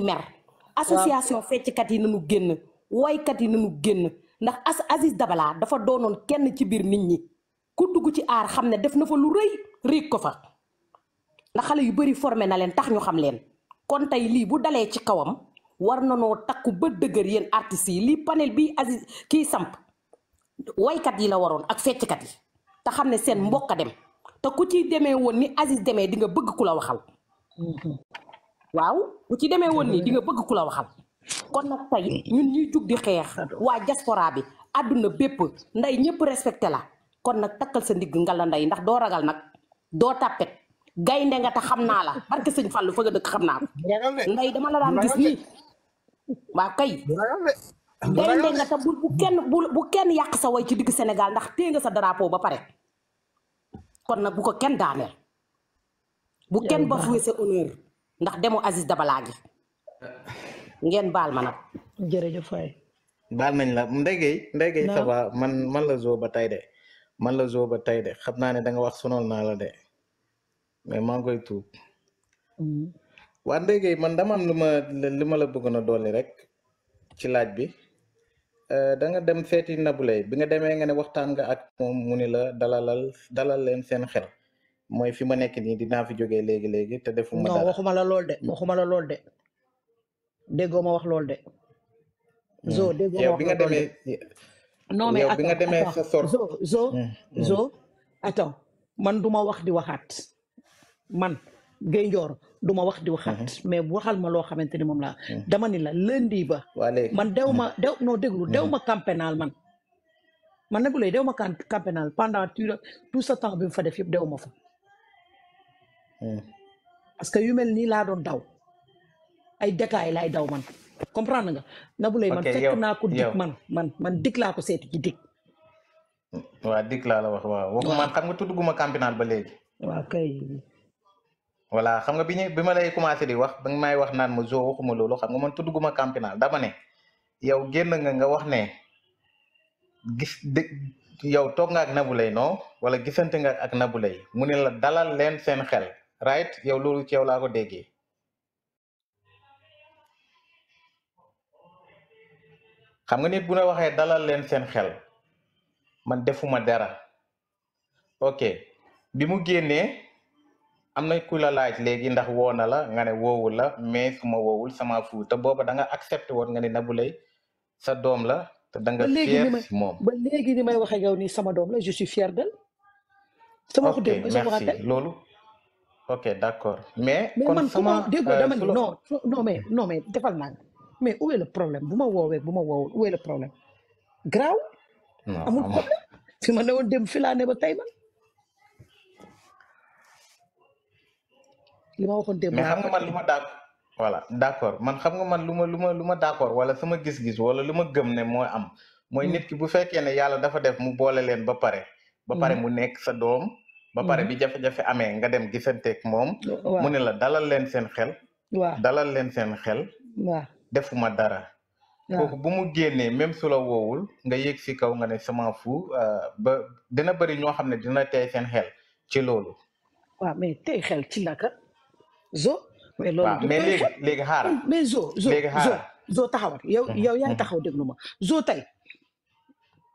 mer association fecckat yi nañu génn woykat yi nañu génn ndax as Aziz Dabala dafa doonoon kenn ci biir nit ñi ku dugg ci aar xam ne def na fa lu rëy riig ko fa ndax xale yu bëri forme na leen tax ñu xam leen kon tey lii bu dalee ci kawam war na noo takku ba dëgër yéen artistes yi lii panel bi Aziz kii samp woykat yi la waroon ak fecckat yi te xam ne seen mbokk dem te ku ciy demee woon ni Aziz demee di nga bëgg ku la waxal mm-hmm. waaw bu ci demee woon nii di nga bëgg ku la waxal kon nag tey ñun ñuy di xeex waa diaspora bi àdduna bépp nday ñëpp respecté la kon nag takkal sa ndigg nga la doo ragal nag doo tàppet gaynde nga te xam naa la barke sëñ Fallou fa dëkk xam naa ko nday la daan gis nii waaw bu kenn bu kenn ci digg Sénégal ndax téye nga sa drapeau ba pare kon nag bu ko kenn daaneel bu kenn ba fuwe sa honneur ndax demu Aziz Dabala gi ngeen baal ma nag. jërëjëf waay. baal nañ la ndegey ndegey ça man man la zoo ba tey de man la zoo ba tey de xam naa ne da nga wax sonal naa la de mais maa ngi koy tuub. Mm. waa ndegey man dama am lu ma li ma la bëggoon a dolli rek ci laaj bi euh, da nga dem seeti Nabou Leye bi nga demee nga ne waxtaan nga ak moom mu ni la dalalal dalal leen seen xel. moy fi ma nek ni dina fi joge léegi léegi te defuma dara non waxuma la lol de mm. waxuma la lol de déggoo wax lol de. Mm. zo degoma ma wax bi nga demé non mais bi nga demé sa sor zo zo mm, zo attends man duma wax di waxat man gey Ndior duma wax di waxat mm-hmm. mais waxal ma lo xamanteni mom la dama ni la lundi ba man dewma dew no deglu dewma ma mm-hmm. man man nagulay dewma dew pendant tout ce temps bi fa def yeb dewma fa Hmm. parce que yu mel nii laa doon daw ay détails laay daw man comprendre nga. Nabou Leye man fekk naa ko dig man man man dig seeti ci dig. Hmm. waaw dig laa la wax waaw man xam nga tudd guma campinal ba léegi. waaw kay. voilà xam nga bi ñu bi ma lay commencé di wax ba nga may wax naan ma zo waxuma loolu xam nga man tudd guma campinal dama ne yow génn nga nga wax ne gis dé yow toog nga ak Nabou Leye wala gisante nga ak Nabou Leye mu la dalal leen seen xel. right yow lolu ci yow la ko déggee xam nga nit bu dalal len sen xel man defuma dara ok bi mu génné amna na ku la laaj légui ndax wona la nga né wowul la mais suma wowul sama fu té booba da nga accepté won nga né nabulay sa dom la té da nga fier si ba légui ni may waxé yow ni sama dom la je suis fier d'elle sama ko dem sama waxatel lolu ok d' accord mais. mais man sama dégg euh, dama ni non non mais defal naa mais où problème bu ma woowee bu ma woowul où est problème graaw. amul problème fi ma ne dem fi ba tey man. li ma waxoon démb mais man lu ma d'accord voilà d' accord man xam nga man lu ma lu ma lu ma d' wala sama gis-gis wala lu ma gëm ne mooy am. mooy mm. nit ki bu fekkee ne yàlla dafa def mu boole leen ba pare. ba pare mm. mu nekk sa doom. ba pare mm-hmm. bi jafe-jafe amee nga dem gisanteeg moom. mu ne la dalal leen seen xel. dalal leen seen xel. defuma dara. kooku bu mu génnee même su la woowul nga yéeg si kaw nga ne sama fu euh, ba dina bëri ñoo xam ne dina tey seen xel ci loolu. waaw mais tey xel ci naka zo. mais loolu mais léegi léegi mm, mais zo zo zo zo taxawal yow mm-hmm. yow yaa mm-hmm. taxaw déglu ma zo tey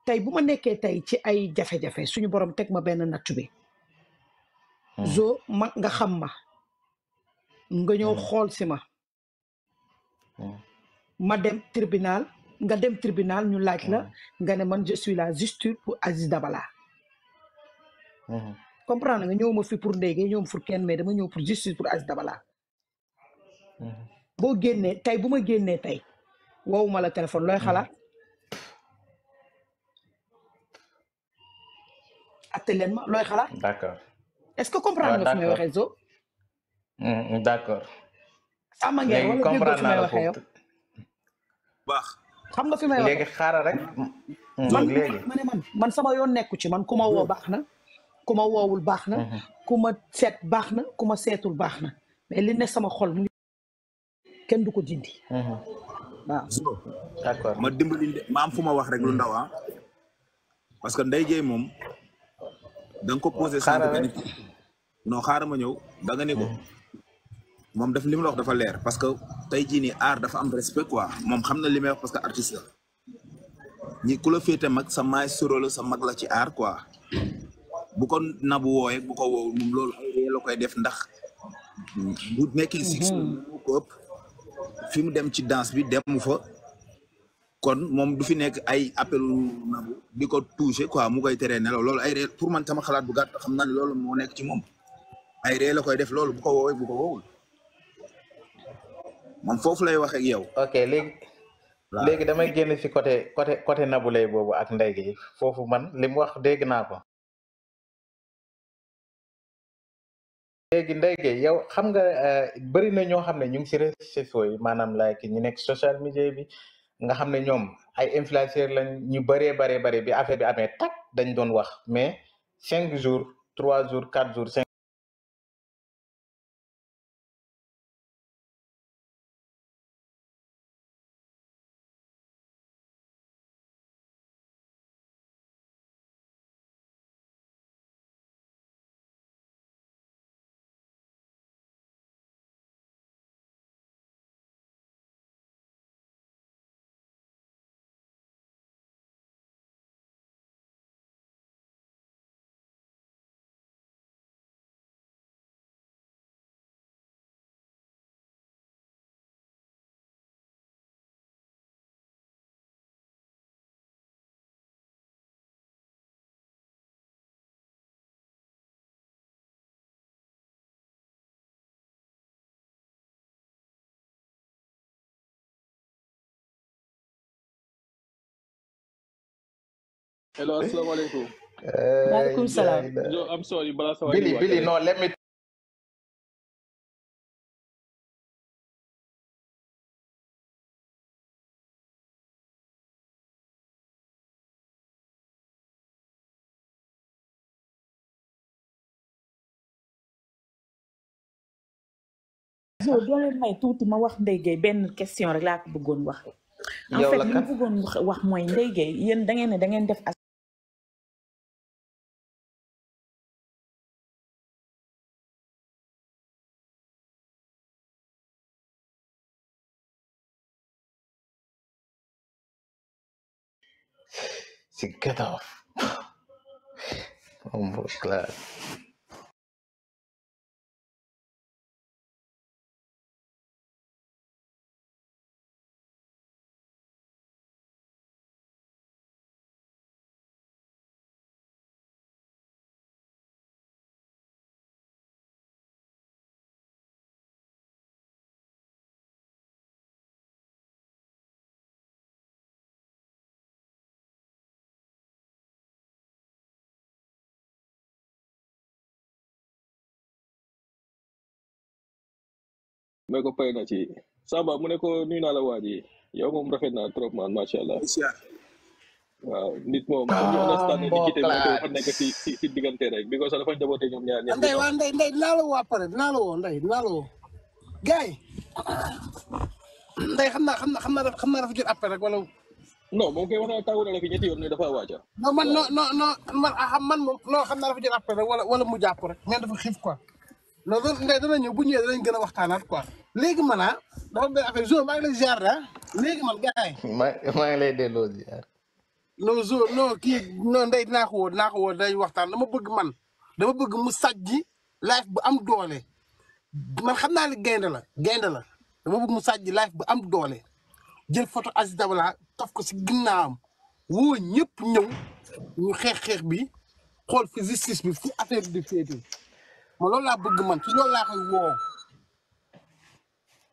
tey bu ma nekkee tey ci ay jafe-jafe suñu borom teg ma benn nattu bi. Hmm. Zou, mank nga kham ma. Mwen gen yon khol se ma. Hmm. Ma dem tribunal, mwen dem tribunal, nyon lak la, mwen hmm. jesuy la, jistud pou Aziz Dabala. Kompran, gen yon mwen fyi pou ndege, gen yon mwen fyi pou kenmede, gen yon mwen fyi pou jistud pou Aziz Dabala. Bo gen net, tay, bo mwen gen net tay, waw mwen la telefon, lwen khala? Ate len mwen, lwen khala? Daka. Daka. est-ce que comprendre nga mm, mm, fi may waxee zo. d'accord. ama ngeen wala déggoo fi xam nga fi may waxee léegi xaaral rek. Mm, man sama yoon nekku ci man ku ma woo baax na. ku ma woowul baax na. Mm-hmm. ku ma seet baax na ku ma seetul baax na mais li sama xol mu ngi kenn du ko dindi. Mm-hmm. d'accord ma dimbali ma am fu wax rek lu ndaw ah. parce que Ndeye Dieye moom. da nga ko posé sànq benn non xaaral ma ñëw da nga ne ko hmm. moom daf li dafa leer parce que tey jii nii art dafa am respect quoi moom xam na li may wax parce que artiste la ñi ku la féete mag sa maay soro sa mag la ci art quoi bu ko nabu wooyee bu ko woow moom loolu ay ree koy def ndax bu nekkee six hmm. fi mu dem ci danse bi demu fa kon moom du fi nekk ay appelu nabu di ko touché quoi mu koy teree nelaw loolu ay ree pour man sama xalaat bu gàtt xam naa ne loolu moo nekk ci moom ay ree la koy def loolu bu ko woowee bu ko foofu lay wax ak yow. ok léegi. léegi damay génn ci côté côté côté Nabou boobu ak ndey gi foofu man li wax dégg naa ko. léegi ndey yow xam nga euh, bëri na ñoo xam ne ñu ngi ci réseaux sociaux yi maanaam like nekk social media bi. nga xamné ñom ay influenceurs lañ ñu bi affaire bi dañ doon wax mais cinq jours trois jours quatre jours Hello, assalamu alaikum. salam. I'm sorry, but that's how Billy, I do. Billy, no, let me. So do leen may tuuti ma wax Ndeye Gueye Ben question rek laa ko bëggoon wax. en fait li ma wax yéen da ne da def. To get off. I'm glad. may ko pay na ci Saba, mu ne ko nuyu naa la waa ya, yow rafet trop man macha allah waaw nit moom comme ñu understand ne diggante moo koy xam nekk si si si diggante rek bi ko sax dafa jaboote ñoom ñaar ñaar ndey waa ndey ndey dinaa la woo pare dinaa la woo ndey dinaa la woo gaay ndey xam naa xam wala wala wala léegi man ah dafa benn affaire zo maa ngi lay ziar ah léegi man gars yi. maa ngi lay delloo ziar. non zo non kii non ndey dinaa woo dinaa woo day waxtaan dama bëgg man dama bëgg mu sajji life bu am doole man xam naa ne gaynde la gaynde la dama bëgg mu sajji life bu am doole jël photo Aziz Dabala taf ko si ginnaawam woo ñépp ñëw ñu xeex xeex bi xool fi justice bi fu affaire di féete ma loolu laa bëgg man ci loolu laa woo.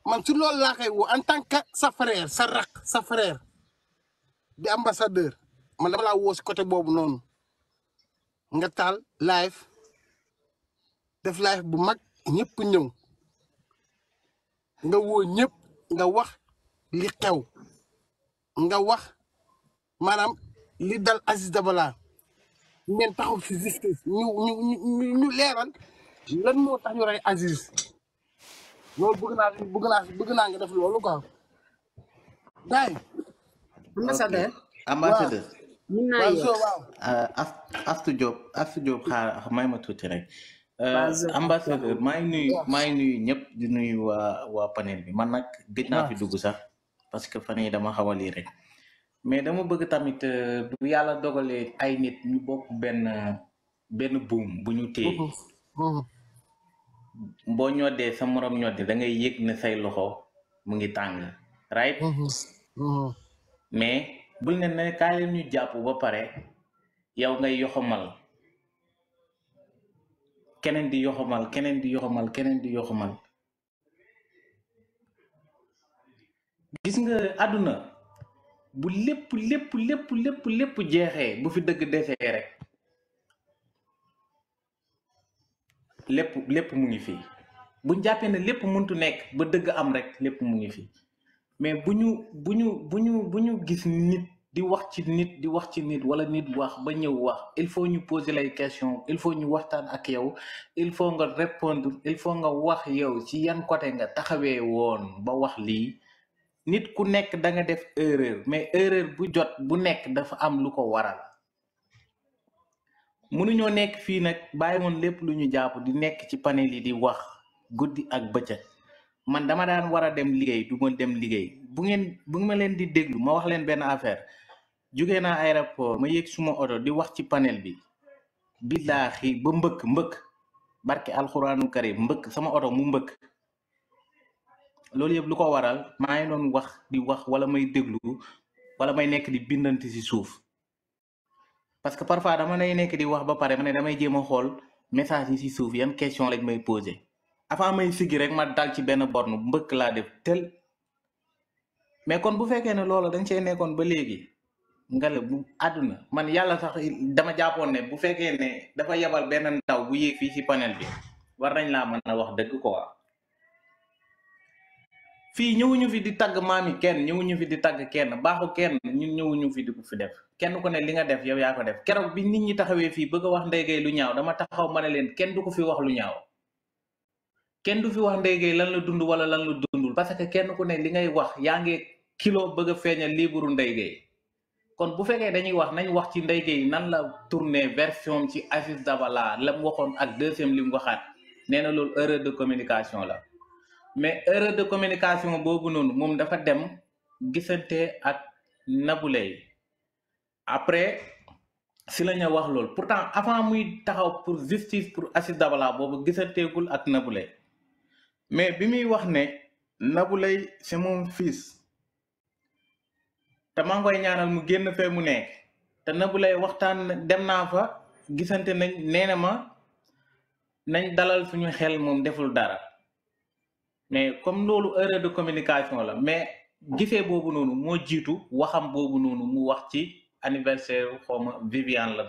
man ci loolu laa koy en tant que sa frère sa rak sa frère di ambassadeur man dama laa woo si côté boobu noonu nga taal live def live bu mag ñëpp ñëw nga woo ñëpp nga wax li xew nga wax maanaam li dal Aziz Dabala ngeen taxaw si justice ñu ñu ñu leeral lan moo tax ñu rey Aziz loolu bëgg naa bëgg naa bëgg nga def loolu quoi. day ambassadeur ambassadeur euh, may ma tuuti rek. Euh, ambassadeur maa ngi nuyu maa ngi nuyu ñëpp di nuyu waa waa panel bi man nag gëj naa fi dugg sax parce que fan yi dama xaw a lii rek mais dama bëgg tamit euh, bu yàlla dogalee ay nit ñu bokk benn benn buum bu ñu téye. boo ñoddee sa morom ñoddi da ngay yëg ne say loxo mu ngi tàng right mm-hmm. Mm-hmm. mais bul ne ne kaa leen ñu jàpp ba pare yow ngay yoxamal keneen di yoxamal keneen di yoxamal keneen di yoxamal gis nga àdduna bu lépp lépp lépp lépp lépp jeexee bu fi dëgg desee rek lépp lépp mu ngi fii buñ jàppee na lépp muntu nekk ba dëgg am rek lépp mu ngi fii mais bu ñu bu ñu bu ñu bu ñu gis nit di wax ci nit di wax ci nit wala nit wax ba ñëw wax il faut ñu poser lay question il faut ñu waxtaan ak yow il faut nga répondre il faut nga wax yow ci yan côté nga taxawee woon ba wax lii nit ku nekk da nga def erreur mais erreur bu jot bu nekk dafa am lu ko waral ñoo nekk fi nak bàyyi woon lu ñu japp di nekk ci panel yi di wax guddi ak bëccëg man dama daan wara dem liggéey du ma dem liggéey bu ngeen bu ma leen di deglu, ma wax leen ben affaire jugé na aéroport ma yéeg suma auto di wax ci panel bi billahi ba mbëkk mbëkk barke alcorane karim mbëkk sama auto mu mbëkk loolu yëpp lu ko waral ma ngi doon wax di wax wala may déglu wala may nekk di bindanti ci suuf parce que parfois dama lay nekk di wax ba pare ma damay jéem a xool message yi si suuf yan question lañ may posé avant may sigi rek ma dal ci benn borne mbëkk laa def tel mais kon bu fekkee ne loola dañ see nekkoon ba léegi nga la bu àdduna man yàlla sax dama jàppoon ne bu fekkee ne dafa yebal benn ndaw bu yéeg fii si panel bi war nañ laa mën a wax dëgg quoi. fii ñëwuñu fi di tagg maami kenn ñëwuñu fi di tagg kenn baaxu kenn ñun ñëwuñu fi di fi def kenn ku ne li nga def yow yaa def keroog bi nit ñi taxawee fii bëgg wax ndeygay lu ñaaw dama taxaw ma ne leen kenn du ko fi wax lu ñaaw kenn du fi wax ndeygay lan la dund wala lan la dundul parce que kenn ku ne li ngay wax yaa ngi kilo bëgg a feeñal liiburu ndeygay kon bu fekkee dañuy wax nañ wax ci ndeygay nan la tourné version ci Aziz Dabala la mu waxoon ak deuxième li mu waxaat nee na loolu erreur de communication la mais erreur de communication boobu noonu moom dafa dem gisante ak Nabou après si la wax loolu pourtant avant muy taxaw pour justice pour Aziz Dabala boobu gisanteegul ak Nabou Leye mais bi muy wax ne Nabou Leye c'est mon fils te maa ngi ñaanal mu génn fee mu nekk te Nabou waxtaan dem naa fa gisante nañ nee na ma nañ dalal suñu xel moom deful dara mais comme nous erreur de communication la mais gifé nous nous, mo jitu waxam bobu nous mu wax ci anniversaire Viviane la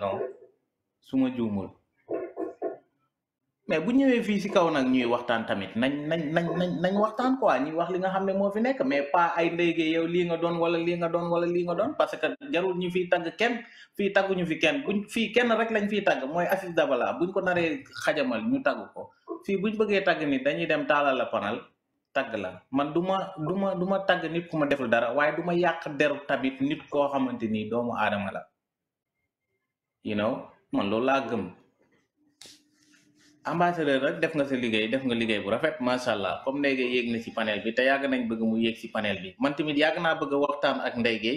mais bu ñëwee fii si kaw nag ñuy waxtaan tamit nañ nañ nañ nañ nañ waxtaan quoi ñuy wax li nga xam ne moo fi nekk mais pas ay ndéyge yow lii nga doon wala lii nga doon wala lii nga doon parce que jarul ñu fiy tagg kenn fii tagguñu fi kenn buñ fii kenn rek lañ fi tagg mooy Aziz Dabala buñ ko naree xajamal ñu tagg ko fii buñ bëggee tagg nit dañuy dem taalala la panal tagg la man du ma du ma du ma tagg nit ku ma deful dara waaye du ma yàq deru tamit nit koo xamante ni doomu aadama la you know loolu laa ambassadeur rek def nga sa liggéey def nga liggéey bu rafet macha allah comme Ndeye Gueye yéeg na si panel bi te yàgg nañ bëgg mu yéeg si panel bi man tamit yàgg naa bëgg a waxtaan ak Ndeye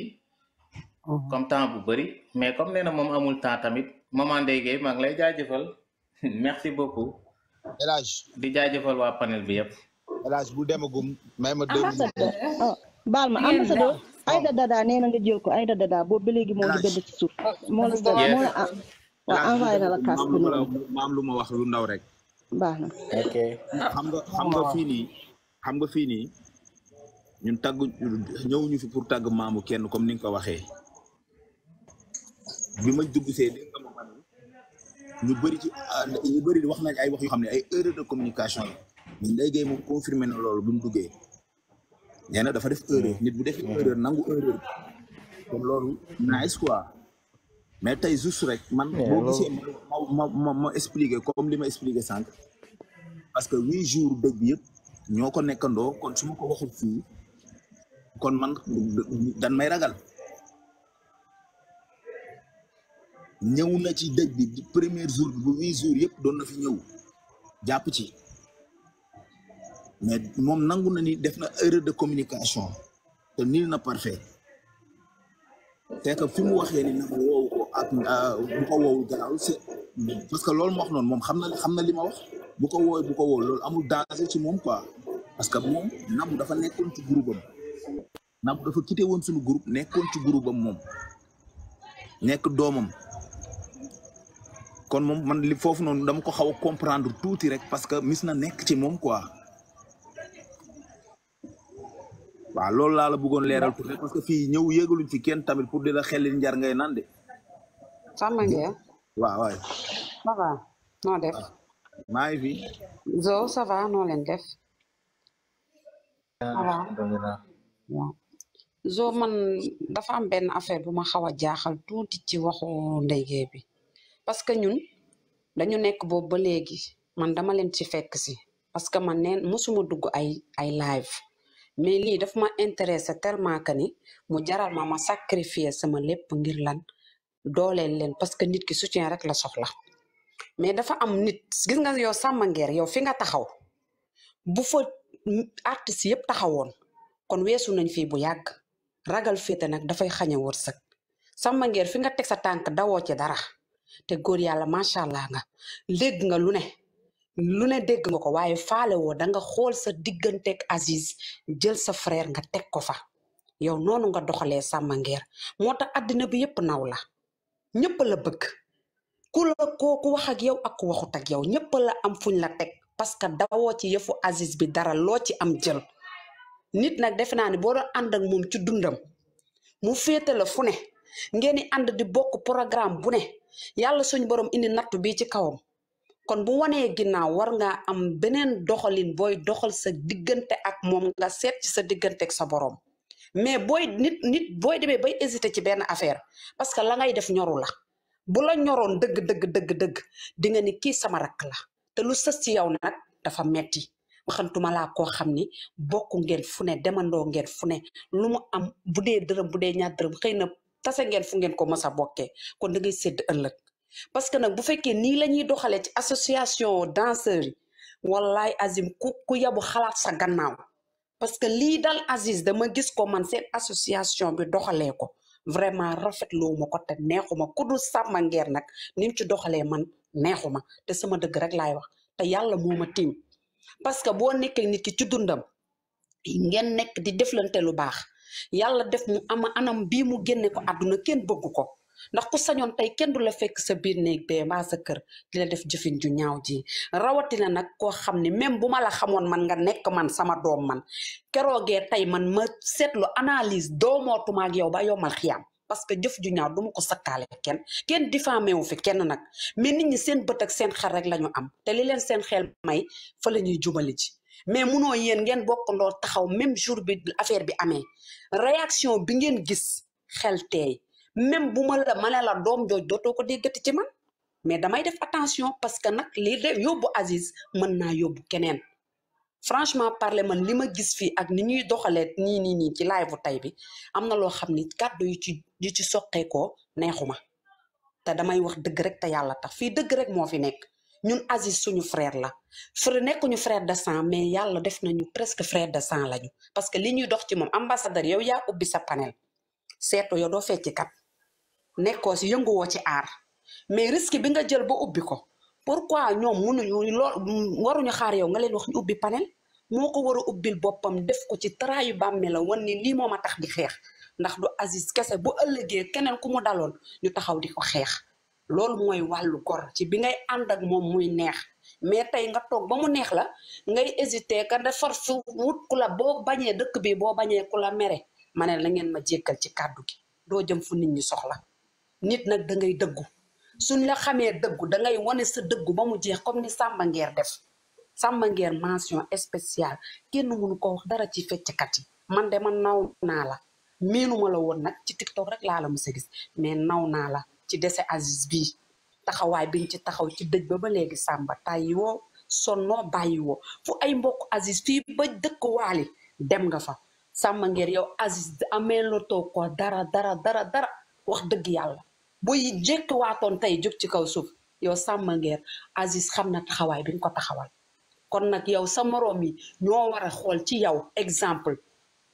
mhm. comme temps bu bëri mais comme nee na moom amul temps tamit maman Ndeye Gueye maa ngi lay jaajëfal merci beaucoup. El di jaajëfal waa panel bi yëpp. El bu demagum ma deux minutes. Ah, baal ma Dada nee na jël ko Aïda Dada boobu léegi moo ngi la moo la waaw envoyé na la maam lu ma wax lu ndaw rek. baax na. ok xam nga xam nga fii nii xam nga fii nii ñun tàggu fi pour tàgg maamu kenn comme ni nga ko waxee bi ma dugg see dégg nga ñu bëri ci ah, ñu bëri wax nañ ay wax yoo xam ne ay erreur de communication la mais Ndeye Gueye moom confirmé na loolu bu mu duggee dafa def erreur mm. nit bu def erreur nangu erreur kon loolu nice quoi. mais tay juste rek man plus expliquer comme expliquer parce que 8 jours de bi nous ko kon ko waxul kon man dan may ragal na premier jour bi jours na mais nous nangu ni erreur de communication te nil na parfait c'est que ni ak bu ko wo garaaw si parce que loolu ma wax noonu moom xam na xam na li ma wax bu ko wooy bu ko woo loolu amul danger ci moom quoi parce que moom Nabou dafa nekkon ci groupe am Nabou dafa quitté won sunu groupe nekkon ci groupe am moom nekk doomam kon mom man li foofu noonu dama ko xaw a comprendre tuuti rek parce que mis na nekk ci moom quoi waaw loolu laa la bëggoon leeral tuuti rek parce que fii ñëw yégaluñ fi kenn tamit pour di la xelil njar ngay naan sàmm ngeen. waaw waay. def. maa ngi fi. leen def. Ah, waaw. Zo man dafa am benn affaire bu ma xaw a jaaxal tuuti ci waxu ndeyge bi parce que ñun dañu nekk boobu ba léegi man dama leen ci fekk si parce que man neen mosuma dugg ay ay live mais lii daf ma intéressé tellement que mu jaral ma ma sacrifier sama lépp ngir lan. dooleel leen parce que nit ki soutien rek la soxla mais dafa am nit gis nga yo Samba Nguer yow fi nga taxaw bu fa artistes yëpp taxawoon kon weesu nañ fi bu yàgg ragal féete nag dafay xañ a wërsëg Samba Nguer fi nga teg sa tànk dawoo ci dara te góor yàlla macha allah nga dégg nga lu ne lu ne dégg nga ko waaye faale woo da nga xool sa digganteeg Aziz jël sa frère nga teg ko fa yow noonu nga doxalee Samba Nguer moo tax addina bi yëpp naw la ñëpp la bëgg ku la kooku wax ak yow ak ku waxut yow ñëpp la am fuñ la teg parce que dawoo ci yëfu Aziz bi dara loo ci am jël nit nag defe naa ne boo doon ànd moom ci dundam mu féete la fu ne ngeen di ànd di bokk programme bu ne yàlla suñ borom indi nattu bi ci kawam kon bu wanee ginnaaw war ngaa am beneen doxalin booy doxal sa diggante ak moom nga seet ci sa diggante sa borom. mais booy nit nit booy demee bay hésité ci benn affaire parce que la ngay def ñoru la bu la ñoroon dëgg dëgg dëgg dëgg di nga ni kii sama rakk la te lu sës ci yow nag dafa metti waxantuma laa koo xam ni bokk ngeen fu ne demandoo ngeen fu ne lu mu am bu dee dërëm bu dee ñaar dërëm xëy na tase ngeen fu ngeen ko mës a bokkee kon da ngay sédd ëllëg parce que nag bu fekkee nii la ñuy doxalee ci association danseurs yi wallaay azim ku ku yabu xalaat sa gannaaw parce que lii daal Aziz dama gis ko man seen association bi doxalee ko vraiment rafetloo ma ko te neexuma ku dul Samba Nguer nag ni mu ci doxalee man neexuma te sama dëgg rek laay wax te yàlla moo ma tiim parce que boo nekkee nit ki ci dundam ngeen nekk di deflante lu baax yàlla def mu ama anam bii mu génne ko àdduna kenn bëgg ko ndax ku sañoon tey kenn du la fekk sa biir néeg bee mbaa sa kër di la def jëfin ju ñaaw ji rawatina nag koo xam ne même bu ma la xamoon man nga nekk man sama doom man keroogee tey man ma seetlu analyse doomootuma ak yow ba yomal xiyaam parce que jëf ju ñaaw duma ko sakkaale kenn kenn diffamé wu fi kenn nag mais nit ñi seen bët ak seen xel rek la ñu am te li leen seen xeel may fa la ñuy jubali ci mais munoo yéen ngeen bokkandoo taxaw même jour bi affaire bi amee réaction bi ngeen gis xel teey même bu ma la ma ne la doom jooj dootoo ko déggati ci man mais damay def attention parce que nag lii de yóbbu Aziz man naa yóbbu keneen franchement parler man li ma gis fii ak ni ñuy doxalee nii nii nii ci live tey bi am na loo xam ni kàddu yu ci yu ci soqeekoo neexuma te damay wax dëgg rek te yàlla tax fii dëgg rek moo fi nekk ñun Aziz suñu frère la nekku ñu frère de sang mais yàlla def nañu presque frère de sang lañu parce que li ñuy dox ci moom ambassadeur yow yaa ubbi sa panel seeto yow nekkoo si yënguwoo ci aar mais risque bi nga jël ba ubbi ko pourquoi ñoom mënuñu lool waruñu xaar yow nga leen wax ñu ubbi panel moo ko war ubbil boppam def ko ci traayu bàmme la wan ni lii moom a tax di xeex ndax du Aziz kese bu ëllëgee keneen ku mu daloon ñu taxaw di ko xeex loolu mooy wàllu gor ci bi ngay ànd ak moom muy neex mais tey nga toog ba mu neex la ngay hésité ka defar su wut ku la boo bañee dëkk bi boo bañee ku la mere ma ngeen ma jéggal ci kàddu gi doo jëm fu nit ñi soxla nit nag dangay dëggu suñ la xamee dëggu da ngay wane sa dëggu ba mu jeex comme ni Samba Ngeer def Samba Ngeer mention spéciale kenn mënu ko wax dara ci fecckat yi man de man naw naa la miinuma la woon nag ci TikTok rek laa la mës gis mais naw naa la ci dese Aziz bi taxawaay bi ci taxaw ci dëj ba ba léegi Samba tàyyiwoo sonnoo bàyyiwoo fu ay mbokk Aziz fii ba dëkk waali dem nga fa Samba Ngeer yow Aziz amee lotoo ko dara dara dara dara wax dëgg yàlla buy jékkiwaatoon tey jóg ci kaw suuf yow Samba Nguer Aziz xam na taxawaay bi ko taxawal kon nag yow sa moroom yi ñoo war a xool ci yow exemple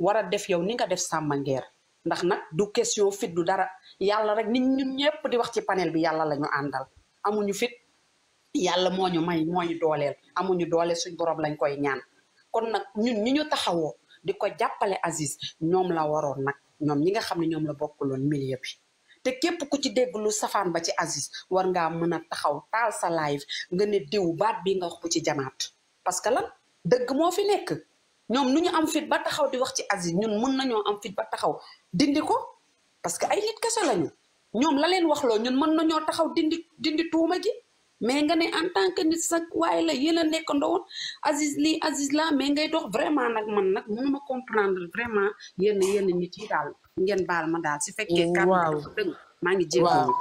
war a def yow ni nga def Samba ndax nag du question fit du dara yàlla rek nit ñun ñëpp di wax ci panel bi yàlla la ñu àndal amuñu fit yàlla moo ñu may mooñu ñu dooleel amuñu doole suñ borom lañ koy ñaan kon nag ñun ñi ñu taxawoo di ko jàppale Aziz ñoom la waroon nag ñoom ñi nga xam ne ñoom la bokkuloon milieu bi te képp ku ci dégg lu safaan ba ci Aziz war ngaa mën a taxaw taal sa live nga ne diw baat bi nga wax bu ci jamaat parce que lan dëgg moo fi nekk ñoom nu ñu am fit ba taxaw di wax ci Aziz ñun mën nañoo am fit ba taxaw dindi ko parce que ay nit kese lañu ñoom la leen wax loo ñun mën nañoo taxaw dindi dindi tuuma gi mais nga ne en tant que nit sax way la yéen a nekkandoo Aziz li Aziz la mais ngay dox vraiment nak man nak nag ma comprendre vraiment yenn yenn nit yi dal ngeen bal ma dal si fekkee mm, kàddu gi dëgg maa ngi jégalu.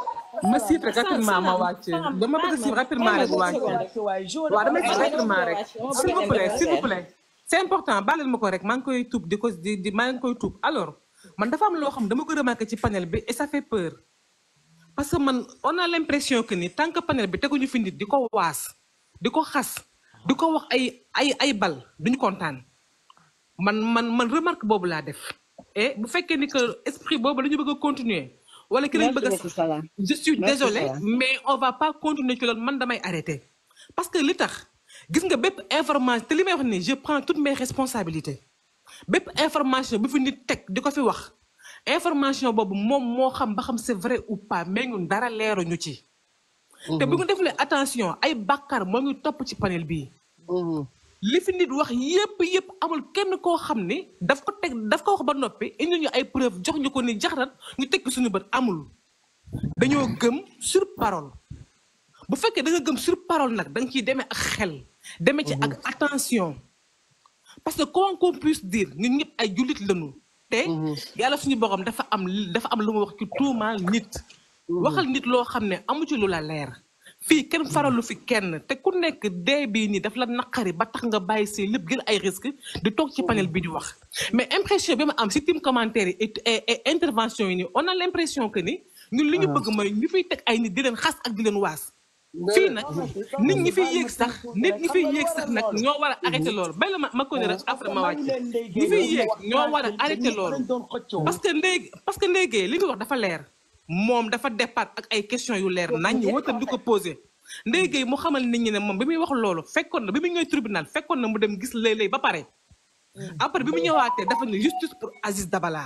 ma sit rek rapidement ma wacc dama bëgg siit rapidement rek wàcc wa dama siit rapidement rek s'il vous plaît s'il vous plaît c'est important baalal mako rek maa ngi koy toup di ko di maa ngi koy toup alors man dafa am lo xam dama ko remarquer ci panel bi et ça fait peur parce que man on a l'impression que ni tant que panel bi teguñu fi nit diko ko diko di diko wax ay ay ay bal duñu contane man man man remarque bobu la def et bu fekkee ni que esprit bobu lañu bëgg continuer wala ki lañu bëgg je suis désolé, mais on va pas continuer ci loolu man damay arrêter parce que li tax gis nga bépp information te limay wax ni je prends toutes mes responsabilités bépp information bi fi nit tek diko fi wax information bobu mom mo xam ba xam c'est vrai ou pas mais ñun dara leeru mm-hmm. ñu bu attention ay bakkar mo ngi panel bi mm-hmm. li fi nit wax yépp yépp amul kenn daf ko daf preuve sur parole bu fekkee da nga gëm sur parole nag da ak mm-hmm. attention parce que comment qu'on puisse dire ñun ñëpp ay jullit lañu. te mhm. yàlla suñu borom dafa am dafa am lu mu wax ci tuumaal nit mhm. waxal nit loo xam ne amu ci lu la leer fii kenn mhm. faralu fi kenn te ku nekk dee bii nii daf la naqari ba tax nga bàyyi si lépp jël ay risque di toog ci panel bi di wax mais impression bi ma am si tim commentaire yi et intervention yi nii on a l' impression que ni ñun li ñu ah. bëgg ma ñu fiy teg ay nit di leen xas ak di leen waas fii nag nit ñi fi yéeg sax nit ñi fi yéeg sax nag ñoo war a arrêté loolu bay la ma ma ko ne rek après ma wàcc ñi fiy yéeg ñoo war a arrêté loolu parce que ndéeg parce que ndéegee li nga wax dafa leer moom dafa départ ak ay questions yu leer nañ wëtal di ko posé ndéegee mu xamal nit ñi ne moom bi muy wax loolu fekkoon na bi muy ñëw tribunal fekkoon na mu dem gis léeg-léeg ba pare mm. après bi mu ñëwaatee dafa ne justice pour Aziz Dabala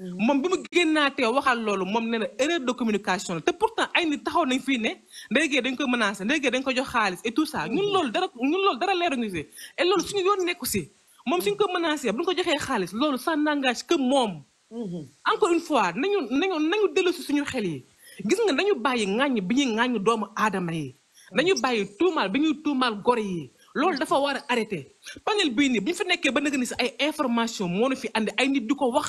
Mm-hmm. moom bi mu génnaatee waxal loolu moom nee na de communication la te pourtant ay nit taxaw nañ fii ne ndéygee dañ ko menacé ndéygee dañ ko jox xaalis et tout ça ñun mm-hmm. loolu dara ñun loolu dara leeruñu si et loolu suñu yoon nekku si moom suñ ko menacé bu ñu ko joxee xaalis loolu ça n'engage que moom mm-hmm. encore une fois nañu nañu nañu dellu si suñu xel yi gis nga nañu bàyyi ŋàññ bi ñuy ŋàññ doomu aadama yi nañu bàyyi tuumaal bi ñuy tuumaal goro yi loolu dafa war a arrêté panel bii nii bu fa nekkee ba nag ni si ay information moo nu fi andi ay nit di ko wax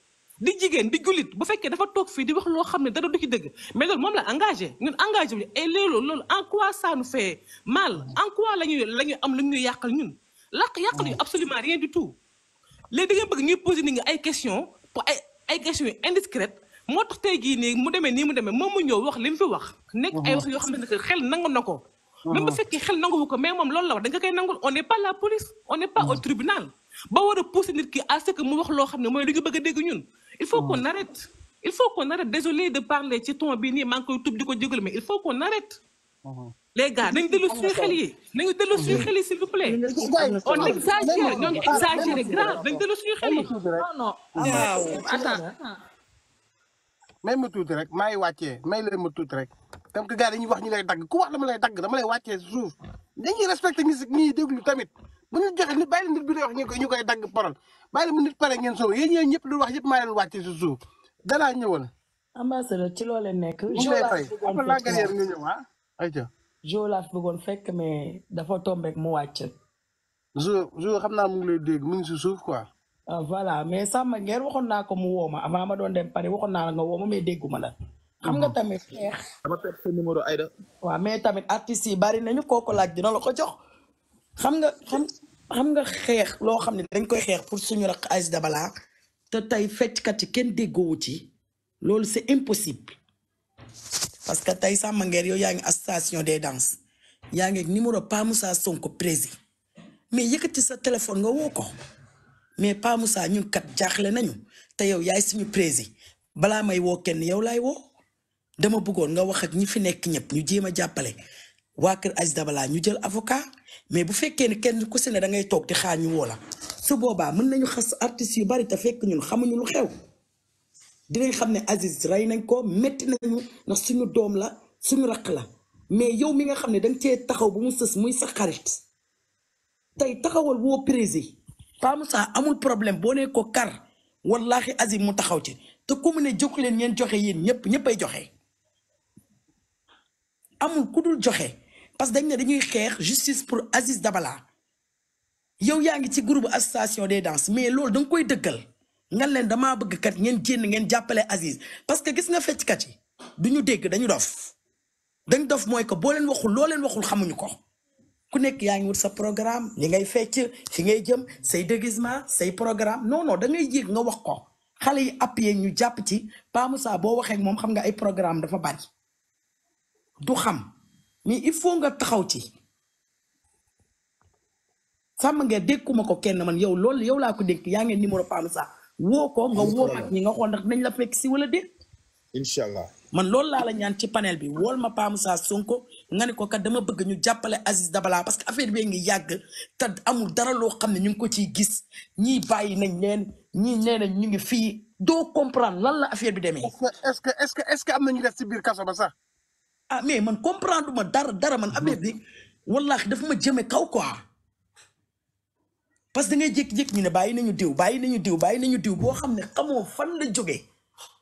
di jigen di jullit bu fekke dafa tok fi di wax lo xam ne dara du ci deug mais loolu mom la engagé ñun engagé wuñu et loolu loolu en quoi ça nous fait mal en quoi la ñuy am lu ñuy yàqal ñun làq yakal ñu absolument rien du tout les da ngeen bëgg ñuy poser ni nga ay questions pour ay ay questions indiscrètes moo tax tey jii nii mu demee ni mu demee moom mu ñëw wax lim fi wax nek ay wax yo xam ne xel nangu nako même bu fekkee xel nangu ko mais mom loolu la wax da nga kay nangul on n'est pas la police on n'est pas au tribunal ba wara a pousser nit ki à ce que mu wax lo xam moy mooy li ñu bëgg a dégg ñun il faut mm. qu'on arrête il faut qu'on arrête désolé de parler ci ton bini manque maa ngi koy tub mais il faut qu'on arrête mm-hmm. les gars nañ dellu suñu xel yi nañu dellu suñu mm-hmm. xel s'il vous plaît on exagère ñoo exagère grave nañ dellu suñu xel non non attends Même ma tuuti rek maay wàccee may leen ma tuuti rek tam que gars dañuy wax ñu lay dagg ku wax dama lay dagg dama lay wàccee suuf dañuy respecté ñi ñuy déglu tamit bu ñu joxe nit bàyyi la nit bi di wax ñu koy ñu koy dagg parole bàyyi la mu nit pare ngeen soog yéen ñëpp di wax yëpp maa leen wàcce si suuf danaa ñëwal. ambassadeur ci loolee nekk. Jola ah. bëggoon fekk mais dafa tombé mu wàcc. jour jour xam naa mu ngi lay dégg mu ngi si suuf quoi. Ah, voilà mais Samba Nguer waxoon naa ko mu woo ma avant ma doon dem Paris waxoon naa la nga woo ma mais dégguma la. xam nga mhm. tamit. dama perte numéro Aïda. waaw mais tamit artistes yi bari nañu kooku laaj dina la ko jox. xam nga xam xam nga xeex loo xam ne dañ koy xeex pour suñu rakk Aziz dabalaa te tey fecckat yi kenn déggoowu ci loolu c'est impossible parce que tey Samba Nguer yow yaa ngi association des danses yaa ngi numéro Pa Moussa Sonko président mais yëkkati sa téléphone nga woo ko mais Pa Moussa ñun kat jaaxle nañu te yow yaay suñu président balaa may woo kenn yow laay woo dama bëggoon nga wax ak ñi fi nekk ñëpp ñu jéem a jàppale waa kër Aziz Dabala ñu jël avocat. mais bu fekkee ne kenn ku si ne da ngay toog di xaar ñu woo la su boobaa mën nañu xas artistes yu bari te fekk ñun xamuñu lu xew dinañ xam ne Aziz rey nañ ko metti nañu ndax suñu doom la suñu raq la mais yow mi nga xam ne danga cee taxaw bu mu sës muy sax xarit tey taxawal woo prési Pa Moussa amul problème boo nee ko kar wallaahi Aziz mu taxaw ci te ku mu ne jóg leen ngeen joxe yéen ñëpp ñëppay joxe amul ku dul joxe. parce que dañ né justice pour Aziz Dabala yow yaangi ci groupe association des danses mais lool dang koy deugal ngal len dama bëgg kat ñen génn ngeen jappalé Aziz parce que gis nga kat yi duñu dégg dañu dof dañ dof moy ko bo len waxul lo len waxul xamuñu ko ku nekk yaangi wut sa programme li ngay fecc fi ngay jëm say déguisement say programme non non da ngay yéeg nga wax ko xalé yi appuyé ñu japp ci Pa Moussa bo waxé mom xam nga ay programme dafa bari du xam. mais il faut nga taxaw ci sàmm nga dékkuma ko kenn man yow loolu yow laa ko dénk yaa ngeen numéro PAM sax woo ko nga woo ak ñi nga xool ndax nañ la fekk si wala déet. incha allah man loolu laa la ñaan ci paneel bi wool ma Pa Moussa Sonko nga ne ko kat dama bëgg ñu jàppale Aziz laa parce que affaire bi ngi yàgg ta amul dara loo xam ne ñu ngi ko ciy gis ñii bàyyi nañ leen ñii nee nañ ñu ngi fii doo comprendre lan la affaire bi demee. est ce que est ce que est ce am na ñu def ah mais man comprendre ma dara dara man affaire bi wallaahi dafa ma jëme kaw quoi parce que ngay jékki-jékki ñu ne bàyyi nañu diw bàyyi nañu diw bàyyi nañu diw boo xam ne xamoo fan la jógee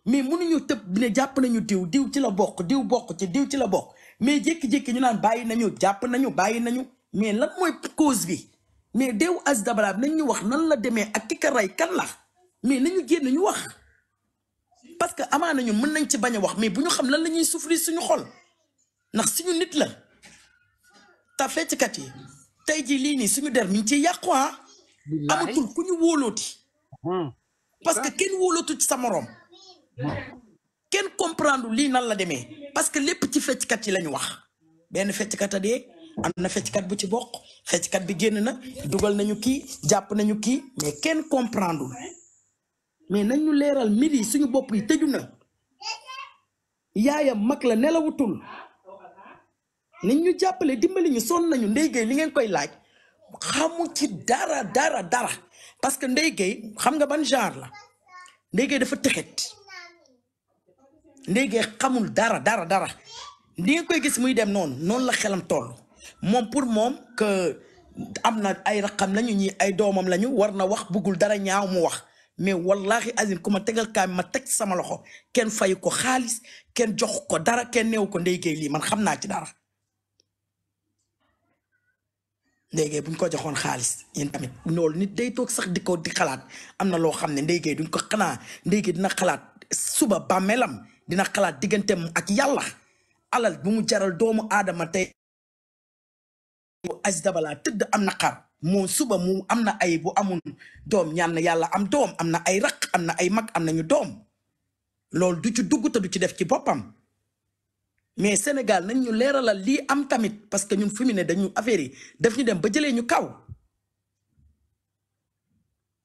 mais mënuñu tëb ne jàpp nañu diw diw ci la bokk diw bokk ci diw ci la bokk mais jékki ñu naan bàyyi nañu jàpp nañu bàyyi nañu mais lan mooy cause bi mais deew Aziz Dabala nañ ñu wax nan la demee ak ki ka rey kan la mais nañu génn ñu wax parce que amaana ñun mën nañ ci bañ a wax mais bu ñu xam lan la ñuy souffrir suñu xol. ndax suñu nit la ta fecckat yi tey jii lii nii suñu der mi ngi ciy yàqu ah ku ñu wóolooti hmm. parce que kenn wóolootu sa moroom kenn comprendre lii nan la demee parce que lépp ci fecckat yi la wax benn fecckat a dee am na fecckat bu ci bokk fecckat bi génn na dugal nañu kii jàpp nañu kii mais kenn comprendre mais ñu leeral mbir yi suñu bopp yi tëju na yaayam mag la nelawutul nit ñu jàppale dimbali ñu sonn nañu Ndeye Gueye li ngeen koy laaj xamu ci dara dara dara parce que Ndeye xam nga ban genre la Ndeye dafa tëxet Ndeye xamul dara dara dara ni nga koy gis muy dem noonu noonu la xelam toll moom pour moom que am na ay raqam lañu ñi ay doomam lañu war na wax bëggul dara ñaaw mu wax mais wallahi azim ku ma tegal kaay ma teg sama loxo kenn fayu ko xaalis kenn jox ko dara kenn neew ko Ndeye Gueye lii man xam naa ci dara ndeyge buñ ko joxoon xaaliss yeen tamit Nol, nit day tok sax diko di xalat amna lo xamne ndeyge duñ ko xana ndeyge dina xalat suba bàmmeelam dina xalat digantem ak yalla alal bu mu jaral doomu adama tay Aziz Dabala tëdd am xar mo suba mu amna ay bu amun dom ñaan na am dom amna ay raq amna ay mag amna ñu dom lol du ci dugg te du ci def ci bopam mais Sénégal nañ ñu leeralal lii am tamit parce que ñun fu mu ne dañu affaire yi daf ñu dem ba jëlee ñu kaw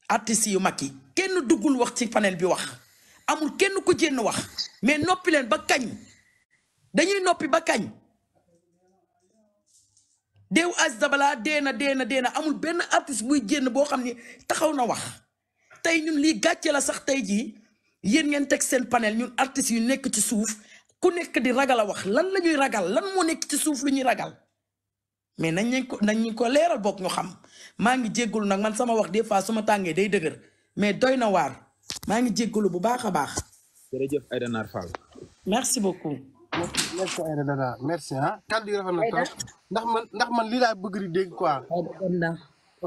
artistes yu mag yi kenn duggul wax ci panel bi wax amul kenn ku jénn wax mais noppi leen ba kañ dañuy noppi ba kañ déew as Dabala dee na deena na amul benn artiste buy jénn boo xam ni taxaw na wax tey ñun liy gàcce la sax tey jii yéen ngeen teg seen panel ñun artistes yu nekk ci suuf ku nekk di ragal a wax lan la ñuy ragal lan moo nekk ci suuf lu ñuy ragal mais nañ ñu ko nañ ko leeral bokk ñu xam maa ngi jéggalu nag man sama wax des fois su tàngee day dëgër mais doy na waar maa ngi jéggalu bu baax a baax. jërëjëf Aïda merci beaucoup. merci Aïda na ndax man ndax man lii laa bëgg di dégg quoi.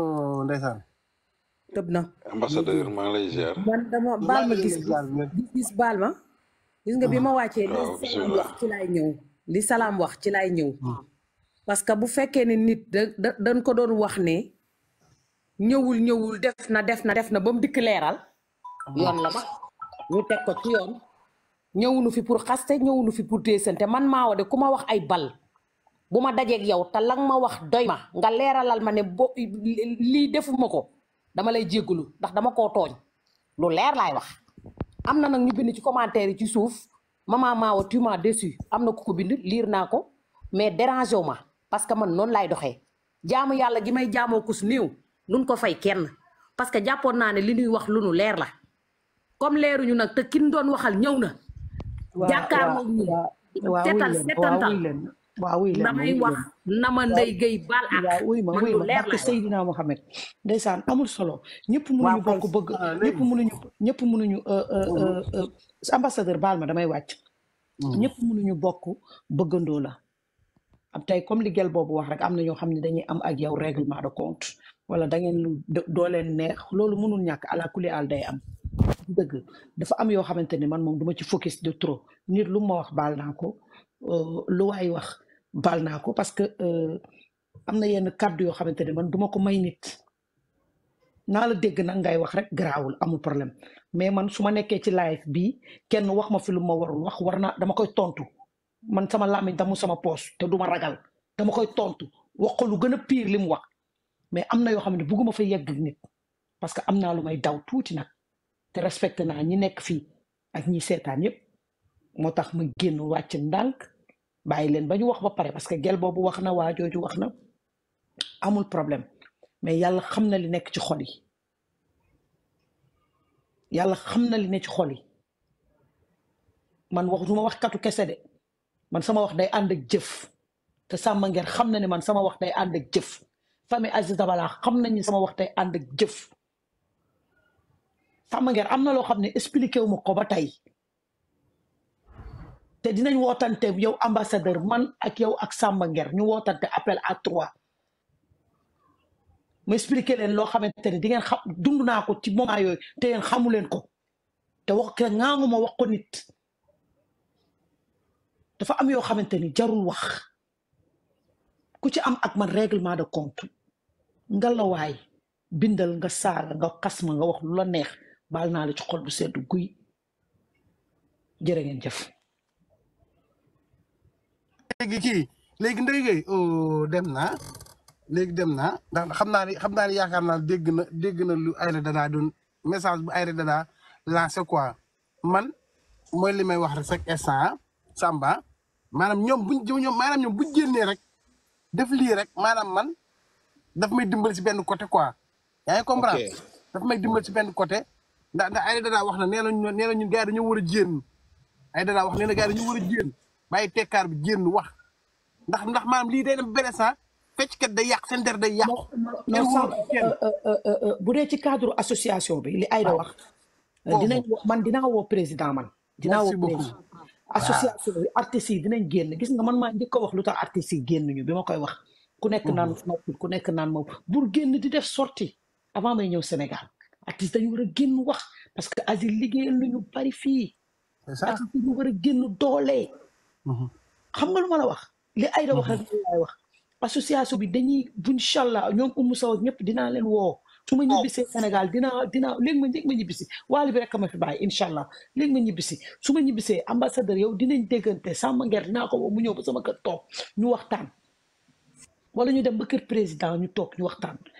oh ndeysaan. tëb na. ambassadeur maa ngi lay ziar. man dama baal ma gis baal ma. gis nga bi ma ah. wàccee li ah, salaam wax ci laay ñëw li salaam wax ci laay ñëw hmm. que bu fekkee ne nit da dañ ko doon wax ne ñëwul ñëwul def na def na def na ba mu dikk leeral yoon hmm. la ma ñu teg ko ci yoon ñëwunu fi pour xaste ñëwulu fi pour téesante man maa wa de ku ma wax ay bal bu ma dajeeg yow te lang ma wax doy ma nga leeralal ma ne bo lii defuma ko dama lay jéggalu ndax dama koo tooñ lu leer laay wax am na nag ñu bind ci commentaire yi ci suuf maman Mawa tu m'as am na ku ko bind liir naa ko mais dérangé wu ma parce que man noonu laay doxee jaamu yàlla gi may jaamoo kus néew nun ko fay kenn parce que jàppoon naa ne li ñuy wax lu nu leer la comme ñu nag te kin doon waxal ñëw na. waaw waaw jàkkaarloo ñu seetal seetantal waaw wuy la na ma ndey gay baal ak wuy ma wuy ma barke Seydina Mohamed ndeysaan amul solo ñëpp mënuñu bokk bëgg ah, ñëpp mënuñu ñëpp mënuñu euh, euh, mm-hmm. euh, ambassadeur bal ma damay wàcc mm-hmm. ñëpp mënuñu bokk bëggandoo la am tey comme li gel boobu wax rek am na ñoo xam ne dañuy am ak yow règlement de compte wala da ngeen doo leen neex loolu mënul ñàkk ala kuli al day am dëgg dafa am yoo xamante ni man moom duma ci focus de trop nit lu ma wax baal naa ko lu waay wax baal naa ko parce que euh, am na yenn kàddu yoo xamante ne man duma ko may nit naa la dégg nag ngay wax rek garaawul amul problème mais man su ma nekkee ci live bi kenn wax ma fi lu ma warul wax war na dama koy tontu man sama làmmiñ damu sama poos te duma ragal dama koy tontu wax ko lu gën a pire li mu wax mais am na yoo xam ne bugguma fa yegg nit parce que am naa lu may daw tuuti nag te respecté naa ñi nekk fii ak ñi seetaan yëpp moo tax ma génn wàcc ndànk bayi len bañu wax ba pare parce que gel bobu wax na waa jooju wax na amul problème mais yàlla xamna li nek ci xol yi yàlla xamna li nek ci xol yi man wax du wax katu kessé de man sama wax day ànd ak jëf te sama Nguer xamna ni man sama wax day ànd ak jëf fami Aziz Dabala xamna ni sama wax day ànd ak jëf sama Nguer amna lo xamné expliquer wu ko ba tay te dinañ wootante yow ambassadeur man ak yow ak Samba nger ñu wootante appel à trois ma expliqué len lo xamante di ngeen xam dunduna ko ci moma yoy te ngeen xamu ko te wax te ŋaangu wax ko nit dafa am yo jarul wax ku ci am ak man règlement de compte nga la way bindal nga saaga nga xas nga wax lu la neex balna la ci xol bu seddu guuy jere ngeen jëf léegi kii léegi Ndeye Gueye oh dem léegi dem na ndax xam naa ne xam naa ne yaakaar naa dégg na dégg na lu Aïda Dada doon message bu Aïda Dada lancé quoi man mooy li may wax rek chaque instant Samba maanaam ñoom buñ ñoom maanaam ñoom buñ génnee rek def lii rek maanaam man daf may dimbali si benn côté quoi. yaa ngi comprendre daf may dimbali si benn côté. ndax ndax Aïda Dada wax na nee na ñun nee na ñun gars yi war a jéem Aïda Dada wax nee na gars yi dañoo bàyyi tekkaar bi génn wax ndax ndax maam lii day dem benn saa fecckat day yàq seen der day yàqu. Euh, euh, euh, bu dee ci cadre association bi li Aïda ah. wax. dinañ man dinaa woo président man. dinaa woo président association bi artistes yi dinañ génn gis nga man maa njëkk ko wax lu tax artistes yi génn ñu bi ma koy wax. ku nekk naan mhm. mawkul ku nekk naan mawkul pour génn di def sorti avant may ñëw Sénégal artiste ñu war a génn wax parce que Aziz liggéeyal lu ñu bari fii. c'est ça artiste génn doole. xam nga lu ma la wax li ay da wax rek laay wax association bi dañuy incha allah ñoom Oumou Sow ñëpp dinaa leen woo su ma ñibbisee oh. Sénégal dinaa dinaa léegi ma ñibbisi waali bi rek ma fi bàyyi incha allah léegi ma ñibbisi su ma ñibbisee ambassadeur yow dinañ déggante sama nger dinaa ko woo mu ñëw ba sama kër toog ñu waxtaan wala ñu dem ba kër président ñu toog ñu waxtaan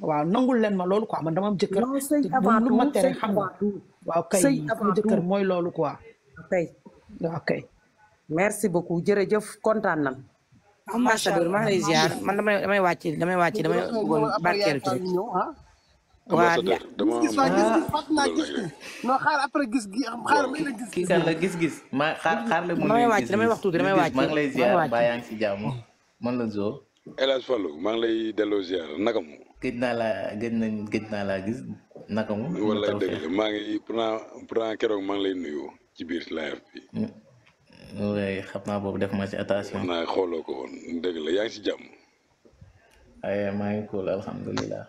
waaw nangul leen ma loolu quoi man dama am jëkkër. non lu ma tere xam nga waaw kay sama jëkkër mooy loolu quoi. merci beaucoup jërëjëf kontaan nan ah, macha man damay damay wàcc damay wàcc damay bëggoon barkeel gis gis gi xaar ma la gis. kii kan la gis-gis ma xaar xaar la. damay wàcc damay wax tuuti damay wàcc damay wàcc maa ngi man la Zo. El Hadj maa ngi lay delloo ziar naka mu. gëj naa laa gëj nañ gëj naa laa gis naka mu. wala dëgg la maa ngi pourtant pourtant keroog maa ngi lay nuyu ci biir live bi. xam naa boobu def ma si attention. naa xooloo ko woon dëgg la yaa ngi si jàmm. maa ngi cool alhamdulilah.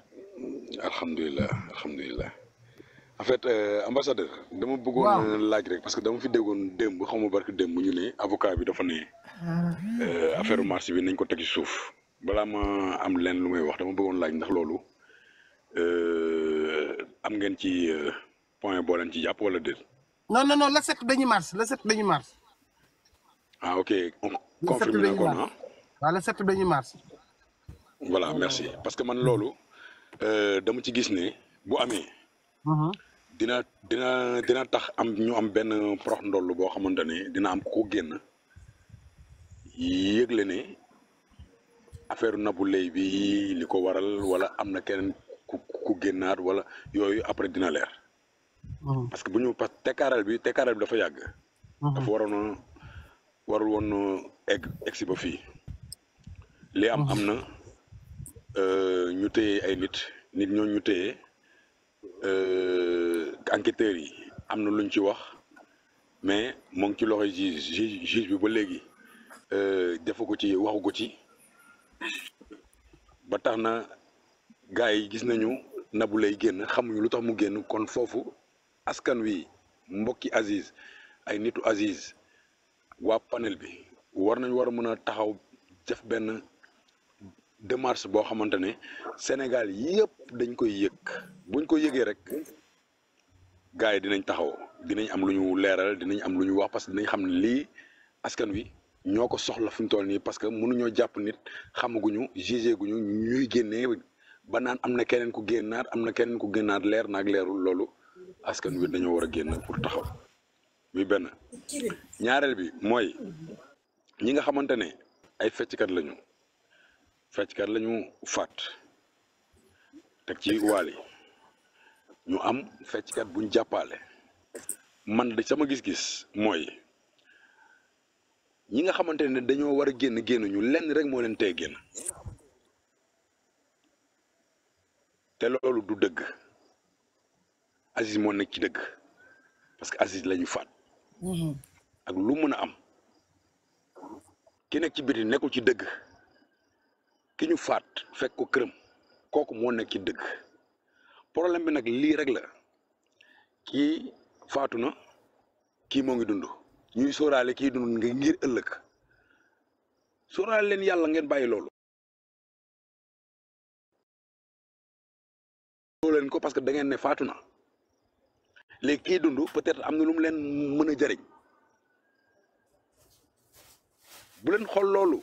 alhamdulilah alhamdulilah. en fait euh, ambassadeur. dama bëggoon laaj rek parce que dama fi déggoon démb xaw ma barki démb ñu ne avocat bi dafa ne. Ah. Euh, affaire marché bi nañ ko teg ci suuf. bala ma am len lu may wax dama bëggon laaj ndax euh am ngeen ci euh, point bo len ci japp wala deul non non non la sec dañuy mars la sec dañuy mars. ah ok on confirme na ko ah. waaw le sept dañuy mars. voilà merci parce que man euh dama ci gis ne bu amee. Mm-hmm. dina dina dina tax am ñu am ben prox ndol bo xamante dina am ko genn yegle ne. affaire Nabou bi li ko waral wala amna na ku ku wala yooyu après dina leer. Mm-hmm. parce que buñu pas tekaral bi tekaral bi dafa yag mm-hmm. dafa warono warul woon egg exi si ba fii. li am amna euh ñu téye ay nit nit ñoo ñu euh enquêteur yi amna luñ ci wax mais mo ngi ci loxo juge bi ba léegi euh, defu ko ci waxu ko ci. ba tax na gars yi gis nañu Nabou lay génn xamuñu lu tax mu génn kon foofu askan wi mbokki Aziz ay nitu Aziz waa panel bi war nañ war a mën a taxaw def benn démarche boo xamante senegal Sénégal yëpp dañ koy yëg buñ ko yëgee rek gars yi dinañ taxaw dinañ am lu ñu leeral dinañ am lu ñu wax parce que dinañ xam ne lii askan wi ñoo ko soxla fi mu toll nii parce que mënuñoo jàpp nit xamaguñu jugé guñu ñuy génnee ba naan am na keneen ku génnaat am na keneen ku génnaat leer naag leeru loolu askan wi dañoo war a génn pour taxaw muy benn. ñaareel bi mooy ñi nga xamante ne ay fecckat lañu fecckat lañu fàtt teg ci waali ñu am fecckat buñ jàppaale man de sama gis-gis mooy. ñi nga xamante ne dañoo war a génn ñu lenn rek moo leen tee génn te loolu du dëgg Aziz moo nekk ci dëgg parce que Aziz la faat mhm. ak lu mën a am ki nekk ci biti nekkul ci dëgg ki ñu faat fekk ko këram kooku moo nekk ci dëgg problème bi nag lii rek la kii faatu na kii moo ngi dund ñuy sóoraale ki dund nga ngir ëlëk sóoraale leen yalla ngeen bayyi loolu loolu leen ko parce que da ngeen ne fatuna na ki dundu peut-être amna lu mu leen a jëriñ bu leen xol loolu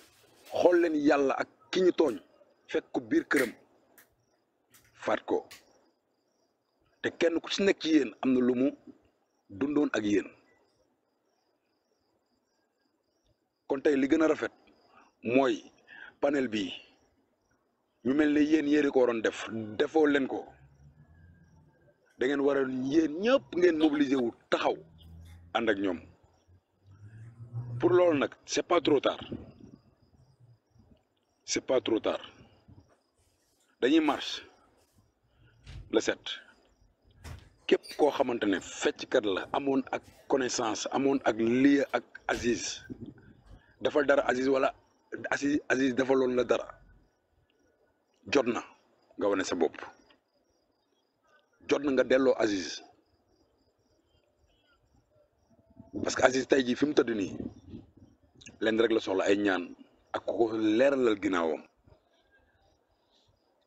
xol leen yalla ak ki ñu togn fekk ko bir kërëm fat ko te kenn ku ci nekk ci lu mu dundoon ak yeen kon tey li gën a rafet mooy panel bi ñu mel ne yéen yéen ko waroon def defoo leen ko da ngeen war a yéen ñëpp ngeen mobiliser wu taxaw ànd ak ñoom pour loolu nag c'est pas trop tard dañuy marche le set képp koo xamante ne fecckat la amoon ak connaissance amoon ak lien ak Aziz defal dara Aziz wala Aziz Aziz defaloon la dara jotna nga wane sa bop jotna nga delloo Aziz parce que Aziz tey jii fi mu tëdd nii rek la soxla ay ñaan ak ko leralal ginaawam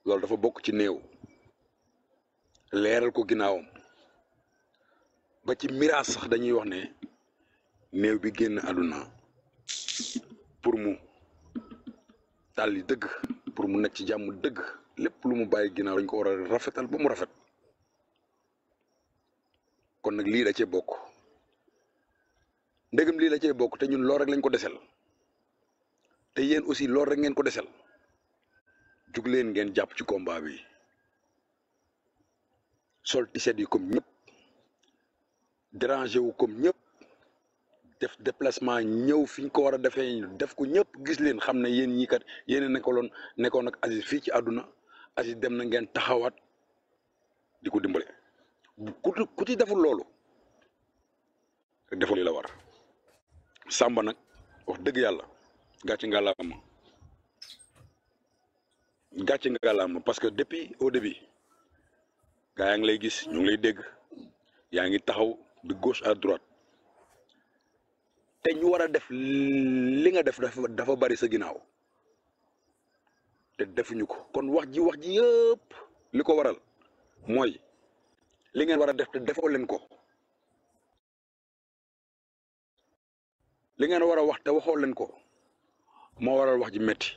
lol dafa bok ci neew leral ko ginaawam ba ci mirage sax dañuy wax ne neew bi genn aduna pour mu dal yi dëgg pour mu nekk ci jàmm dëgg lépp lu mu bàyyi ginnaaw lañ ko war a rafetal ba mu rafet kon nag lii da cee bokk ndegam lii da cee bokk te ñun lool rek lañ ko desel te yéen aussi lool rek ngeen ko desel jug leen ngeen jàpp ci combat bi sol tiset yi comme ñëpp déranger wu comme ñëpp. def déplacement ñëw fi ñu ko war def ko ñëpp gis leen xam ne yéen ñii kat yéen a nekkaloon nekkoon ak Aziz fii ci àdduna Aziz dem na ngeen taxawaat di ko ku ci deful loolu deful li la war Samba nag wax dëgg yàlla gàcce ngalaama gàcce ngalaama parce que depuis au début lay gis ñu lay taxaw de gauche à droite. te ñu war a def li nga def dafa dafa bari sa ginnaaw te defuñu ko kon wax ji wax ji yëpp li ko waral mooy li ngeen war a def te defoo leen ko li ngeen war a wax te waxoo leen ko moo waral wax ji metti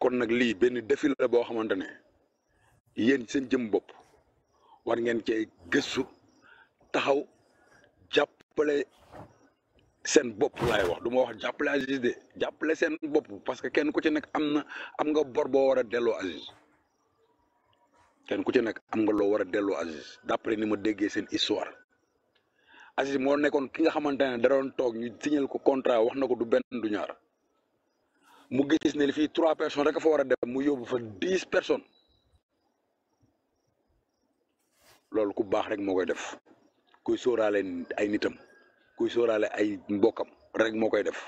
kon nag lii benn défi la boo xamante ne yéen seen jëm bopp war ngeen cee gëstu taxaw jappelé sen bop lay wax duma wax jappelé Aziz de jappelé sen bop parce que kenn ku ci nek amna am nga bor bo wara a Aziz kenn ku ci nek am nga lo wara Aziz d'après ni ma déggé sen histoire Aziz mo nekkoon ki nga xamante da ron tok ñu signal ko contrat wax nako ko du ben du ñaar mu gis ne fi 3 personnes rek fa wara mu yobu fa 10 personnes lolou ku bax rek mo koy def. kuy sóoraale ay nitam kuy sóoraale ay mbokkam rek moo koy def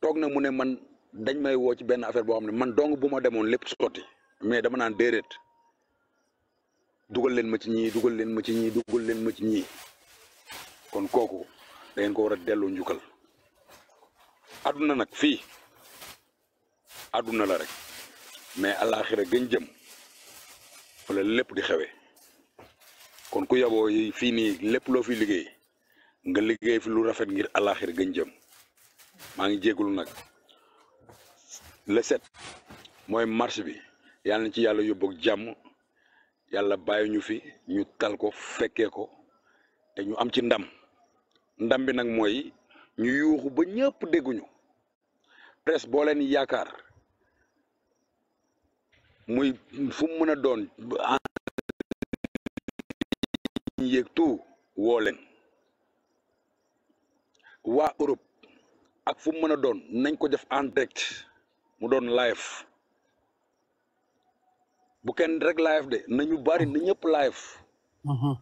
toog na mu ne man dañ may woo ci benn affaire boo xam ne man dong bu ma demoon lépp sotti mais dama naan déedéet dugal leen ma ci ñii dugal leen ma ñii dugal leen ma ci kon kooku da ko war a delloo njukkal àdduna nag fii àdduna la rek mais àllaaxira gën jëm wala lépp di xewe kon ku yabo yi ni lepp lo fi liggey nga liggey fi lu rafet ngir alakhir gën jëm ma ngi jéggul nag le set moy marche bi yalla ci yalla yobok ak yalla bayu ñu fi ñu tal ko fekke ko te ñu am ci ndam ndam bi nak moy ñu yuuxu ba ñëpp dégguñu press bo leen yaakar muy fu mu doon yéegtu woo leen waa Europe ak fu mu mën a doon nañ ko def en direct mu doon live bu kenn rek live de nañu bari na ñëpp live mm-hmm.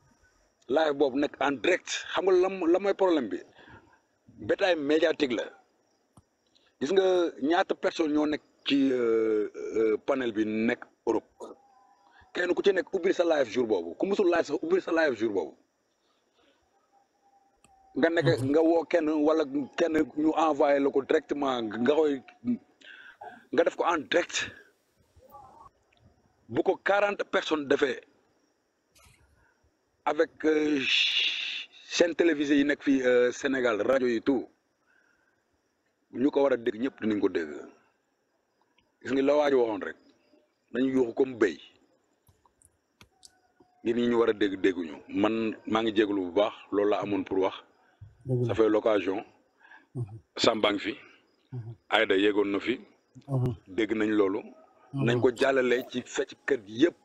live boobu nekk en direct xam nga lan la mooy problème bi bétail médiatique la gis nga ñaata personne ñoo nekk ci euh, euh, panel bi nekk Europe kenn ku ci nekk ubbil sa live jour boobu ku musul live sax sa live jour boobu nga nekk mhm. nga woo kenn wala kenn ñu envoyé la ko directement nga koy nga def ko en direct bu ko quarante personnes defee avec euh, chaîne télévisée yi nekk fii euh, Sénégal rajo yi tout ñu ko war a dégg ñëpp dinañ ko dégg gis nga la waaj waxoon rek nañu yuuxu comme béy nit ñu wara dégg déggu ñu man ma ngi jéglu bu baax loolu la amoon pour wax ça fait l'occasion mhm. sambang ngi fi mhm. Aïda yéegoon na fi mhm. dégg nañ loolu nañ ko jàllale ci fecc kër yépp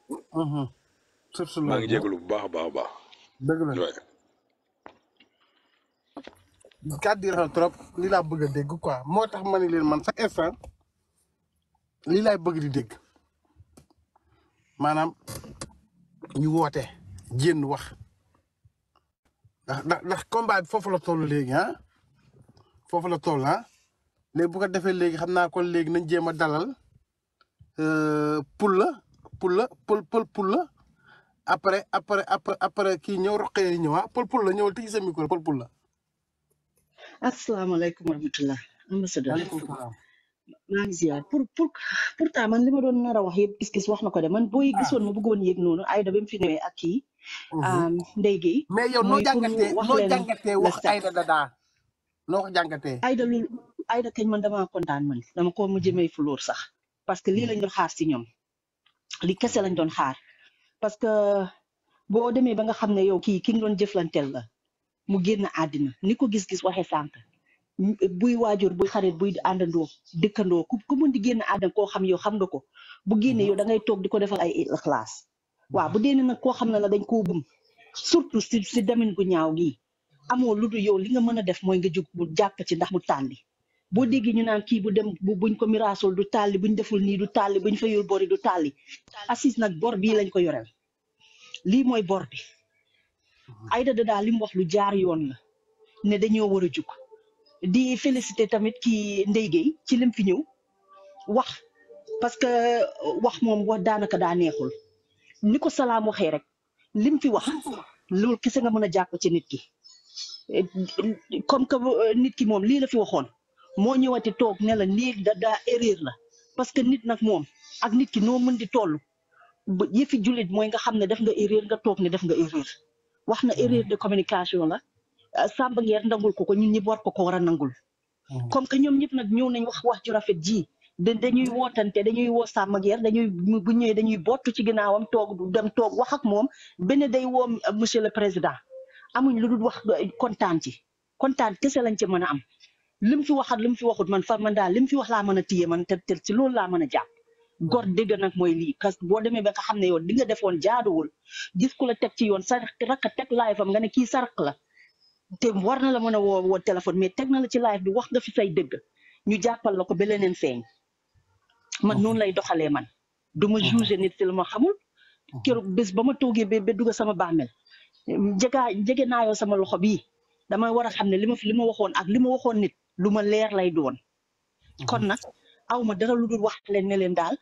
ma ngi jéglu bu baax a baax a baax dëgg la kàddu na trop li laa bëgg a dégg quoi moo tax ma ne leen man sa instant li lay bëgg di dégg maanaam ñu woote jénn wax ndax ndax ndax combat bi foofu la toll léegi ah foofu la toll ah léegi bu ko defee léegi xam naa kon léegi nañ jéem a dalal euh, pul la pul la pul pul pul la après après après après kii ñëw roqee yi ñëw ah pul pul la ñëwal tëj sa micro pul pul la. asalaamaaleykum wa rahmatulah. maa pour pour man li ma doon nar a wax yëpp gis-gis wax na ko de man booy ah. gisoon mu bëggoon yëg noonu Aïda ba mu fi ñëwee ak kii. Mhm. Ndeye Gueye. mais yow noo jàngatee noo jàngatee wax Aïda ko jàngatee. Aïda lu Aïda kañ man damaa kontaan man dama ko mujj may fuloor sax parce que lii mhm. lañ doon xaar si ñoom li kese lañ doon xaar parce que boo demee ba nga xam ne yow kii ki nga doon jëflanteel la mu génn àddina ni ko gis-gis waxee sànq. buy waajur buy xarit buy àndandoo dëkkandoo ku ku mën di génn àddina koo xam yow xam nga ko bu génnee da ngay toog di ko defal ay ixlaas waaw bu dee nag koo xam ne na dañ koo bum surtout si si demin gu ñaaw gi amoo lu du yow li nga mën a def mooy nga jóg mu jàpp ci ndax mu tàlli boo déggee ñu naan kii bu dem buñ ko miraasul du tàlli buñ deful nii du tàlli buñ fayul bori du tàlli assis nag bor bii lañ ko yoreel lii mooy bor bi Aïda Dada li mu wax lu jaar yoon la ne dañoo war a jóg di félicité tamit ki Ndeye ci lim fi ñëw wax parce que wax moom wax daanaka daa neexul ni ko salaam waxee rek lim fi wax loolu kese nga mën a jàpp ci nit ki comme que euh, nit ki moom lii la fi waxoon moo ñëwati toog ne la nii da daa erreur la parce que nit nag moom ak nit ki noo mën di toll ba yëfi julit mooy nga xam ne def nga erreur nga toog ne def nga erreur wax na erreur de communication la Euh, Samba Nguer nangul ko ko ñun ñi war ko ko war a nangul. Mm-hmm. comme que ñoom ñëpp nag ñëw nañ wax wax ju rafet ji. dañuy wootante dañuy woo Samba Nguer dañuy bu ñëwee dañuy bottu ci ginnaawam toog dem toog wax ak moom benn day woo euh, monsieur le président amuñ lu dul wax euh, kontaan ci kontaan kese lañ ci mën a am. li mu fi waxat li mu fi waxut man far man daal li mu fi wax laa mën a téye man te te ci loolu laa mën a jàpp. gor dëgg nag mooy lii parce que boo demee ba nga xam ne yow li nga defoon jaaduwul gis ku la teg ci yoon sa rakk teg laay fam nga ne kii sarq la. te war na la mën a woo woo téléphone mais teg na la ci live bi wax nga fi say dëgg ñu jàppal la ko ba leneen feeñ man noonu lay doxalee man du ma jugé nit ci la ma xamul keroog bés ba ma toogee ba ba sama bàmmeel jegaa jege naayoo sama loxo bi damay war a xam ne li ma fi li ma waxoon ak li ma waxoon nit lu ma leer lay doon kon nag aw ma dara lu dul wax leen ne leen daal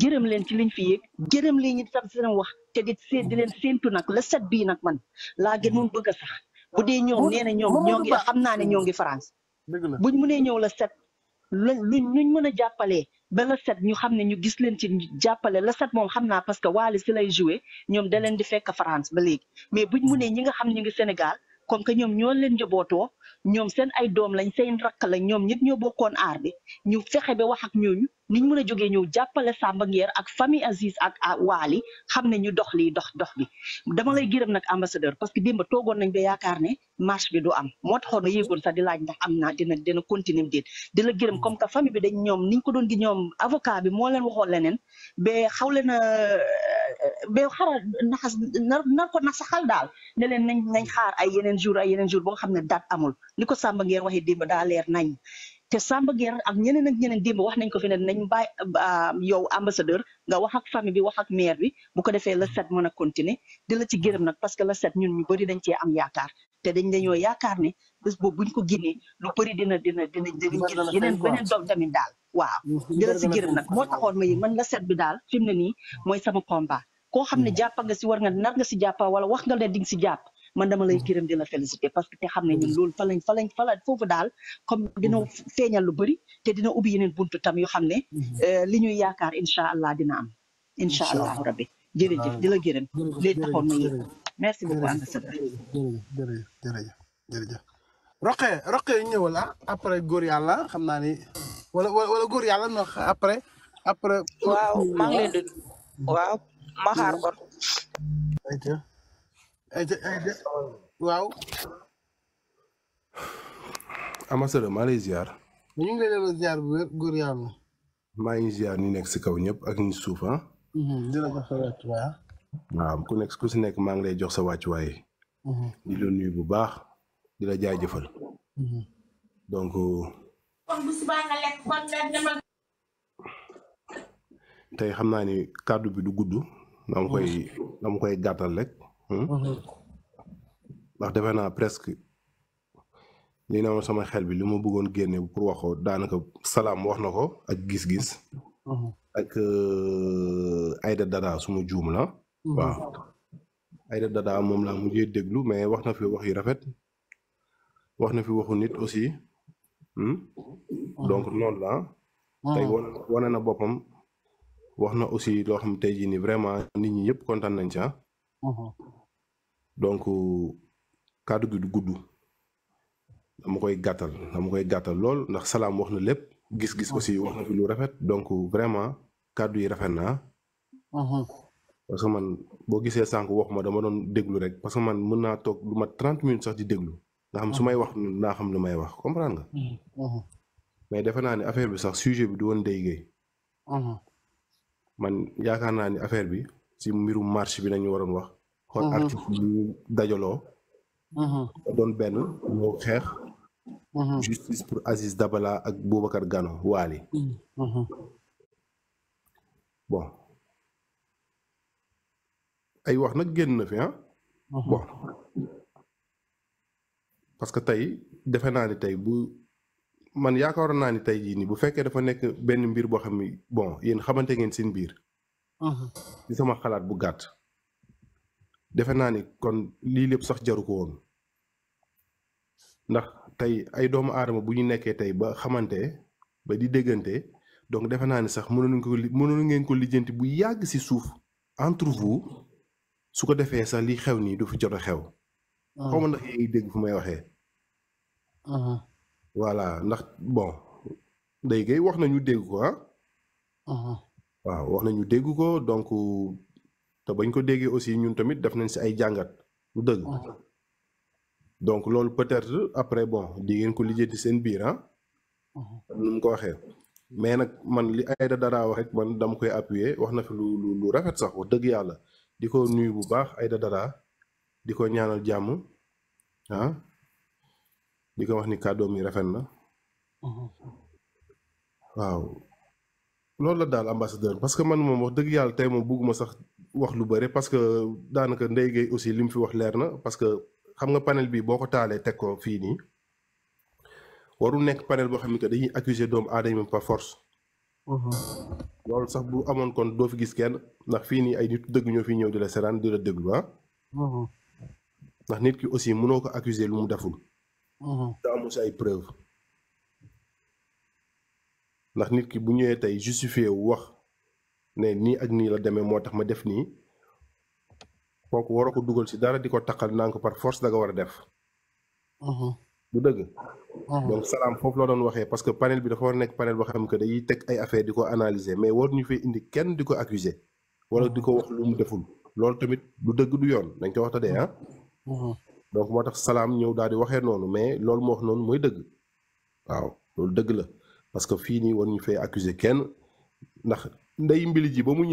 jërëm leen ci liñ fi yéeg jërëm leen ñi tam seen wax te di di leen séentu nag la set bii nag man laa gënoon bëgg a sax bu dee ñoom nee na ñoom ñoo ngi xam naa ne ñoo ngi France. buñ mënee ñëw la set lu luñ mën a jàppalee ba la set ñu xam ne ñu gis leen ci jàppale la set moom xam naa parce que waali si lay joué ñoom da leen di fekk France ba léegi mais buñ mm. mënee ñi nga xam ñu ngi Sénégal comme que ñoom ñoo leen njabootoo ñoom seen ay doom lañ seen rakk lañ ñoom ñëpp ñoo bokkoon aar bi ñu fexe ba wax ak ñooñu niñ mën a jógee ñëw jàppale Samba Nguer ak famille Aziz ak ah, Waali xam ne ñu dox lii dox dox bi dama lay gërëm nag ambassadeur parce que démb toogoon nañ ba yaakaar ne marche bi du am moo taxoon na yéegoon sax di laaj ndax am naa dina dina continuer déet di la comme que famille bi dañ ñoom niñ ko doon gi ñoom avocat bi moo leen waxoon leneen ba xaw leen a ba xara naxas nar nar ko nasaxal daal ne leen nañ nañ xaar ay yeneen jour a yeneen jour boo xam ne date amul li ko Samba Nguer waxee démb daa leer nañ te Samba Nguer a ñeneen ak ñeneen démb wax nañ ko fi ne nañ ba yow ambassadeur nga wax ak famille bi wax ak maire bi bu ko defee la set mën a continuer di la ci gërëm nag parce que la set ñun ñu bëri dañ cee am yaakaar te dañ dañoo yaakaar ne bés boobu buñ ko génnee lu bëri dina dina dina dina gis yeneen beneen doom tamit daal waaw jëla si gërëm nag moo taxoon ma man la seet bi daal fi mu ne nii mooy sama combat koo xam ne hmm. jàpp nga si war nga nar nga si jàppa wala wax nga leen di si jàpp man dama lay hmm. gërëm di la félicité parce que te xam ne ñun hmm. loolu fa fa lañ fa foofu daal comme dina feeñal lu bëri te dina ubbi yeneen buntu tam yoo xam ne euh, li ñuy yaakaar incha allah dina am incha allah rabbi jërëjëf di la gërëm léegi taxoon ma yi merci beaucoup ambassadeur jërëjëf roqe roqe ñëwal ah après góor yàlla xam naa ni wala wala góor yàlla no après après waaw maa ngi leen di hmm. waaw ma xaar kon waaw ambassadeur maa lay ziar ñu ngi leen di ziar bu wér ngi ziar ñu nekk si kaw ñëpp ak ñu waaw ku nekk ku si nekk maa ngi lay jox sa wàccuwaay. Mhm. di la nuyu bu baax di la jaajëfal. Mhm. donc. tey xam naa ni kàddu bi du gudd. dama koy mhm. dama koy gàttal rek. Hmm? ndax defe naa presque lii na ma sama xel bi lu ma bëggoon génne pour waxoo daanaka salaam wax na ko ak gis-gis. ak euh, Aïda Dada suma juum la. waaw ayda dada moom laa mujjee déglu mais wax na fi wax yu rafet wax na fi waxu nit aussi hmm? ah. donc noonu la ah. tey wane na boppam wax na aussi loo xam tey jii ni vraiment nit ñi yëpp kontaan nañ ca ah. uh-huh. donc kàddu gi du gudd dama koy gàttal dama koy gàttal lool ndax salaam wax na lépp gis-gis uh-huh. aussi wax na fi lu rafet donc vraiment kàddu yi rafet naa uh-huh parce que man gisé sank wax ma dama don déglu rek parce que man mën naa toog lu ma minutes sax di déglu nga xam sumay wax na xam lu may wax comprendre nga hmm, hmm. mais defe ni affaire bi sax sujet bi du won dey gay hmm. man yaakaar naa ni affaire bi si mbirum marché bi nañu waroon wax xool artiste ñu dajaloo doon benn ñoo xeex justice pour Aziz Dabala ak Boubacar Gano Waali bon ay wax nag génn na fi ah. Uh-huh. bon parce que tey defe naa ni tey bu man yaakaaroon naa ni tey jii nii bu fekkee dafa nekk benn mbir boo xam ni bon yéen xamante ngeen seen biir. ci uh-huh. sama xalaat bu gàtt. defe naa ni kon lii lépp sax jaru ko woon ndax tey ay doomu aadama bu ñu nekkee tey ba xamante ba di déggante donc defe naa ni sax mënoon ko mënoon ngeen ko lijjanti bu yàgg ci suuf entre su ko defee sax li xew nii du fi jot a xew. Ah. xaw ma ndax yaa dégg fu may waxee. Uh-huh. voilà ndax bon day gay wax nañu dégg ko ah. uh-huh. waaw wax nañu dégg ko donc te bañ ko déggee aussi ñun tamit def nañ si ay jàngat lu dëgg. Uh-huh. donc loolu peut-être après bon di ngeen ko lijjanti seen biir ah. nu mu ko waxee. mais nag man li Aïda Dara wax rek man dama koy appuyer wax na fi lu lu lu rafet sax wax dëgg yàlla. di ko nuyu bu baax Aida Dara diko ko ñaanal jamm ah di ko wax ni cadeau mi rafet na waaw loolu la daal ambassadeur parce que man moom wax dëgg yàlla tey moom bugguma sax wax lu bëre parce que daanaka ndey gay aussi lim fi wax leer na parce que xam nga panel bi boo ko taalee teg ko fii nii warul nekk panel boo xam ne que dañuy accuser doomu aadama par force loolu sax bu amoon kon doo fi gis kenn ndax fii nii ay nit dëgg ñoo fi ñëw di la seraan di la déglu ah. ndax nit ki aussi mënoo ko accuser lu mu deful. te amu si ay preuve ndax nit ki bu ñëwee tey justifié wu wax ne nii ak nii la demee moo tax ma def nii kooku waroo ko dugal si dara di ko taqal naa ko par force da nga war a def. du hum. donc salam parce que panel bi dafa panel boo xam que ay analyser mais war ñu indi kenn di accuser wala di wax lu mu deful tamit du du yoon ah. hum. donc moo tax daal di mais loolu moo wax noonu parce que fii nii war ñu accuser kenn ndax mbili ji ba mu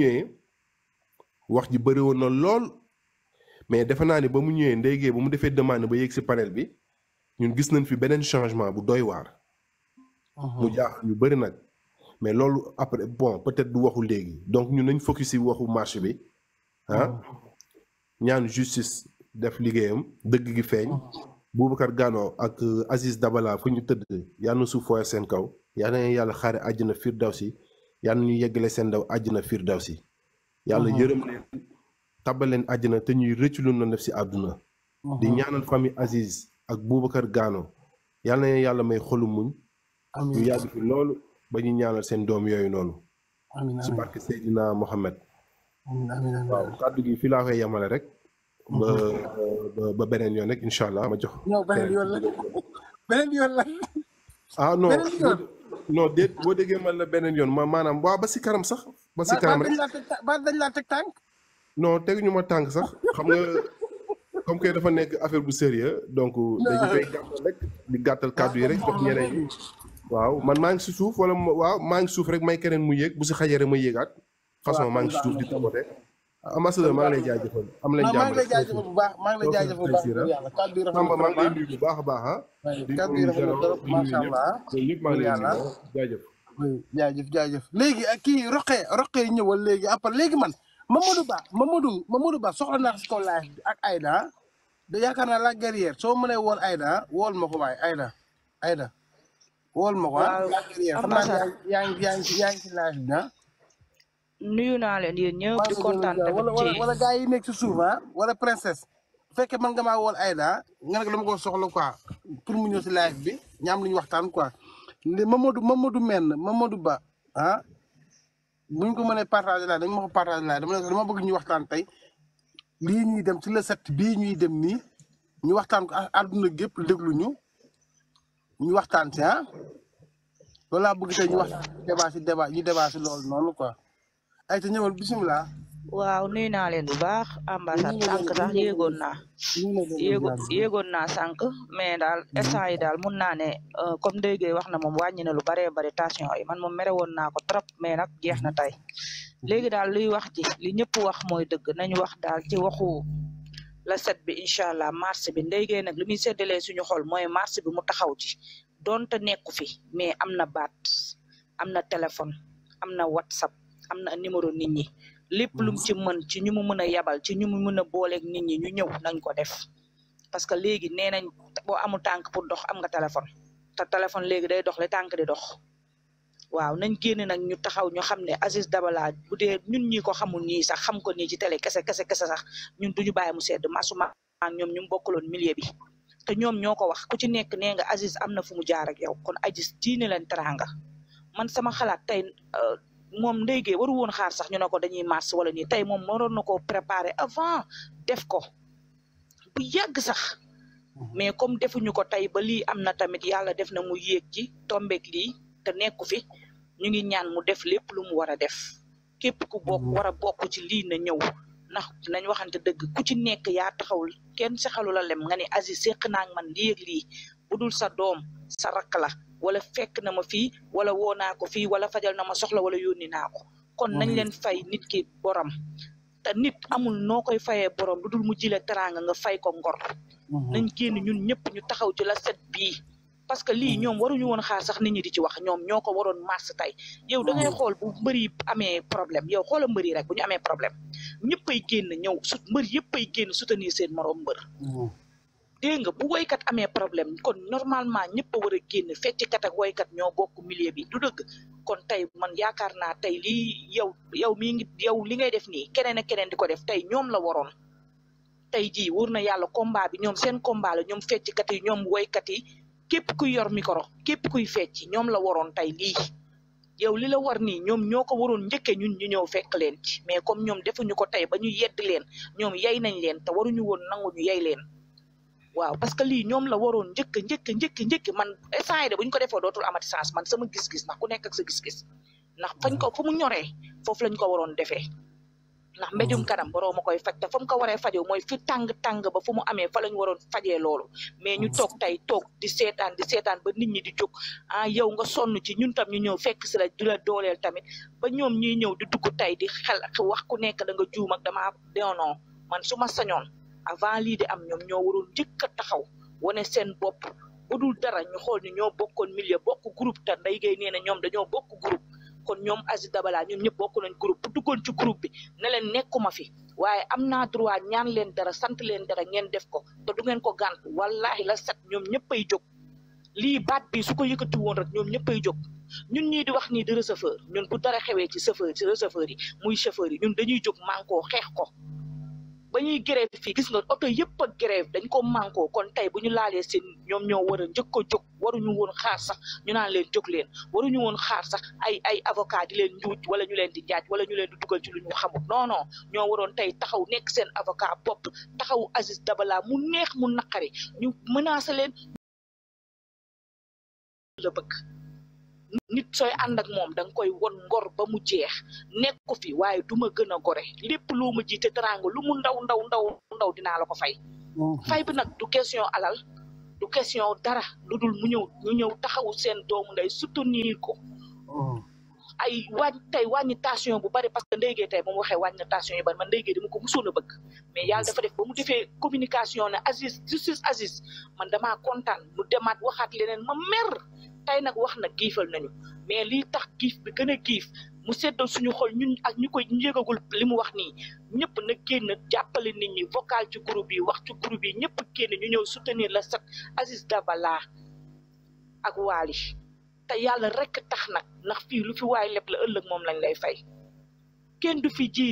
wax ji mais ba mu ba mu demande panel ñun gis nañ fi beneen changement bu doy waar. Uh-huh. mu jaaxal ñu bëri nag. mais loolu après bon peut-être du waxu léegi donc ñun nañ nous si waxu marché bi ah. Uh-huh. ñaan justice def liggéeyam dëgg gi feeñ. Uh-huh. Boubacar Gano ak euh, Aziz Dabala fu ñu tëdd yàlla na suuf fooy seen kaw yàlla na yàlla xaare àjjana firdawsi yàlla ñu yeggale seen ndaw àjjana devons yàlla yërëm leen tabal leen àjjana te ñuy rëccu lu def si àdduna. di ñaanal famille Aziz. ak Boubacar Gano yàlla na yàlla may xolu muñ. amiin ñu fi loolu ba ñu ñaanal seen doom yooyu noonu. si barke Seydina Mohamed. waaw kàddu gi fii laa koy yemale rek. Mhm. ba beneen yoon rek incha allah ma jox. non beneen yoon la ah non non boo déggee mal la beneen yoon ma maanaam waaw ba si kanam sax. ba si kanam rek ba dañ laa teg tànk. sax comme que dafa nek affaire bu sérieux donc dañu fay ah. gàttal rek di gattal cadre yi rek jox ah, ñeneen yi waaw man ma ngi si suuf wala waaw ma ngi suuf rek may keneen mu yegg bu ci xajere rek ma yéegaat façon ma ngi si suuf di tabote ah, ambassadeur ma ngi lay jaajëfal am lañ jàmm rek maa ngi lay jaajëfal bu baax maa ngi lay nuyu bu baax baax ha ah kàddu yi rafet na trop macha allah ñëpp maa ngi lay nuyu jaajëf jaajëf jaajëf ak ki roqee roqee ñewal léegi après léegi man Mamadou Ba Mamadou Mamadou Ba soxla na ci kaw laaj ak Aïda da yaakaar naa la guerrière so mënee wall Aida wool ma ko waay wall Aida wool ma la guerrière xam naa yang yang yaa ci laaj na nuyu na len yeen ñëpp di kontaan tamit wala gaay yi nek ci souf ha wala princesse fekk man nga ma wol ayda nga nak dama ko soxla quoi pour mu ñew si live bi ñam luñu waxtan quoi ni Mamadou Mamadou men Mamadou Ba ah buñ ko mëne partager la dañ mako partager la dama dama bëgg ñu waxtan tay lii ñuy dem ci le sept bii ñuy dem nii ñu waxtaan ko àdduna gépp déglu ñu ñu waxtaan ci ah loolu laa bëgg ñu wax débat si ñu débat si loolu noonu quoi ay te ñëwal bisimilah waaw nuyu naa leen bu baax ambassade sànq sax yéegoon naa yéego yéegoon naa sànq mais daal mm-hmm. instant yi daal mun naa ne euh, comme déggee wax na moom wàññi na lu baree bari tension yi man moom mere woon naa ko trop mais nag jeex na tey mm-hmm. léegi daal luy wax ji li ñëpp wax mooy dëgg nañu wax daal ci waxu la set bi incha allah mars bi ndéygee nag li muy seddalee suñu xool mooy marché bi mu taxaw ci donte nekku fi mais am na baat am na téléphone am na whatsapp am na numéro nit ñi lépp lum mm. ci mën ci ñu mu mën a yabal ci ñu mu mën a booleeg nit ñi ñu ñëw nañ ko def parce que léegi nee nañ boo amu tànk pour dox am nga téléphone te téléphone léegi day dox le tànk di dox waaw nañ génn nag ñu taxaw ñu xam ne Aziz Dabala bu dee ñun ñi ko xamul ñii sax xam ko nii ci tele kese kese kese sax ñun duñu bàyyi mu sedd masuma ak ñoom ñu bokkaloon milieu bi te ñoom ñoo ko wax ku ci nekk nee nga Aziz am na fu mu jaar ak yow kon Aziz diine leen teraanga man sama xalaat euh, moom ndéygee waru woon xaar sax ñu ne ko dañuy mars wala nii tey moom waroon na koo préparer avant def ko bu yàgg sax mhm. mais comme defuñu ko tey ba lii am na tamit yàlla def na mu yéeg ci tombeeg lii te nekku fi ñu ngi ñaan mu def lépp lu mu war a def képp ku bokk mhm. war a bokk ci lii na ñëw ndax nañ waxante dëgg ku ci nekk yaa taxawul kenn sexalu la lem nga ni asi séq naa man lii ak lii sa doom sa rakk la wala fekk na ma fii wala woo naa ko fii wala fajal na ma soxla wala yónni naa ko kon nañ leen fay nit ki borom te nit amul noo koy fayee borom lu dul mu jile teraanga nga fay ko ngor mhm. nañ génn ñun ñëpp ñu taxaw ci la set bii parce que lii mhm. ñoom waruñu woon xaar sax nit ñi di ci wax ñoom ñoo ko waroon mars tey yow da ngay mhm. xool bu mbër yi amee problème yow xoola mbër yi rek bu ñu amee problème ñëppay génn ñëw su mbër yëppay génn soutenir seen morom mbër dégg nga bu woykat amee problème kon normalement ñëpp a war a fecc feccikat ak woykat ñoo bokk milieu bi du dëgg kon tey man yaakaar naa tey lii yow yow mii ngi yow li ngay def nii keneen ak keneen di ko def tey ñoom la waroon tey jii wóor na yàlla combat bi ñoom seen combat ñoom feccikat yi ñoom woykat yi képp kuy yor micro képp kuy fecc ñoom la waroon tey lii yow li la war nii ñoom ñoo ko waroon njëkkee ñun ñu ñëw fekk leen ci mais comme ñoom defuñu ko tey ba ñu yedd leen ñoom yay nañ leen te waruñu woon nangu ñu yay leen waaw parce que lii ñoom la waroon njëkk njëkk njëkk njëkk man instant yi de bu ñu ko defoo dootul amati sens man sama gis-gis ndax ku nekk ak sa gis-gis ndax fañ ko fu mu ñoree foofu lañ ko waroon defee ndax mbéjum mm-hmm. kanam borom ma koy faj te fa mu ko waree fajoo mooy fi tàng-tàng ba fu mu amee fa lañ waroon fajee loolu mais ñu toog tey toog di seetaan di seetaan ba nit ñi di jóg ah yow nga sonn ci ñun tam ñu ñëw fekk si la di la tamit ba ñoom ñuy ñëw di dugg tey di xel wax ku nekk da nga juum ak damaa non man su ma sañoon avant lii de am ñoom ñoo warul njëkk a taxaw wane seen bopp bu dara ñu xool ni ñoo bokkoon milieu bokk group te Ndeye Gueye nee na ñoom dañoo bokk groupe kon ñoom Aziz Dabala ñoom ñëpp bokk nañ groupe bu duggoon ci groupe bi ne leen nekkuma fi waaye am naa droit ñaan leen dara sant leen dara ngeen def ko te ngeen ko gànt wallahi la set ñoom ñëpp ay jóg lii baat bi su ko yëkkati woon rek ñoom ñëpp ay jóg ñun ñii di wax nii di receveur ñun bu dara xewee ci chauffeur ci receveur yi muy chauffeur yi ñun dañuy jóg mànkoo xeex ko ba ñuy grève fii gis nga oto yëpp a grève dañ ko manko kon tey bu ñu laalee seen ñoom ñoo war a njëkk a jóg waruñu woon xaar sax ñu naan leen jóg leen waruñu woon xaar sax ay ay avocat di leen njuuj wala ñu leen di njaaj wala ñu leen di dugal ci lu ñu xamul non non ñoo waroon tey taxaw nekk seen avocat bopp taxaw Aziz Dabala mu neex mu naqari ñu menacé leen la bëgg nit sooy ànd ak moom danga koy won ngor ba mu jeex nekku fi waaye du ma gën a gore lépp loo ma jiite teraanga lu mu ndaw ndaw ndaw ndaw dinaa la ko fay mhm. fay bi nag du question alal du question dara lu dul mu ñëw mu ñëw taxawu seen doomu nday soutenir ko mhm. ay wàññi tey wàññi tension bu bari parce que ndéygee tey ba mu waxee wàññi na tension yu bari man ndéygee dama ko musoon a bëgg mais yàlla dafa def ba mu defee communication ne Aziz justice Aziz man damaa mu demaat waxaat leneen ma mer tey nag wax na giifal nañu mais lii tax giif bi gën a giif mu seddal suñu xol ñun ak ñu koy yëgagul li mu wax nii ñëpp na génn jàppale nit ñi vocal ci groupe yi wax ci groupe yi ñëpp génn ñu ñëw soutenir la sat Aziz Dabala ak Waly te yàlla rek tax nag ndax fii lu fi waay leb la ëllëg moom lañ lay fay kenn du fi ji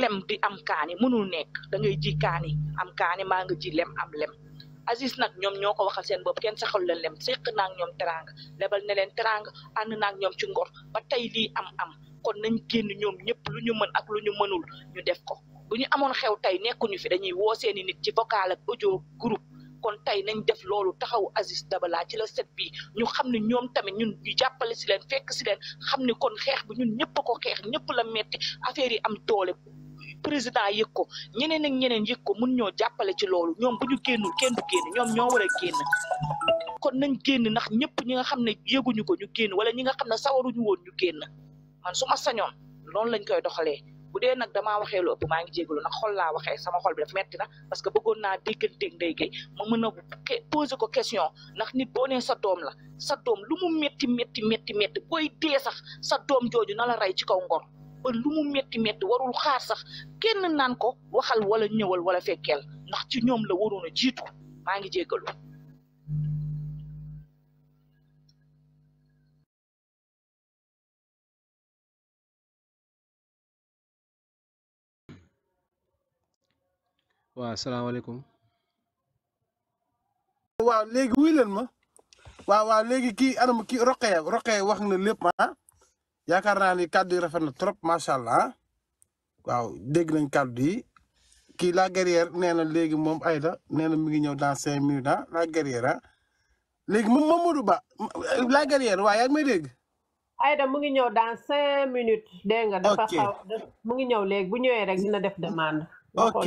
lem di am kaani mënul nekk da ngay ji kaani am kaani maa nga ji lem am lem Aziz nag ñoom ñoo ko waxal seen bopp kenn saxalu leen lem séq naa ak ñoom teraanga lebal ne leen terang ànd naa ak ñoom ci ngor ba tey lii am am kon nañ ni ñoom ñëpp lu ñu mën ak lu ñu mënul ñu def ko bu ñu amoon xew tey nekkuñu fi dañuy woo seeni nit ci vocal ak audio groupe kon tey nañ def loolu taxaw Aziz Dabala ci la set bii ñu xam ne ñoom tamit ñun ñu jàppale si leen fekk si leen xam ne kon xeex bu ñun ñëpp ko xeex ñëpp la metti affaire yi am doole président yëg ko ñeneen ak ñeneen yëg ko mun ñoo jàppale ci loolu ñoom bu ñu génnul ken du génn ñoom ñoo war a génn kon nañ génn ndax ñëpp ñi nga xam ne yëguñu ko ñu génn wala ñi nga xam ne sawaruñu woon ñu génn man su ma sañoon loolu lañ koy doxalee bu dee nag damaa waxee lu maa ngi jégalu nag xol laa waxee sama xol metti na parce que bëggoon naa dégganteeg ndey gay ma mën a poser ko question ndax nit boo nee sa doom la sa doom lu mu métti métti métti métti booy dee sax sa doom jooju na la rey ci kaw ngor ba lu mu métti warul xaar sax kenn naan ko waxal wala ñëwal wala fekkeel ndax ci ñoom la waroon a jiitu maa ngi jéggalu waaw salaamaaleykum. waaw léegi wuy leen ma waaw waaw léegi kii anam kii roqee roqee wax na lépp ma ah. Ya karena ni kàddu yi trop macha allah deg dégg nañ kàddu yi la guerrière nee na mom moom Aïda mi ngi ñëw dans minutes ah, la guerrière ah. léegi mom Mamadou Ba la guerrière waaye yaa may dégg. Aïda mu ngi ñëw dans cinq minutes. dégg nga dafa xaw mu ngi ñëw léegi bu ñëwee rek dina def demande. ok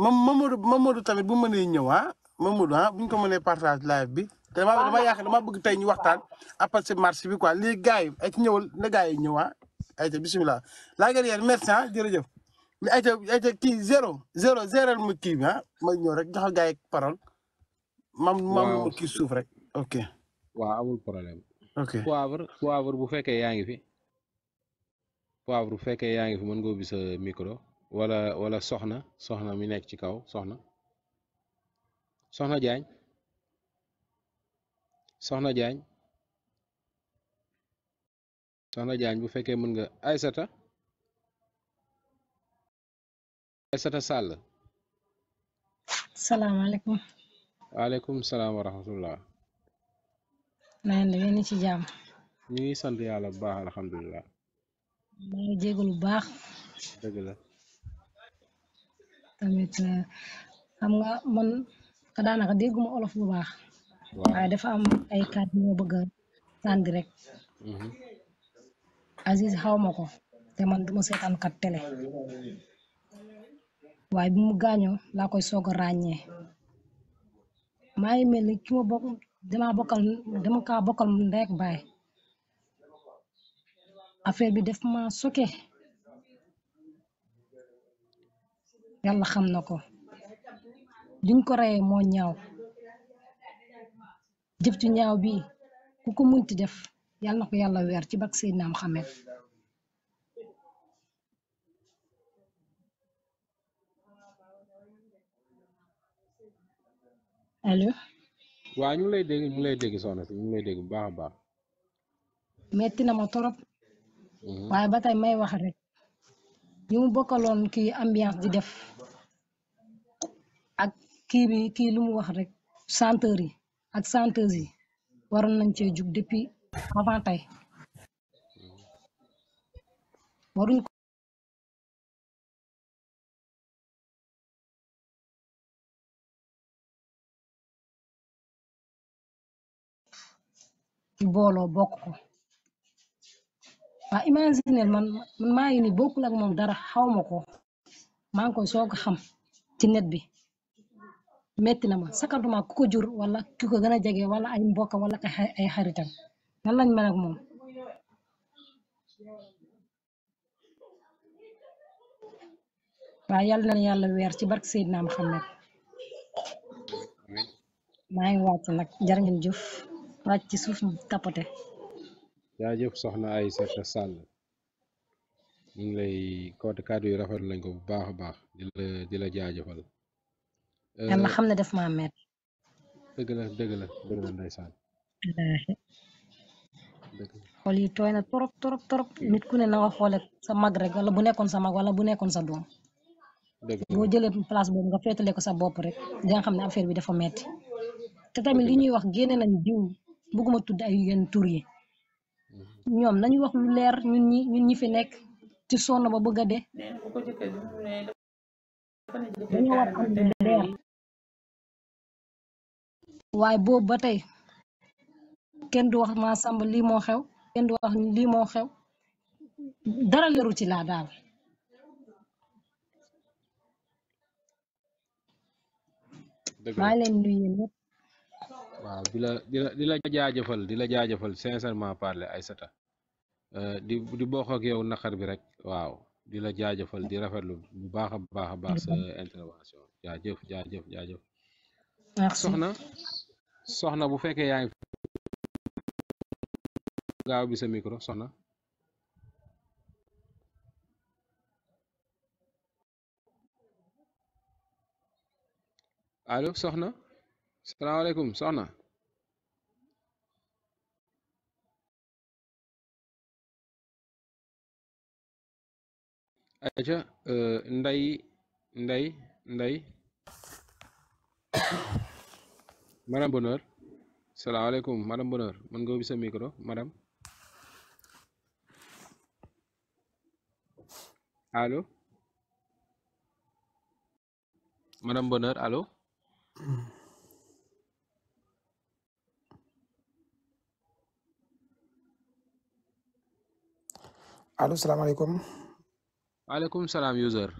moom Mamadou Mamadou tamit bu mënee ñëw ha ah, Mamadou ha bu ko partage live bi. te damaa damaa yaakaar damaa bëgg tey ñu waxtaan après si marché bi quoi lii gars yi ay ci ñëwal na gars yi ñëwaa ah. ayca bisimilah laa gën yéen merci ah jërëjëf ayca ayca kii zéro zéro zéro mu kii bi ah. ma ñëw rek jox gars yi parole. mam mam mu kii suuf rek ok. waaw amul problème. poivre poivre bu fekkee yaa ngi fi. poivre bu fekkee yaa ngi fi mën nga sa micro wala wala soxna soxna mi nekk ci kaw soxna soxna Diagne. soxna jaañ soxna jaañ bu fekke mën nga aysata aysata sàll salaamaaleykum waaleykum salam wa rahmatullah naan la ngeen ci jamm ñu ngi sant yalla bu baax alhamdullilah maa ngi jégalu bu baax dëgg la tamit euh, xam nga man ka daanaka dégguma olof bu baax waaye dafa am ay kàddu ñoo bëgg a sànni rek. Mm-hmm. Aziz xaw ma ko te man duma seetaan kat télé waaye bi mu gaañoo laa koy soog a ràññee maa ngi mel ni ki ma bokk damaa bokkal affaire bi def ma soke yàlla xam na ko liñ ko reyee moo ñaaw. jëf ju ñaaw bi ku ko munti def yàlla na ko yàlla weer ci bak Seydina Muhammad allo. waaw ñu ngi lay dégg ñu ngi lay dégg soxna si metti na ma torop. Mhm. waaye ba tey may wax rek. ñu mu bokkaloon kii ambiance di def ak ki bi kii lu mu wax rek chanteur yi. ak chanteuse yi waroon nañ cee jug depuis avant tey waruñ ko booloo bokk ko waa imaginer man man maa ngi ni bokkul ak moom dara xaw ma ko maa ngi koy soog a xam ci net bi metti na ma sakatuma ku ko jur wala ki ko gën a jege wala ay mbokk wala ay xaritam nan lañ mel ak moom waaye yàlla na yàlla weer ci barke Seydina Muhammad maa ngi wàcc nag jar ngeen jëf wàcc ci suuf tapote jaajëf soxna Aïssata Sall ñu ngi lay koote kàddu yu rafet lañ ko bu baax a baax di la di la jaajëfal yàlla euh, xam ne def maa mer. dëgg la tooy na torop torop torop nit ku ne na nga xoole sa mag rek wala bu nekkoon sa mag wala bu nekkoon sa doom. boo jëlee place boobu nga féetale ko sa bopp rek di nga xam ne affaire bi dafa metti te tamit li ñuy wax génne nañ jiw bëgguma tudd ay yenn tur yi mhm. ñoom wax lu leer ñun ñi ñun ñi fi nekk ci sonn ba bëgg a leer waaye boobu ba tey kenn du wax ma sàmb lii moo xew lii moo xew dara leeru ci laa daal maa leen nuyu ñëpp waaw di la di la jaajëfal di la jaajëfal sincèrement parler ay sata euh, di bokk ak yow naqar bi rek waaw di la jaajëfal di rafetlu bu baax a baax a baax sa intervention jaajëf jaajëf jaajëf soxna bu fekkee yaa ngi gaaw bi micro soxna allo soxna salaamaaleykum soxna aca euh, nday nday nday madame Bonheur salaamaaleykum madame Bonheur mën nga ubbi sa micro madame allo madame Bonheur alo allo salaamaaleykum. waaleykum salaam user.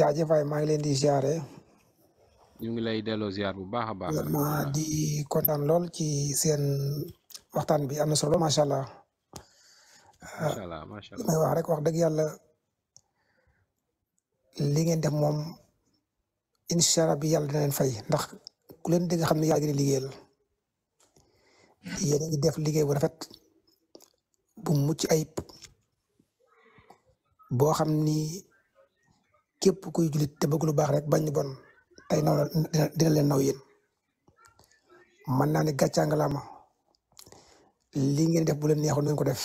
jaajëf waay maa ngi leen di ziare. ñu ngi lay delloo ziar bu baax a baax. ma di kontaan lool ci seen waxtaan bi am na solo macha allah. macha allah macha allah may wax dëgg yàlla li ngeen def moom incha allah bi yàlla fay ndax ku leen dégg xam ne yàlla ngi liggéeyal yéen a def liggéey bu rafet bu mucc ayib boo xam ni képp kuy jullit te bëgg lu baax rek bañ bon. ay naw la dina leen naw yéen man naa ne gàccaangalaama lii ngeen def bu leen neexoon ngeen ko def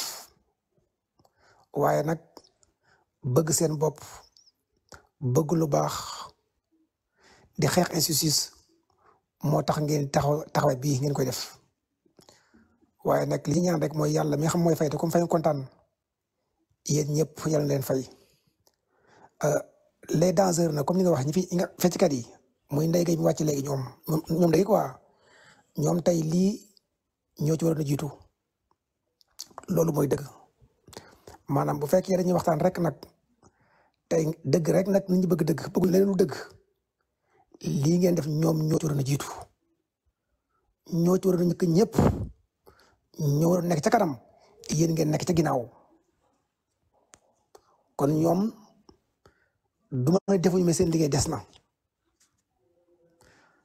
waaye nag bëgg seen bopp bëgg lu baax di xeex injustice moo tax ngeen taxaw taxawaay bii ngeen koy def waaye nag li ñaan rek mooy yàlla mi xam mooy fay te comme fay kontaan yéen ñëpp yàlla na leen fay euh, les danseurs na comme ni nga wax ñi fi nga yi. mooy ndey gay bi wàcc léegi ñoom ñoom léegi quoi ñoom tey lii ñoo ci waroon a jiitu loolu mooy dëgg maanaam bu fekkee dañuy waxtaan rek nag tey dëgg rek nag nit ñi bëgg dëgg bëgguñ leneen lu dëgg lii ngeen def ñoom ñoo ci jiitu ñoo ci waroon a njëkk ñëpp nekk ca kanam yéen ngeen nekk ca ginnaaw kon ñoom du ma defuñu mais seen liggéey des na.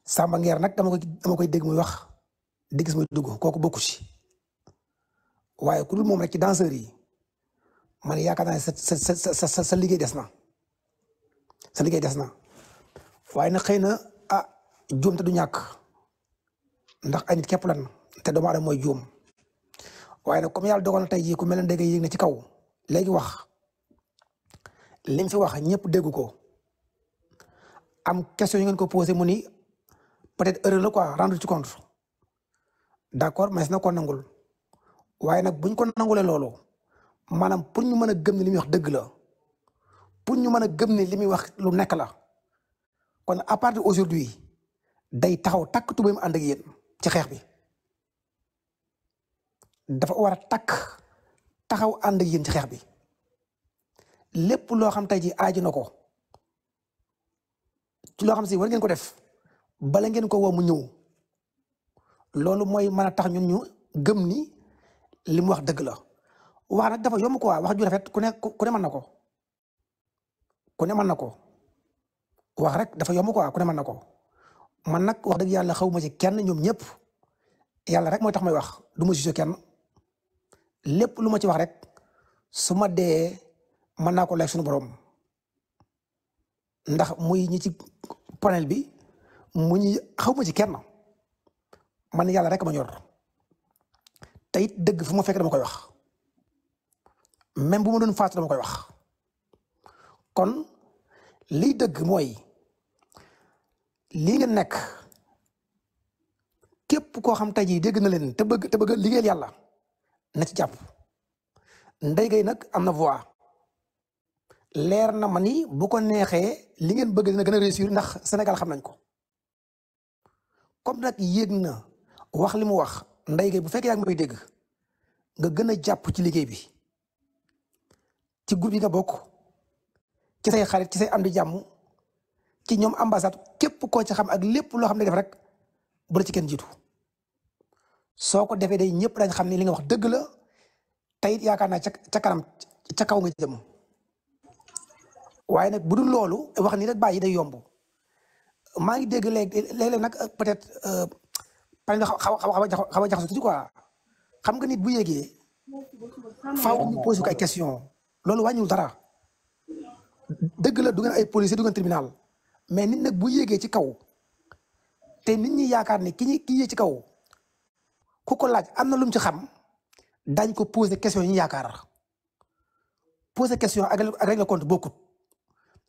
Samba Ngeer nag dama koy dama koy dégg muy wax di gis dugg kooku bokku ci waaye ku dul moom rek ci danseur yi man yaakaar naa ne sa sa des na sa liggéey des na waaye nag xëy na ah juum te du ñàkk ndax ay nit képp lan te doomu aadama mooy juum waaye nag comme yàlla dogal na tey jii ku mel ne dégg yi na ci kaw léegi wax lim fi wax ñépp dégg ko am question yu ngeen ko posé mu ni peut-être erreur la quoi rendre ci compte d'accord mais na ko nangul waaye nag buñ ñu ko nangulee loolu maanaam pour ñu mën a gëm ne li muy wax dëgg la pour ñu mën a gëm ne li muy wax lu nekk la kon à partir d'aujourd'hui day taxaw takk tubéem ànd ak yéen ci xeex bi dafa war a takk taxaw ànd ak yéen ci xeex bi lépp loo xam tey ji aaju na ko ci loo xam si war ngeen ko def. bala ngeen ko woo mu ñëw loolu mooy mën a tax ñun ñu gëm ni li mu wax dëgg la wax nag dafa yomb quoi wax ju rafet ku ne ku ne mën na ko ku ne mën na ko wax rek dafa yomb quoi ku ne mën na ko man nag wax dëgg yàlla xaw ma ci kenn ñoom ñëpp yàlla rek mooy tax may wax du ma jugé kenn lépp lu ma ci wax rek su ma dee mën naa ko lay suñu borom ndax muy ñi ci panel bi. mu ñu xaw ma ci kenn man yàlla rek ma ñor te it dëgg fu ma fekk dama koy wax même bu ma doon faatu dama koy wax kon liy dëgg mooy lii nga nekk képp koo xam tey jii dëgg na leen te bëgg te bëgg liggéeyal yàlla na ci jàpp ndey gay nag am na voix leer na ma ni bu ko neexee li ngeen bëgg dina gën a réussir ndax Sénégal xam nañ ko. comme nag yéeg na wax li mu wax Ndeye Gueye bu fekkee yaa ngi may dégg nga gën a jàpp ci liggéey bi ci groupe nga bokk ci say xarit ci say am di jàmm ci ñoom ambassade képp koo ci xam ak lépp loo xam ne def rek bu la ci kenn jiitu soo ko defee day ñëpp dañ xam ne li nga wax dëgg la tey yaakaar naa ca kanam ca kaw nga jëm waaye nag bu dul loolu wax ni rek bàyyi day yomb. maa ngi dégg léegi léeg nag euh, peut-être euh, na exemple xaw xaw xaw a jaxasoo tuuti quoi xam nga nit bu yéegee faaw ñu posé ko question loolu wàññiwul dara dëgg la du ay policier du ngeen tribunal mais nit nag bu yéegee ci kaw te nit ñi yaakaar ne ki ñi ki yéeg ci kaw ku ko laaj am na lu mu ci xam daañ ko posé question yi ñu yaakaar posé question ak règle compte bokkut.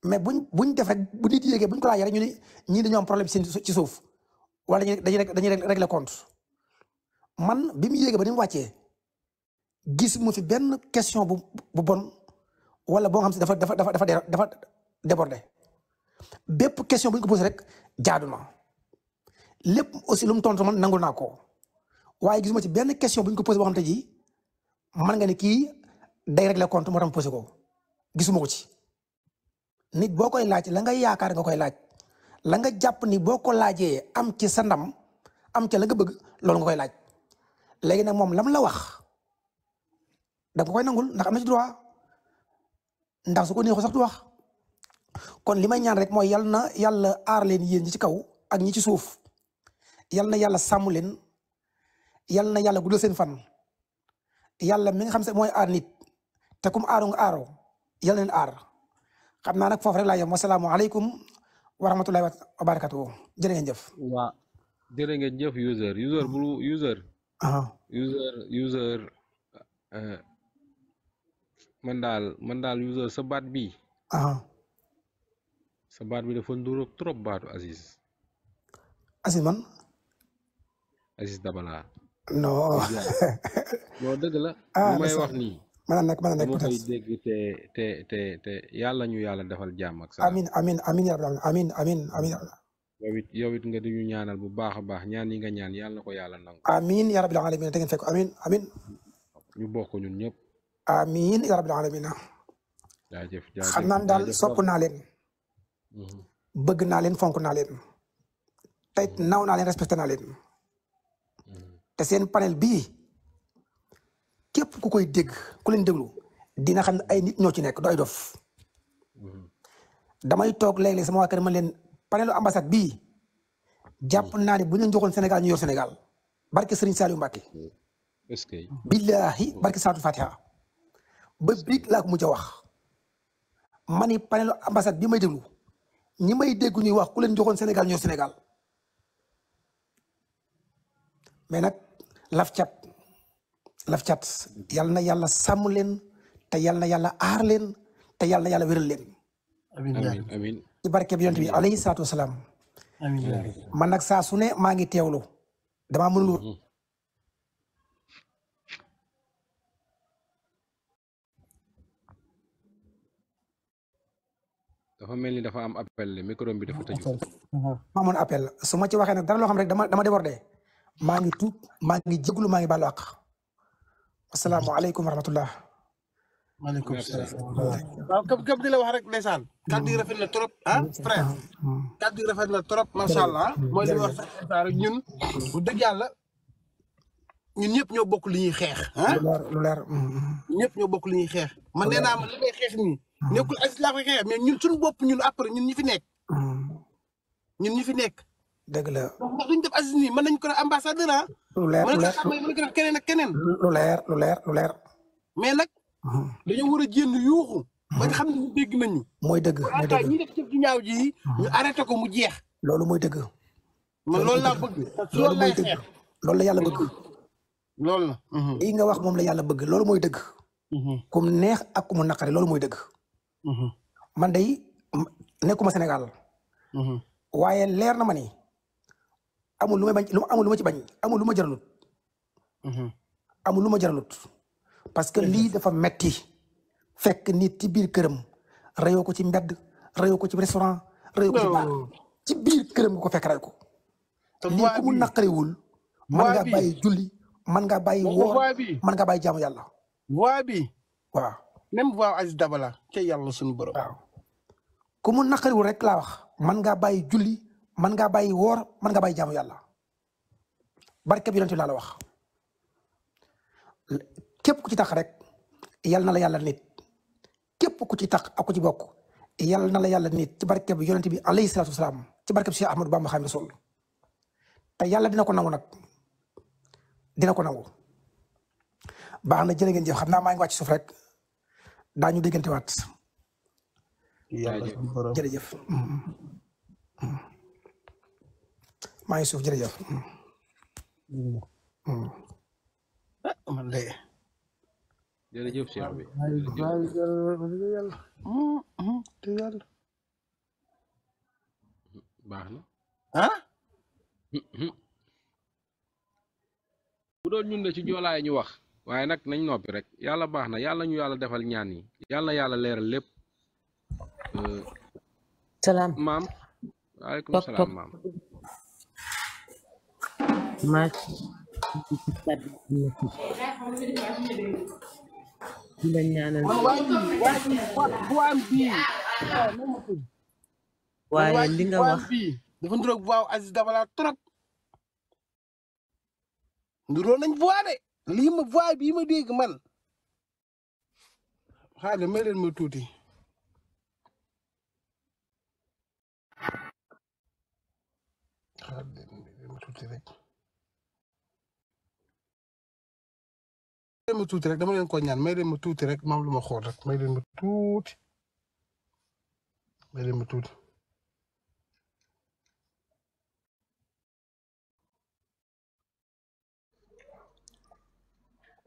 mais buñ buñ def rek bu nit yi buñ ko la rek ñu ni ñii dañoo am problème ci souf wala dañuy dañuy dañuy régler compte man bi mu yéegee ba ni mu wàccee gis mu fi ben question bu bu bon wala bo xam ci dafa dafa dafa dafa dafa débordé bép question buñ ko poser rek jaaduma lepp aussi lu mu tontu man nangul nako waye gis gisuma ci ben question buñ ko poser bo xam tay ji man nga ni ki day régler compte mo tam poser ko gisumako ci. nit boo koy laaj la nga yaakaar nga koy laaj la nga jàpp ni boo ko laajee am ci sa ndam am ci la nga bëgg loolu nga koy laaj léegi nag moom lam la wax da nga koy nangul ndax am na ci droit ndax su ko neexu sax wax kon li may ñaan rek mooy yal na yàlla aar leen yéen ñi ci kaw ak ñi ci suuf yal na yàlla sàmm leen yal na yàlla guddal seen fan yàlla mi nga xam se mooy aar nit te kum aaro nga aaroo yal na leen aar. xam naa nag foofu rek laa ya. yem alaykum wa rahmatullahi wa barakatuh jere ngeen jëf. wa jere ngeen jëf user user bu user. user eh, user man dal man dal user sa bat bi. sa bat bi dafa ndurok trop batu Aziz. Aziz man. Aziz Dabala. No. no deug la. ah may wax nii mën a nekk mën a nekk peut être dégg te te te te yalla ñu yalla defal jamm ak salaam amin amin amin ya rabbi amin amin amin ya yowit yowit nga di ñu ñaanal bu baax baax ñaan yi nga ñaan yalla ko yalla nang amin ya rabbil alamin te ngeen fekk amin amin ñu bokku ñun ñep amin ya rabbil alamin jef jaajëf jef xamna dal sopp na len mhm. bëgg na len fonk na len tey mhm. naw na len respecté na len mhm. te seen panel bi képp ku koy dégg ku leen déglu dina xam ne ay nit ñoo ci nekk du ay dof damay toog léeg-léeg sama waa kër ma leen panelu ambassade bii jàpp naa ne bu ñu joxoon Sénégal ñu yor Sénégal barke Serigne Saliou Mbacké. est-ce que ba biig laa ko wax ma ni panelu ambassade bi may déglu ñi may dégg ñuy wax ku leen joxoon senegal ñu senegal Sénégal mais nag laf cat laf cat yal na yàlla sàmm leen te yal na yàlla aar leen te yal na yàlla wéral leen. amiin amiin ci barke salaam. man nag saa su ne maa ngi teewlu damaa mënul. Mm-hmm. dafa mel ni dafa am appel micro bi dafa tëju. ma amoon appel su ma ci waxee ne dara loo xam rek dama dama débordé maa ngi tuut maa ngi jéglu maa ngi baalu àq. asalaamaaleykum wa rahmatulah. maaleykum salaam. waaw képp di la wax rek ndeysaan. kàddu yi rafet na trop ah frère. kàddu rafet na trop macha allah. Ah. mooy li wax rek ñun. bu dëgg yàlla ñun ñëpp ñoo bokk li xeex. Ah. lu leer lu leer. Mm, mm. ñoo bokk li ñuy xeex. man nee naa ma li may xeex nii. Mm. nekkul Aziz laa xeex mais ñun suñu bopp ñun après ñun ñi fi nekk. ñun ñi fi nekk. dëgg la wax duñ def Aziz nii nañ ko def ambassadeur la lu leer lu leer mën nañ ko ak keneen. lu leer lu leer lu leer. mais nag. dañoo war a yuuxu. ba xam ne ñu nañu. mooy dëgg mooy dëgg ñi def jëf ju ñaaw ji. ñu arrêté ko mu jeex. loolu mooy dëgg. man loolu la bëgg. loolu mooy la bëgg. la. nga wax la bëgg kum neex ak man day waaye leer na ma ni. amul lu may bañ amul lu ci bañ amul lu ma jaralut. Mhm. amul lu ma jaralut. parce que lii dafa metti fekk nit ci biir këram rayoo ko ci mbedd rayoo ko ci restaurant rayoo ko ci baar ci këram nga ko fekk ray ko. lii ku mu naqariwul. man ngaa bàyyi julli man ngaa bàyyi woor man ngaa bàyyi jaamu yàlla. voix bi. même voix Aziz Dabala. yàlla suñu borom. waaw rek laa wax. man ngaa bàyyi julli. man ngaa bàyyi woor man ngaa bàyyi jaamu yàlla barke bi yonent laa la wax képp ku ci tax rek yàlla na la yàlla nit képp ku ci tax ak ci bokk yàlla na la yàlla nit ci barke bi yonent bi alayhi salaatu ci barke bi Cheikh Ahmadou Bamba Xaadimu Rasuul te yàlla dina ko nangu nag dina ko nangu baax na jërë ngeen jëf xam naa maa ngi wàcc suuf rek daañu déggante waat jërëjëf maa ngi suuf jërëjëf. ah man de. jërëjëf bu doon ñun de ci joolaay ñu wax waaye nag nañ noppi rek yàlla baax na yàlla ñu yàlla defal ñaan yi yàlla yàlla leeral lépp. salaam maam. waaleykum salaam maam. di la ñaanal waaye li nga wax dafa nduroog waaw Aziz Dabala trop nduroo nañ voix de lii ma voix bii ma dégg man xaaral ma leen ma tuuti xaaral ma tuuti rek may ma tuuti rek dama leen ko ñaan may leen ma tuuti rek maam lu ma xool rek may leen ma tuuti may leen ma tuuti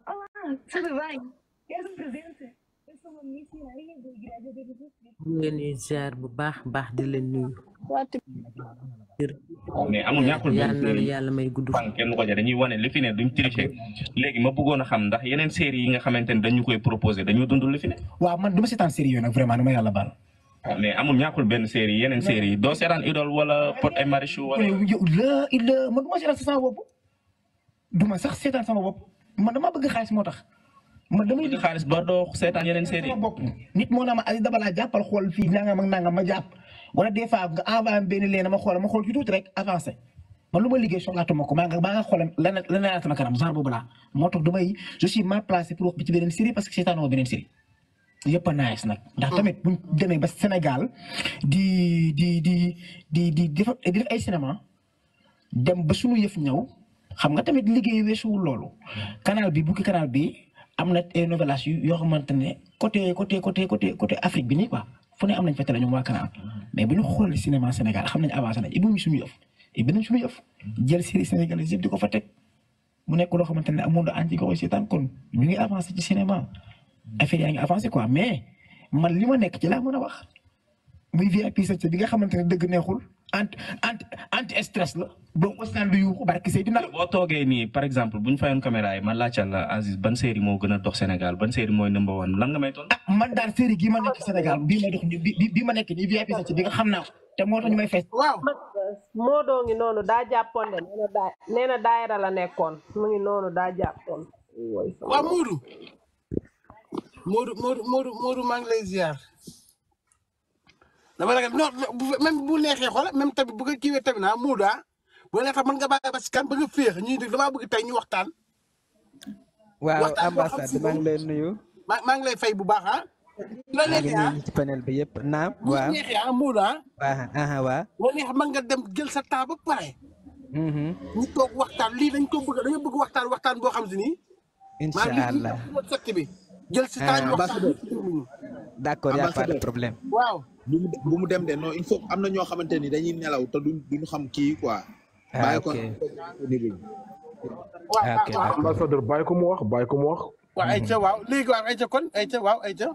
Olá, tudo bem? Queres um presente? ñu leen di ziar bu baax baax di leen nuyu. mais amul ñàkkul benn yàlla may gudd fan kenn ko ja dañuy wane li fi ne duñ tricher léegi ma bëggoon xam ndax yeneen série yi nga xamante ne dañu koy proposé dañoo dund li fi ne. waaw man du ma seetaan série yooyu nag vraiment dama yàlla baal. mais amul ñàkkul benn série yeneen série yi doo seetaan idole wala pot et marichou wala. la il la man du ma seetaan sama bopp sax seetaan sama bopp man damaa bëgg xaalis moo tax. man damay di xaalis ba doo seetaan yeneen série bopp nit moo naa ma Aziz Dabala jàppal xool fii nangam ak nangam ma jàpp wala des fois nga envoyé am benn leen ma xool ma xool ci tuuti rek avancé man lu ma liggéey soxlaatuma ko maa nga maa nga xool lan lan laa sama kanam genre boobu laa moo tax damay je suis mal placé pour wax bi ci beneen série parce que seetaan woo beneen série yëpp a nice nag ndax hmm. tamit buñ demee ba Sénégal di di di di di def ay cinéma dem ba suñu yëf ñëw xam nga tamit liggéey weesuwul loolu hmm. canal bi bukki canal bi am na ay novelas yoo xamante ne côté côté côté côté côté Afrique bi nii quoi fu ne am nañ fa télé ñoom waa Canal mais bu ñu xoolee cinéma Sénégal xam nañ avancé nañ ibbi suñu yëf ibbi nañ suñu yëf jël série sénégalaises yëpp di ko fa teg mu nekk loo xamante ne amoon na àndi ko koy seetaan kon ñu ngi avancé ci cinéma affaire yaa ngi avancé quoi mais man li ma nekk ci laa mën a wax muy VIP bi nga xamante ne dëgg neexul. anti anti anti stress la donc ostaan bi yuuxu barki say dina. boo toogee nii par exemple bu ñu fayoon caméra yi ma laajal la Aziz ban série moo gën a dox Sénégal ban série mooy number one lan nga ah man daal série gii ma nekk Sénégal bii ma dox nii bii bii ma nekk nii VIP sax ci bi nga xam naa ko te moo tax ñu may moo doo ngi noonu daa jàppoon de nee na la nekkoon mu ngi noonu daa jàppoon. waaw Moodu Moodu Moodu Moodu dama ragal bu neexee xool même tamit bu nga kiiwee tamit naa muudaa bu a mën nga bàyyi ba ba nga féex ñuy dégg damaa bëgg tey ñu waxtaan. waaw ambassade maa ngi maa ngi lay fay bu baax ah. neexee ah ci panel yëpp naam. waaw bu neexee ah muudaa. waaw ah, ah, waaw. bu neex nga dem jël sa temps ba pare. Mm-hmm. ñu toog waxtaan lii dañ ko bëgg dañoo bëgg waxtaan waxtaan boo xam si nii. incha allah maa ngi bi jël sa temps ah, ñu bu mu dem de non il faut am na ñoo xamante ni dañuy nelaw te duñ duñu xam kii quoi. ah ok ah, ok ambassadeur bàyyi ko mu wax bàyyi ko mu wax. waaw ayca waaw léegi waaw ayca kon ayca waaw ayca.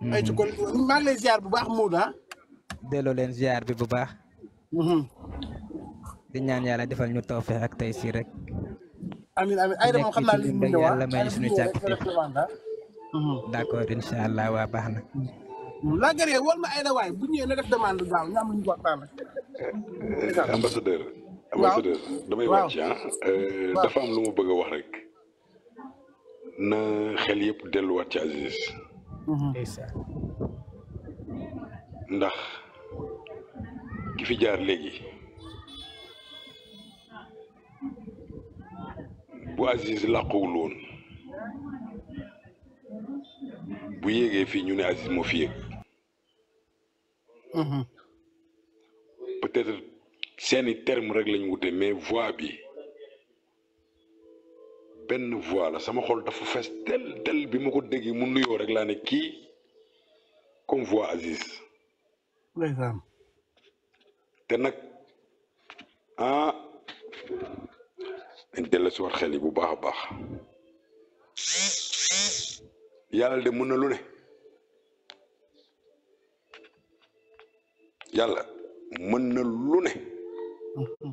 Hmm. ayca kon maa ngi lay bu baax Maodo ah. delloo leen ziar bi bu baax. Hmm. di ñaan yàlla defal ñu tawfeex ak tey si rek. amin amin ay moom xam naa li mu yàlla may suñu càkk. d' accord incha allah waa baax na. Lagare wol ma ay na waay bu ñëwee na def demande gaaw ñu am ñu waxtaan rek. ambassadeur. ambassadeur damay wàcc ah. dafa am lu ma bëgg a wax rek. na xel yëpp delluwaat ci Aziz. ndax ki fi jaar léegi. bu Aziz làquwul woon bu yéegee fii ñu ne Aziz moo fi yéeg. Mhm. peut-être seeni terme rek lañ wute mais voix bi ben voix la sama xol dafa fees tel tel bi ma ko mu nuyo rek la né ki comme voix Aziz ndeysaan té nak ah dañ dellu si war xel bu baax baax yalla de mën na lu né yàlla mën na lu ne mm-hmm.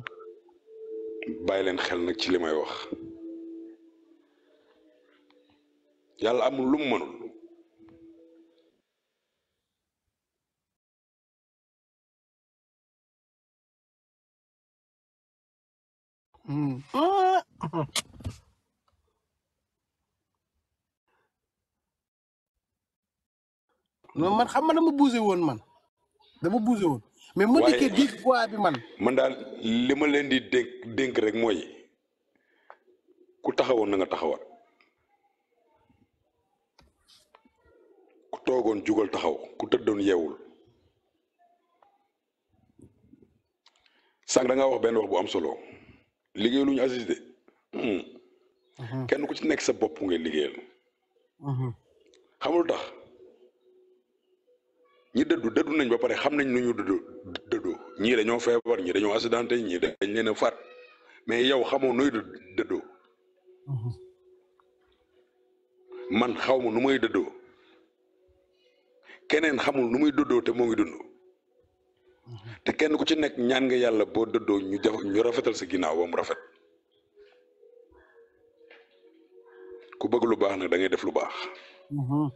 leen xel na ci li wax yàlla amul lu mu mënul mm. man xam ma dama buuse woon man dama bougé woon. mais ma nekkee dégg voix bi man. man daal li ma leen di dénk dénk rek mooy ku taxawoon na nga taxawal ku toogoon jugal taxaw ku tëddoon yeewul sànq da ngaa wax benn wax bu am solo liggéey lu ñu assisté hmm. mhm. kenn ku ci nekk sa boppu ngay liggéeyal. Mhm. xamul tax. ñi dëddu dëddu nañ ba pare xam nañ nu ñu dëddu dëddu ñii dañoo feebar ñii dañoo accidenté ñii dañ leen a faat mais yow xamoo nuy dëddoo mm-hmm. man xaw ma nu muy dëddoo keneen xamul nu muy dëddoo te moo ngi dund mm-hmm. te kenn ku ci nekk ñaan nga yàlla boo dëddoo ñu def ñu rafetal sa ginnaaw ba mu rafet ku bëgg lu baax nag dangay def lu baax mm-hmm.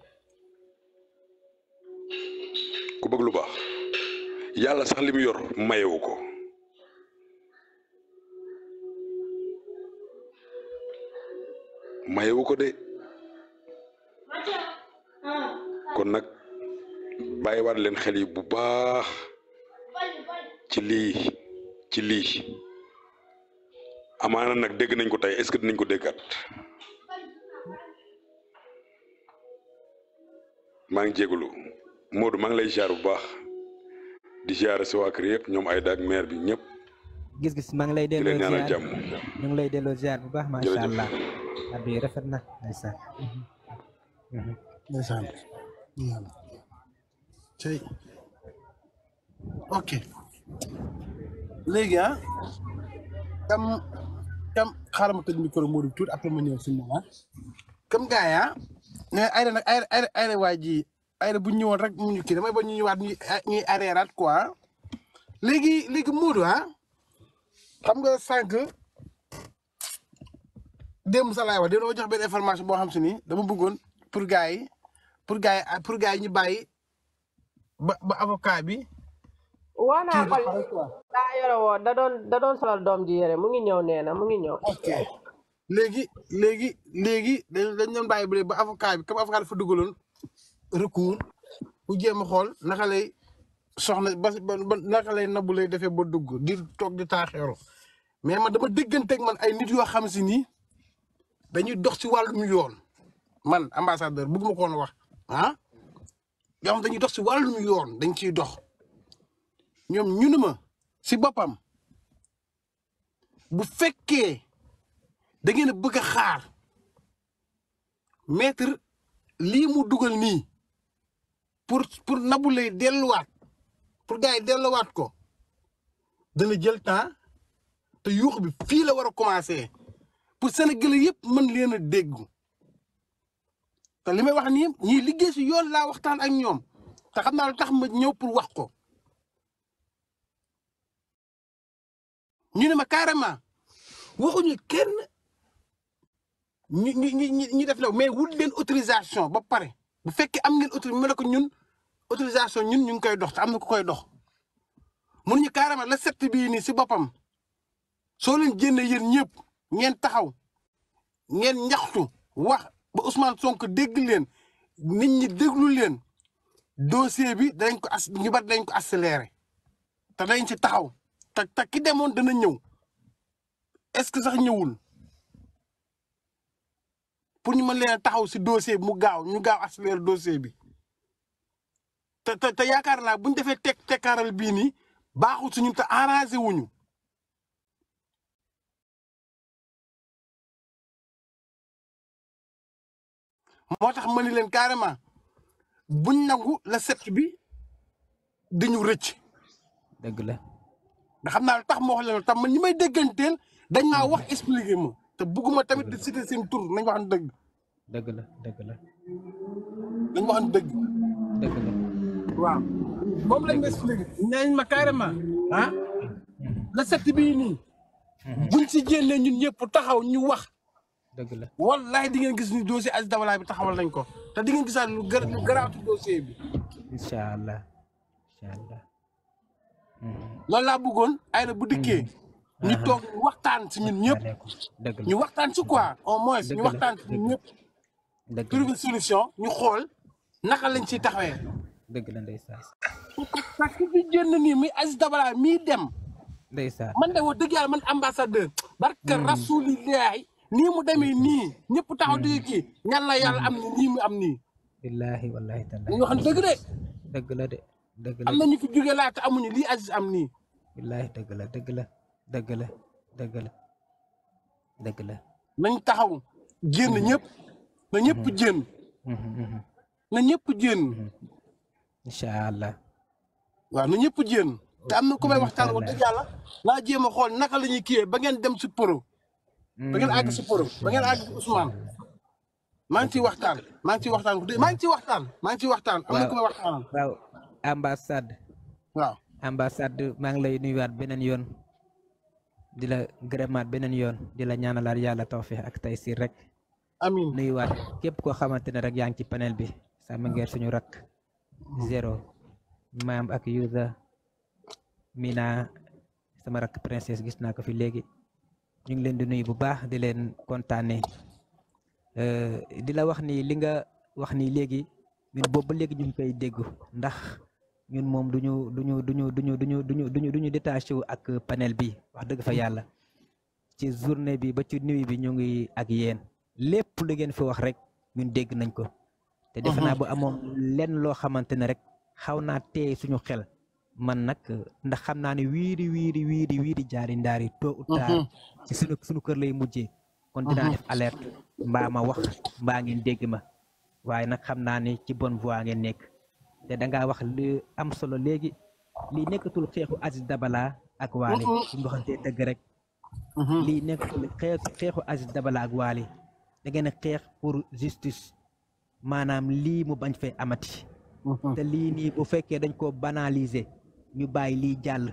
ku bëgg lu baax yàlla sax li mu yor mayewu ko mayewu ko de kon nag bàyyiwaat leen xel yi bu baax ci lii ci lii amaana nag dégg nañ ko tey est-ce que dinañ ko déggaat maa ngi jégalu Modou mang lay ziar bu baax di ziar ci waa kër ñom ay daag maire bi ñep gis-gis mang lay delo ziar jàmm lay delo ziar bu baax ma sha allah. abi rafet na ndeysaan. ndeysaan. tay okay legi ha ah. kam kam xaram ko tëj micro Modou tout après ma ñew ci moom ah. kam comme gars ay ay ah. ay ayra nag ay na bu ñu ñëwoon rek mu ñu kii damay ba ñu ñëwaat ñuy ah, areeraat quoi léegi léegi Modou ah xam nga sànq démb sa laay wax démb jox benn information boo xam si ni dama bëggoon pour gars yi pour gars yi ah, yi ñu bàyyi ba ba avocat bi. waa naa ko daa yore da doon da doom ji yére mu ngi ñëw nee mu ngi ñëw. ok léegi léegi léegi dañu dañu doon bàyyi ba avocat bi comme avocat dafa rukun bu jëm xol xool soxna ba ba naka lay ba dugg di tok di taxéro mais ma dama ak man ay nit yo xam ci ni dañuy dox ci wàllum yoon man ambassadeur bëgguma ko woon wax ah yoo xam dañuy dox ci wàllum yoon dañ ciy dox ñom ñunuma ci bopam bu fekkee da ngeen bëgg xaar maître li mu duggal ni pour pour Nabou Leye delluwaat pour gars yi delluwaat ko dana jël temps te yuux bi fii la war a commencé pour Sénégalais yëpp mën leen a déggu te li may wax nii ñiy liggéey si yoon laa waxtaan ak ñoom te xam naa lu tax ma ñëw pour wax ko ñu ne ma carrément waxuñu kenn ñu ñu ñu ñu def la mais wut leen autorisation ba pare. bu fekkee am ngeen autorisation mu ne ko ñun autorisation ñun ñu ngi koy dox te am na ku koy dox mun ñu carrément la sett bii nii si boppam soo leen génnee yéen ñëpp ngeen taxaw ngeen ñaxtu wax ba Ousmane sonk dégg leen nit ñi déglu leen dossier bi danañ ko as ñu bari dañ ko accéléré te dañ ci taxaw te te demoon dana ñëw est-ce que sax ñëwul. pour ñu mën leen a taxaw si dossier bi mu gaaw ñu gaaw accélérer dossier bi te te te yaakaar naa bu ñu defee tek tekkaaral bii nii baaxul suñu te arrangé wuñu moo tax ma ni leen carrément buñ nangu la set bi dañu rëcc. dëgg la. nga xam naa lu tax ma wax leen tax man ñi may dégganteel dañ naa wax expliqué ma. te bugguma tamit di cité seen tur nañ waxan dëgg. dëgg la dëgg la. nañ waxan dëgg. dëgg la. waaw. moom lañ ma expliqué. nañ ma carrément ah. Hmm. la set bii nii. Hmm. buñ si génnee ñun ñëpp taxaw ñu wax. dëgg la wallahi di ngeen gis ni dossier Aziz Dabala bi taxawal nañ ko te di ngeen gisaat lu gër lu bi. incha allah hmm. loolu laa bëggoon ay na bu dikkee. ñu tok waxtaan ci ñun ñëpp ñu waxtaan ci quoi au moins ñu waxtaan ci ñun deug trouver solution ñu xol naka lañ ci taxawé deug la ndeysaan parce que bi jenn ni mi Aziz Dabala mi dem ndeysaan man de deug dëgg man ambassadeur barka hmm. rasulillah ni mu demé hmm. ni ñëpp taxaw di ki ñalla la am ni mu am ni billahi wallahi taala ñu xam deug de deug la de deug la amna ñu fi jóge laata amuñu li Aziz am ni billahi deug la deug la dëgg la dëgg la dëgg la. nañ taxaw génn mm-hmm. ñëpp. na ñëpp génn. Mm-hmm. Mm-hmm. na ñëpp génn. incha allah. waaw na ñëpp génn. te am ku may waxtaan wax dëgg yàlla. naa jéem a naka la ñuy kiiyee ba ngeen dem si poro. ba ngeen àgg si poro ba ngeen àgg si Ousmane. maa ngi ciy waxtaan maa ngi ciy waxtaan maa ngi ciy waxtaan maa ngi ciy waxtaan. ku may waxtaan. ambassade. waaw ambassade maa lay nuyuwaat beneen yoon dila gremat benen yon yoon di la ñaanalaat yàlla tawfiix ak si rek. amiin nuyuwaat képp koo xamante ne rek yaa ci panel bi sama ngeer suñu rak. zero maam ak yuda mina sama rak princesse gis naa ko fi léegi ñu ngi leen di nuyu bu baax di leen kontaanee euh, di la wax ni li nga wax ni léegi ñun boobu ñu ngi koy dégg ndax. ñun moom duñu ñu du ñu du ñu du ñu du ñu détaché wu ak panel bi wax dëgg fa mm-hmm. yàlla ci journée bi ba ci nuit bi ñu ngi ak yéen lépp lu ngeen fi wax rek ñun dégg nañ ko. te defe mm-hmm. naa bu amoon lenn loo xamante ne rek xaw naa teey suñu xel man nag ndax xam naa ne wiiri wiiri wiiri wiiri jaari ndaari tôt ou tard mm-hmm. ci suñu suñu kër lay mujjee. kon dinaa def alerte mbaa ma wax mbaa ngeen dégg ma waaye nag xam naa ni ci bonne voie ngeen nekk. te da ngaa wax lu am solo léegi lii nekkatul xeexu Aziz Dabala ak Waly suñu waxantee dëgg rek mm-hmm. lii nekkatul xeexu xeexu Aziz Dabala ak Waly da xeex pour justice maanaam lii mu bañ fee amati mm-hmm. te lii nii bu fekkee dañ koo banaliser ñu bàyyi lii jàll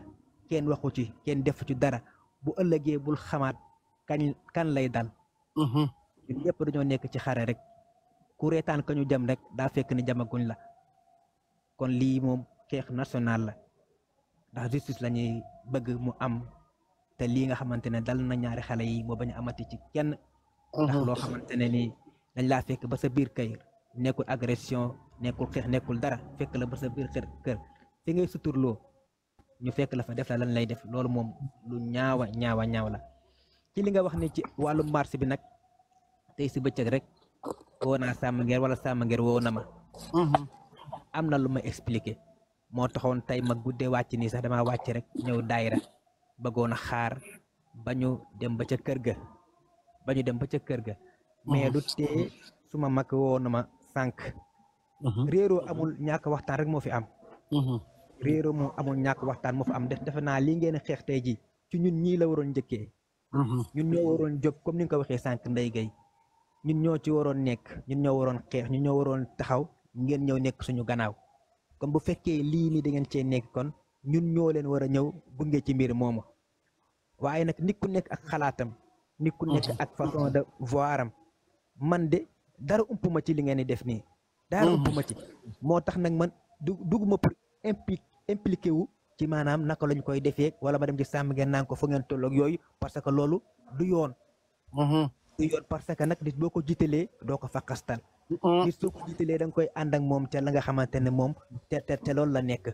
kenn waxu ci kenn defu ci dara bu ëllëgee bul xamaat kañ kan lay dal mm-hmm. ñun dañoo nekk ci xare rek ku reetaan ka ñu jëm rek daa fekk ni jamaguñ la kon li mo xeex national la ndax justice lañuy bëgg mu am té li nga xamantene dal na ñaari xalé yi mo bañ amati ci kenn. Mhm. ndax lo xamantene ni dañ la fekk ba sa bir kayir nekul agression nekul xex nekul dara fekk la ba sa bir kër kër fi ngay suturloo ñu fekk la fa def la lan lay def lolu mom lu ñaawa ñaawa ñaaw la ci li nga wax ni ci walu marché bi nak tay si bëccëg rek wona sam ngeer wala sam ngeer wona ma. Mhm. am na lu ma expliqué moo taxoon tey ma guddee wàcc nii sax damaa wàcc rek ñëw daayira bëggoon a xaar ba ñu dem ba ca kër ga ba dem ba ca kër ga mais mhm. du tee su ma mag woon ma sànq mhm. réeroo amul ñàkk waxtaan rek moo fi am mhm. réeroo moo amul ñàkk waxtaan moo fi am def defe naa lii ngeen xeex tey ji ci ñun ñii la waroon njëkkee ñun ñoo waroon jóg comme ni nga ko waxee sànq Ndeye Gueye ñun ñoo ci waroon nekk ñun ñoo waroon xeex ñun ñoo waroon taxaw ngeen ñëw nekk suñu gannaaw kon bu fekkee lii nii da ngeen cee nekk kon ñun ñoo leen war a ñëw gunge ci mbir moomu waaye nag nit ku nekk ak xalaatam. nit ku nekk ak façon de voir am man de dara umpuma ci li ngeen di def nii. dara mm. ma ci moo tax nag man du dugguma pour impli impliqué wu ci maanaam naka lañ koy defee wala ma dem ci sàmm ngeen naan ko fu ngeen tolloog yooyu parce que loolu du yoon. Mm-hmm. du yoon parce que nag nit boo ko jiitalee doo ko fa xastal gis koy ànd ak moom ca la nga xamante ne moom te te te loolu la nekk.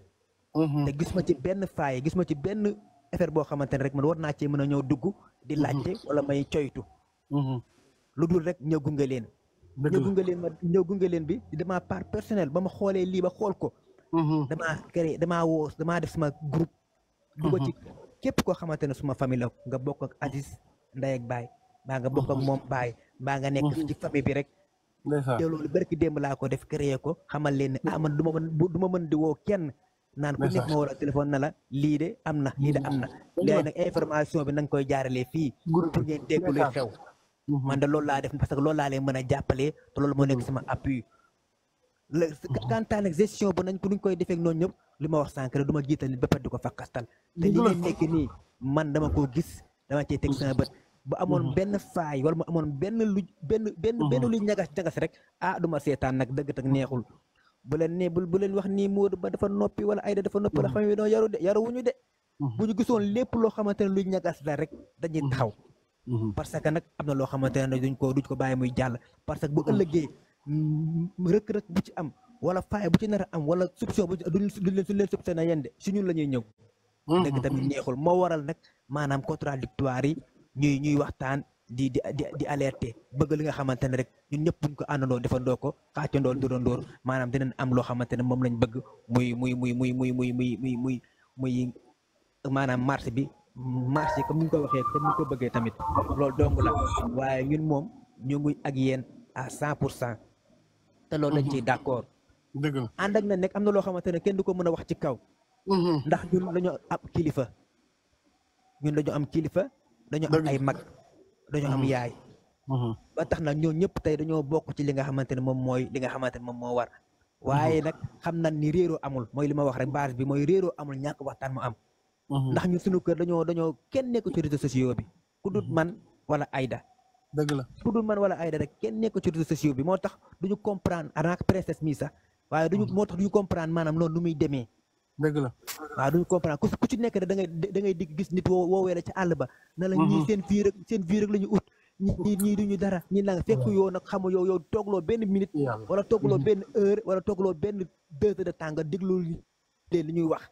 Mm-hmm. te gis ma ci benn faaye gis ma ci benn affaire boo xamante ne rek war naa cee mën a ñëw dugg. di mm-hmm. laajte wala may coytu. Mm-hmm. lu dul rek ñëw gunge leen. ñëw gunge leen ma gunge leen bi di dama part ba ma xoolee lii ba xool ko. damaa créé damaa woo damaa def sama groupe. dugal koo xamante ne suma famille la nga bokk ak Aziz Ndeye ak Baye mbaa moom Baye mbaa nga nekk ci famille bi rek. ndeysaan te loolu barki démb laa ko def créé ko xamal leen ne ah man duma ma mën du mën di woo kenn naan ku nekk ma wala téléphone na la lii de am na lii de am na mm-hmm. léegi nag information bi na koy jaaralee fii pour ngeen dégg luy xew mm-hmm. man da loolu laa def parce que loolu laa lay mën a jàppalee te loolu moo nekk sama appui le mm-hmm. quand à nag gestion bu nañ ko nuñ koy defee noonu ñëpp li ma wax sànq rek du ma jiital nit ba pare di ko fakkastal te li ngeen nekk nii man dama ko gis dama cee teg sama bët ba amoon mhm. ben fay wala mu ben lu ben ben ben mhm. lu ñagas ñagas rek ah duma seetaan nak deug tak neexul bu len ne bu len wax ni Modou Ba dafa nopi wala Aïda dafa nopi la mhm. xamé do yaru de yaru wuñu de buñu ñu gisoon lépp loo xamante lu ñagas la rek dañuy taxaw parce que nak amna lo xamantene xamante duñ ko duñ ko baye muy jall parce que bu ëllëgee rek rek bu ci am wala fay bu ci nara am wala soupçon bu duñ duñ leen suñ leen na yende suñu lañuy la ñuy ñëw dëgg tamit neexul mo waral nak manam contradictoire ñuy ñuy waxtaan di di di di alerter bëgg li nga xamante ne rek ñun ñëpp buñ ko àndandoo defandoo ko xaacandoor durandoor maanaam dinañ am loo xamante ne moom lañ bëgg muy muy muy muy muy muy muy muy muy muy maanaam marché bi marché comme ni ñu waxee comme ko bëggee tamit loolu dong la waaye ñun moom ñu ngi ak yéen à cent pour cent te loolu lañ ciy mhm. d'accord dëgg ànd ak na nekk am na loo xamante ne kenn du ko mën a wax ci kaw mhm. ndax ñun dañoo am kilifa ñun dañoo am kilifa dañoo am ay mag dañoo am yaay ba tax na ñoo ñëpp tey dañoo bokk ci li nga xamante ne moom mooy li nga xamante ne moom moo war waaye nag xam na ni réeroo amul mooy li ma wax rek base bi mooy réeroo amul ñàkk waxtaan mu am ndax ñu suñu kër dañoo dañoo kenn nekku ci réseaux sociaux bi ku dut man wala Aida dëgg la ku dut man wala Aida rek kenn nekk ci réseaux sociaux bi moo tax duñu comprendre anak princesse mi sax waaye duñu moo tax duñu comprendre maanaam loolu nu muy demee dëgg la waaw duñ comprendre ku ci nekk da ngay da ngay dig gis nit woo woowee la àll ba. na la ñii mhm. seen vie rek la ñu ut. ñi ñii duñu dara ñi nang fekk mhm. yow nag xam yow yow toogloo benn minute. Mhm. wala toogloo benn heure wala toogloo benn deux heures de li ñuy wax.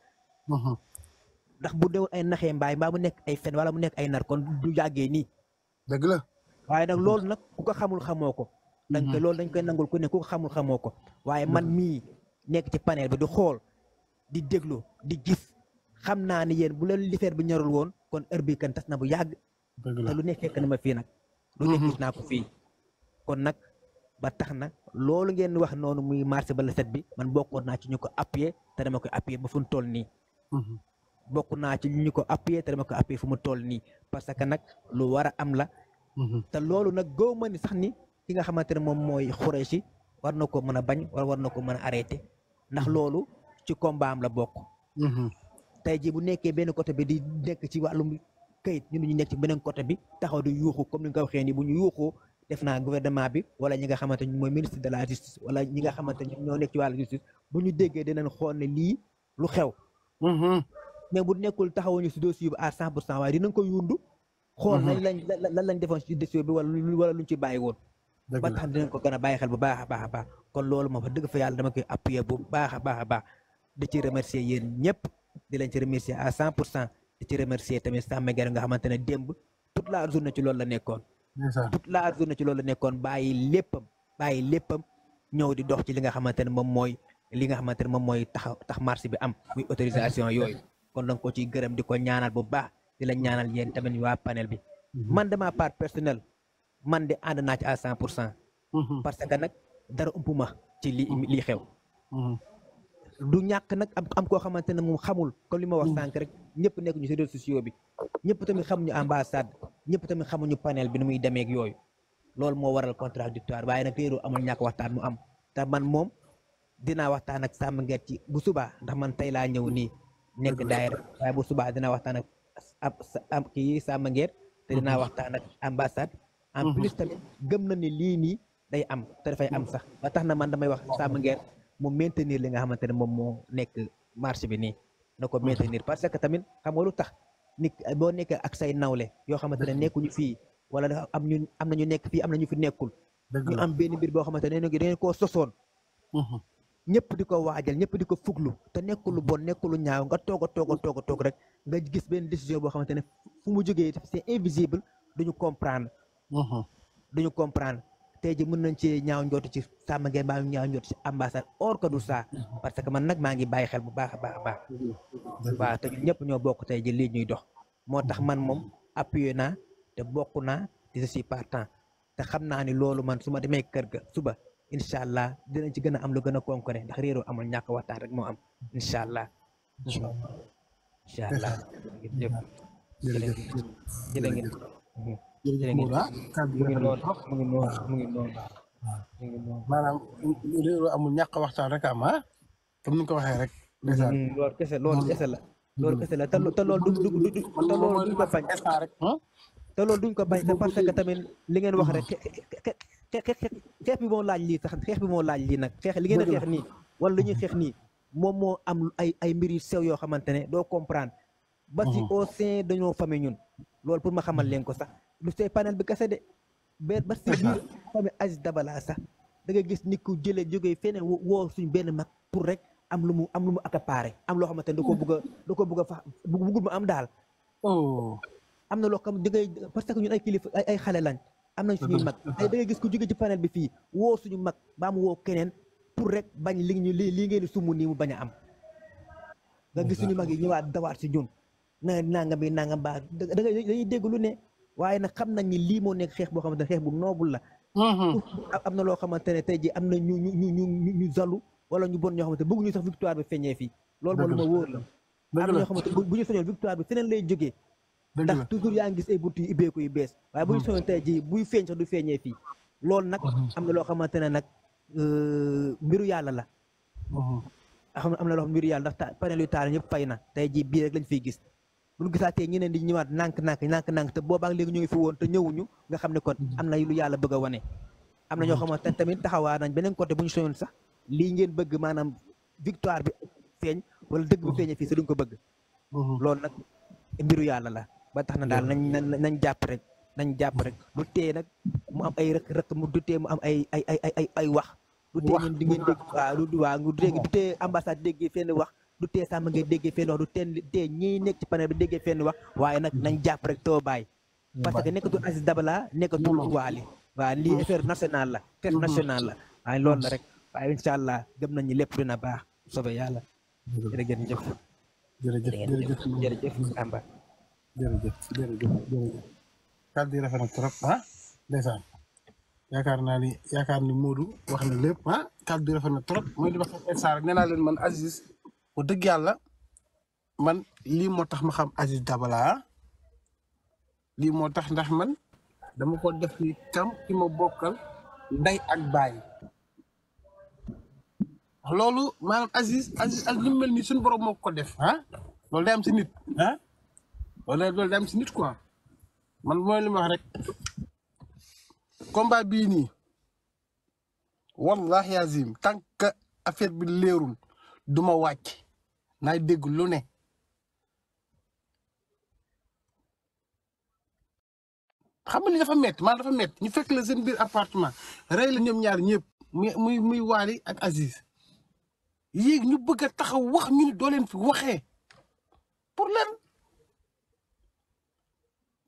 ndax bu dewul ay naxee mbaay mbaa mu nekk ay fen wala mu nekk ay nar kon du yàggee nii. dëgg la. waaye nag loolu nag ku ko xamul xamoo ko. nag nga loolu dañ koy nangul ko ne ku ko xamul xamoo ko. waaye man mii nekk ci panel bi di xool. di deglu di gis xamna ni yeen bu leen lifeer bu ñorul won kon heure bi kan tasna bu yag te lu ne kan ma fi nak lu nekk gis naa ko kon nak ba tax na loolu ngeen wax nonu muy marché ba la set bi man bokko na ci ñuko appuyer te dama koy appuyer ba fu toll ni bokku na ci ñuko appuyer te dama ko appuyer fu mu toll ni mhm. parce que nak lu wara am la mhm. te lolu nak gooma ni sax ni ki nga xamantene mom moy mooy war nako meuna bañ war war nako meuna arrêter ci combat am la bokk. Mm-hmm. tey jii bu nekkee benn côté bi di nekk ci wàllum kayit ñun ñu nekk ci beneen côté bi taxaw di yuuxu comme ni nga ko waxee nii bu ñu yuuxoo def naa gouvernement bi wala ñi nga xamante ni mooy ministre de la justice wala ñi nga ñoo nekk ci wàllu justice bu ñu déggee dinañ xool ne lii lu xew. Mm-hmm. mais bu nekkul taxawuñu si dossier bi à 100 pour cent waaye dinañ ko yundu xool mm-hmm. nañ lañ lan lañ defoon si bi wala lu luñ ci bàyyi woon. ba tax dinañ ko gën a bàyyi xel bu baax a baax a baax kon loolu baax. di ci remercier yéen ñëpp di leen ci remercier à 100 pour cent di ci remercier tamit Samba Gueye nga xamante ne démb toute la journée ci loolu la nekkoon. toute la journée ci loolu la nekkoon bàyyi léppam bàyyi léppam ñëw di dox ci li nga xamante ne moom mooy li nga xamante ne moom mooy tax tax marché bi am muy autorisation yooyu kon danga ko ci gërëm di ko ñaanal bu baax di la ñaanal yéen tamit waa panel bi. Mhm. man de ma part personnelle man de ànd naa ci à 100 pour cent. Mhm. parce que nag dara ma ci li mhm. li xew. du ñàkk nag am am koo xamante ne moom xamul comme li ma wax mm. sànq rek ñëpp nekk ñu si réseaux sociaux bi ñëpp tamit xamuñu ambassade ñëpp tamit xamuñu panel bi nu muy demeek yooyu loolu moo waral contradictoire waaye nag réeroo amul ñàkk waxtaan mu am te man moom dinaa waxtaan ak Samba Nguer ci bu subaa ndax man tey laa ñëw nii nekk daayira waaye bu subaa dina waxtaan ak am kii am Nguer te mm-hmm. dinaa waxtaan ak ambassade en mm-hmm. plus tamit gëm na ni lii nii day am te dafay am mm-hmm. sax ba tax na man damay wax Samba Nguer mu maintenir li nga xamante ne moom moom nekk marché bi nii na ko mm-hmm. maintenir parce que tamit xam nga lu tax nit boo nekkee ak say nawle yoo xamante ne nekkuñu fii wala dafa am ñu am nañu nekk fii am na ñu fi nekkul ñu am benn mbir boo xamante ne ngi dangeen koo sosoon mm-hmm. ñëpp di ko waajal ñëpp di ko fuglu te nekkul lu bon nekkul lu ñaaw nga toog a toog a mm-hmm. toog a toog rek nga gis benn décision boo xamante ne fu mu jógee c'est invisible duñu comprendre duñu comprendre tey ji mën nañ ci ñaaw njootu ci sàmm ngeen baam ñaaw njootu ci ambassade or que du ça parce que man nak ma ngi baye xel bu baax baax baax ba te ñepp ñoo bokk tay ji li ñuy dox motax man mom appuyé na te bokku na di ci partant te xamna ni lolu man suma ma kër ga suba inshallah dinañ ci gëna am lu gëna a concret ndax réeroo amul ñaka waxtaan rek mo am inshallah allah incha allah jërëjëf jërëjëf jërëjëf jërëjëf Mawla kàddu gi noonu mu ngi noonu mu ngi noonu maanaam réeroo amul ñàkk waxtaan rek am ah comme ni nga ko waxee rek. dèjà loolu kese loolu kese la. loolu kese la te te loolu duñ duñ duñ te loolu duñ ko bañ. te loolu duñ ko bañ te parce que tamit li ngeen wax rek xeex bi moo laaj lii sax xeex bi moo laaj lii nag xeex li ngeen a xeex nii wala lu ñuy xeex nii moom moo am ay ay mbir yu sew yoo xamante ne doo comprendre. ba ci au sein dañoo famille ñun loolu pour ma xamal leen ko sax. lu see panel bi kese de. ba ba si biir famille Aziz da nga gis nit ku jëlee jógee feneen woo suñ benn mag pour rek am lu mu am lu mu accaparé am loo xamante ne da bëgg a da koo bëgg a fa bëggul am daal. Oh. am na loo xam da parce que ñun ay kilifa ay xale lañ. am nañ suñuy mag da gis ku jóge ci panel bi fii woo suñu mag ba mu keneen pour rek bañ li ñu li lii ngeen sumu bañ am. nga gis suñu mag yi ñëwaat dawaat si ñun. na nangam bi nangam baa da dañuy dégg ne. waaye nag xam nañ ni lii moo nekk xeex boo xamante ne xeex bu noobul la. Mm-hmm. am na loo xamante ne tey jii am na ñu ñu ñu ñu ñu zalu wala ñu bon ñoo xamante bëgguñu sax victoire bi feeñee fii. loolu moo lu ma wóor la. am na ñoo xamante bu ñu soñoon victoire bi lay jógee. ndax toujours yaa ngi gis ay buntu yu yu bees. waaye bu ñu mm-hmm. soñoon tey jii buy feeñ du feeñee fii. loolu nag mm-hmm. am na loo xamante ne nag euh, mbiru yàlla la. am na loo xam mbiru yàlla ndax panel yu taal ñëpp pay na tey jii bii rek lañ fiy gis buñ gisaatee ñeneen di ñëwaat nànk-nànk nànk-nànk te boobaak léegi ñu ngi fi woon te ñëwuñu nga xam ne kon mm-hmm. am na lu yàlla bëgg a wane am na ñoo mm-hmm. ne tamit taxawaa nañ beneen côté bu ñu soñoon sax lii ngeen bëgg maanaam victoire bi feeñ wala dëgg bi mm-hmm. feeñee fii sa duñ ko bëgg loolu nag mbiru yàlla la ba tax na daal nañ nañ jàpp rek nañ jàpp rek lu tee nag mu am ay rëkk rëkk mu du tee mu am ay ay ay ay ay wax lu tee ñun di ngeen dégg waaw lu waaw lu dégg du tee ambassade dégg fenn wax du té sam nga déggé fén wax du té tee ñi nekk ci panel bi déggé fén wax wayé nak nañ japp rek to bay mm. parce que nekkatul Aziz Dabala nekkatul mm. wali wa li affaire mm. national la affaire nationale la ay lool la rek waaye inshallah allah nañ nañu lépp dina baax soobee yàlla jërëjëf jërëjëf jërëjëf jërëjëf Samba jërëjëf jërëjëf jërëjëf kàddu di rafa na trop ha ah, ndeysaan yakar na ni yakar ni Modou wax na lepp ha ah, kàddu di rafa na trop moy di wax sar nee naa leen man Aziz bu dëgg yàlla man lii moo tax ma xam Aziz Dabala lii moo tax ndax man dama ko def ni tam ki ma bokkal ndey ak baay loolu maanaam Aziz Aziz ak mel nii suñu borom moo ko def ah loolu day am si nit ah de loolu day am si nit quoi man mooy li wax rek combat bii nii wallahi azim tant que bi leerul duma wàcc naay dégg lu ne xam nga li dafa met maanaam dafa métti ñu fekk la seen biir appartement rey la ñoom ñaar ñëpp muy muy muy ak Aziz yéegi ñu bëgg a taxaw wax ñu ne doo leen fi waxee pour lan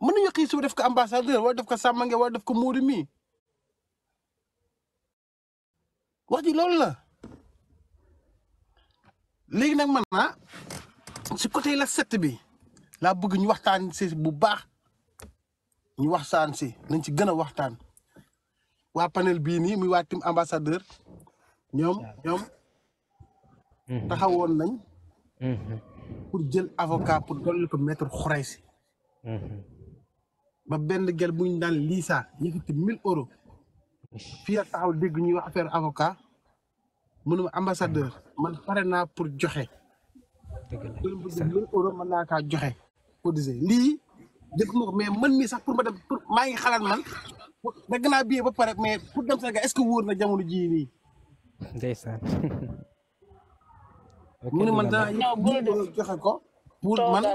mën nañu xëy suba def ko ambassadeur wala def ko sàmmange wala def ko muuri mii wax ji loolu la. léegi nag man ah si côté la set bi laa bëgg ñu waxtaan si bu baax ñu waxtaan si nañ ci gën a waxtaan waa panel bii nii muy waa team ambassadeur ñoom ñoom mm-hmm. taxawoon nañ mm-hmm. pour jël avocat pour dolli ko maître xorey si mm-hmm. ba benn gel bu ñu daan liisa yëkkati mille euros fii ak taxaw dégg ñuy wax affaire avocat mënuma ambassadeur man pare naa pour joxe. dëgg la loolu euro mën naa kaa joxe. Odise lii def ma ko mais man mi sax pour ma dem pour maa ngi xalaat man dagg naa billet ba pare mais pour dem Sénégal est-ce que wóor na jamono jii nii. ndeysaan. mu ne man danaa yëkkati joxe ko. pour man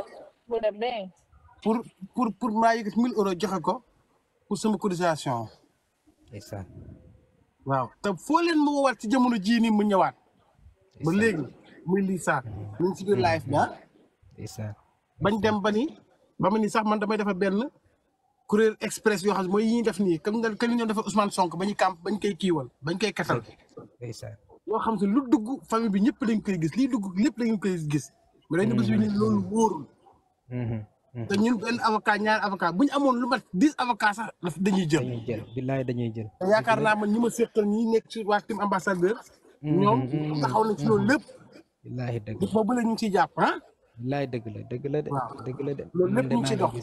pour pour pour maa yëkkati 1000 euros joxe ko pour sama cotisation. ndeysaan. waaw te foo leen mu woowaat ci jamono jii nii mu ñëwaat. ba léegi muy lii saar mu ngi si biir live bi ah. bañ dem ba ni ba ma ni sax man damay defar benn courrier express yoo xam ne mooy yi def nii comme nga li ñoo defar Ousmane Sonko ba ñu kàmp bañ koy kiiwal bañ koy katal. yoo xam ne lu dugg famille bi ñëpp dañ koy gis lii dugg lépp dañ koy gis. Mm-hmm. mais dañu gis ni loolu wóorul. Mm-hmm. Mhm. te ñun benn avocat ñaari avocat bu ñu amoon lu mat dix avocat sax daf dañuy jël. dañuy jël billaay jël. te yaakaar naa man ñi ma seqal ñi nekk ci waa team ambassadeur. Mhm, ñoom mhm, taxaw nañ ci loolu lépp. billaay dëgg la boobu la ñu ngi ciy jàpp ah. billaay dëgg dëgg la de. dëgg la de loolu lépp ñu ngi ciy dox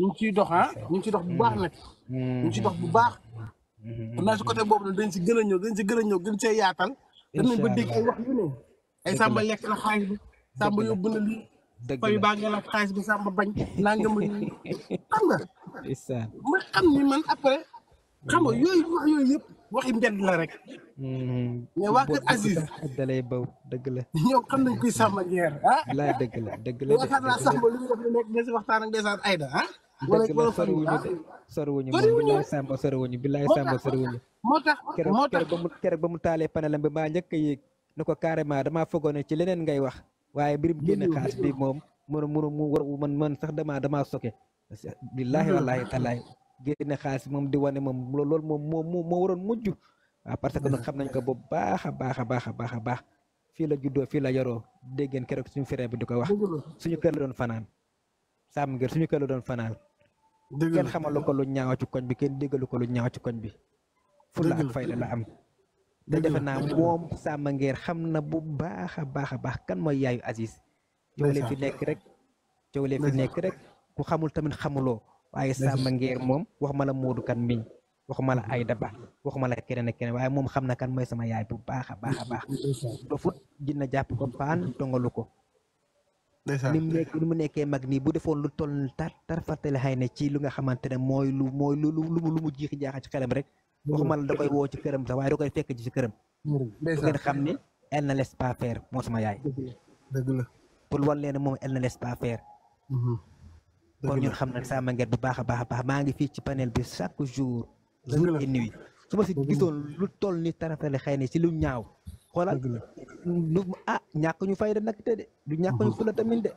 ñu ngi ciy dox ah ñu ciy dox bu baax mm. na mm, ñu ngi dox mm, bu baax. naa si côté boobu dañ si gën a ñëw dañ si gën a ñëw gën see yaatal. incha allah danañ ba dégg ay wax yu ne ay sàmba lekk la xaalis bi sàmba yóbbu na lii dëgg la koy bàggee bi sàmm bañ. naa nga ma la rek. mais dëgg la. ñoom xam nañ kuy sàmm jeer ah. dëgg la dëgg la waxtaan naa sàmm lu mu def lu ah. dëgg la soriwuñu ah? de soriwuñu moom bilaay sàmm soriwuñu bilaay sàmm soriwuñu. moo tax moo tax keroog ba mu keroog ba mu taalee panelam bi maa njëkk a yéeg. ne ko carrément damaa foogoon ci leneen ngay wax. waye mbirum genn kaas bi mom mënu mënu mu war man man sax dama dama soké billahi iya. wallahi talaay genn kaas mom di wone mom lol mom moo mo waron mujju mujj parce iya. que nak xam nañ ko bu baakha baakha baakha a baax fi la juddo fi la yoro degen ngeen suñu frère bi diko wax suñu kër la doon fanan Sam Ngir suñu kër la doon fanaan deugal xamal ko lu ñaaw ci koñ bi ken déggalu ko lu ñaaw ci koñ bi fulla ak fayda la am dafa naa moom Samba Nguer xam xamna bu baakha baakha baax kan moy yaayu Aziz jauh le fi nek rek coow lee fi nek rek ku xamul tamit xamuloo waaye Samba Nguer moom wax mala Modou kan miñ wax mala la Ayda Ba wax mala kenen kenen waye mom xamna moom kan moy sama yaay bu baakha baakha baax do dina japp ko paan ko mag ni bu defon lu toll tar tar fàttali hayne ci lu nga xamantene moy lu moy lu lu mu jix mu ci xelam rek waxuma la da koy woo ci këram sax waaye da koy fekk ji ci këram. ngeen xam ne elle ne laisse pas faire moo sama yaay. dëgg la pour wan leen moom elle ne laisse pas faire. Mhm. kon ñun xam na sama nget bu baax a baax a baax maa ngi fii ci panel bi chaque jour. jour et nuit su ma si gisoon lu toll ni tarafale xëy na si lu ñaaw. xoolal lu ah ñàkk ñu fay fayda nag te de du ñàkk ñu mhm. fula tamit de.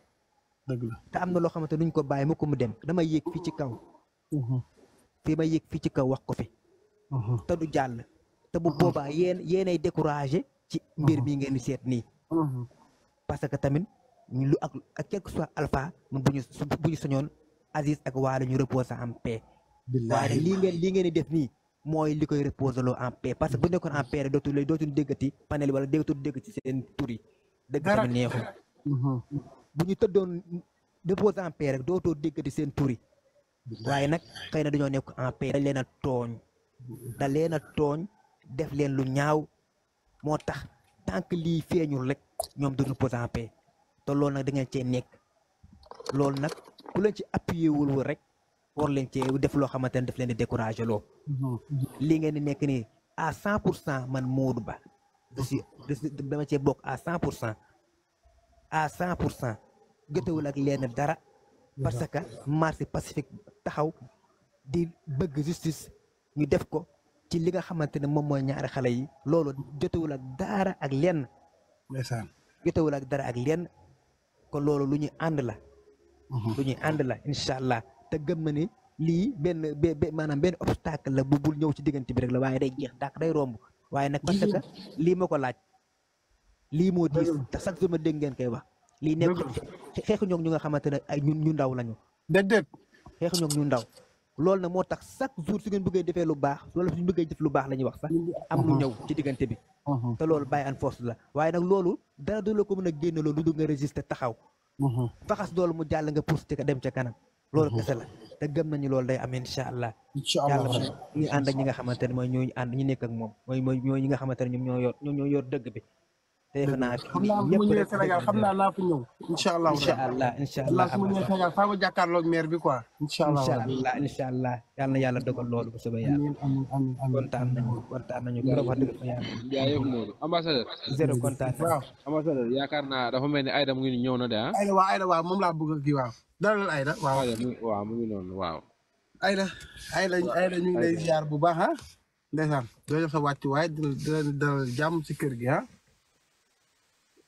te am na loo xamante duñ ko bàyyi mu ko mu dem damay yéeg fii ci kaw. Mhm. fii ma yëg fii ci kaw wax ko fi. Uh-huh. te du jàll. te bu uh-huh. boobaa yéen yéenay découragé. ci uh-huh. mbir mi ngeen di seet nii. parce que tamit lu ak ak quelque soit alpha ñun bu ñu bu ñu soñoon Aziz ak Waly ñu reposer en paix. waaye lii ngeen lii ngeen di def nii mooy li koy reposer loo en paix parce que bu nekkoon en paix rek dootul dootul déggati panel wala dootul déggati seen tur yi. dëgg tamit neexul. ñu tëddoon reposer en paix rek dootoo déggati seen tur waaye nag xëy na dañoo nekk en paix dañ leen tooñ. da leen a tooñ def leen lu ñaaw moo tax tànk lii feeñul rek ñoom duñu poser en te lool nag da ngeen cee nekk loolu nag ku leen ci appuyer wu rek war leen cee def loo xamante ne daf leen di décourager loo lii ngeen di nekk nii à cent pour cent man Modou Ba je suis dama cee bokk à cent pour cent à cent pour cent gëtawul ak leen dara parce que marché pacifique taxaw di bëgg justice ñu def ko ci li nga xamante ne moom mooy ñaari xale yi loolu jotewul ak dara ak lenn. ndeysaan jotewul ak dara ak lenn kon loolu lu ñuy ànd la. Mhm. lu ñuy ànd la incha allah te gëm na ni lii benn be maanaam benn obstacle la bu bul ñëw ci diggante bi rek la waaye day jeex dàq day romb waaye nag parce que lii ma ko laaj. lii moo diis te chaque jour ma dégg ngeen koy wax. lii nekk xeexu ñoog ñu nga xamante ne ay ñun ñu ndaw lañu. déedéet xeexu ñoog ñu ndaw. loolu na moo tax chaque jour su ngeen bëggee defee lu baax loolu suñu bëggee def lu baax la ñuy wax sax am lu ñëw ci diggante bi uh-huh. te loolu bàyyi an force la waaye nag loolu dara du la ko mën a génne loolu du nga résister taxaw uh-huh. faxas loolu mu jàll nga pousse ci dem ca kanam loolu uh-huh. kese la te gëm nañu loolu day am incha allah yàlla ñu ànd ak ñi nga xamante ne mooy ñu nekk ak moom mooy mooy ñi nga xamante ne ñoom ñoo yor ñoom ñoo yor dëgg bi defe naa xam naa bu ma ñëwee Sénégal xam naa naa fa ñëw incha allah incha allah incha allah su ma ñëwee Sénégal faa ma jàkkaarloog maire bi quoi incha allah incha allah incha allah yal na yàlla dogal loolu bu soobee yàlla amiin amiin amiin kontaan nañu kontaan nañu trop wax dëgg fa yàlla jaayëf Modou ambassadeur zéro kontaan waaw ambassadeur yaakaar naa dafa mel ni Aïda mu ngi ñëw na de ah Aïda waaw Aïda waaw moom laa bëgg ak kii waaw dalal Aïda waaw waaw mu si kër gi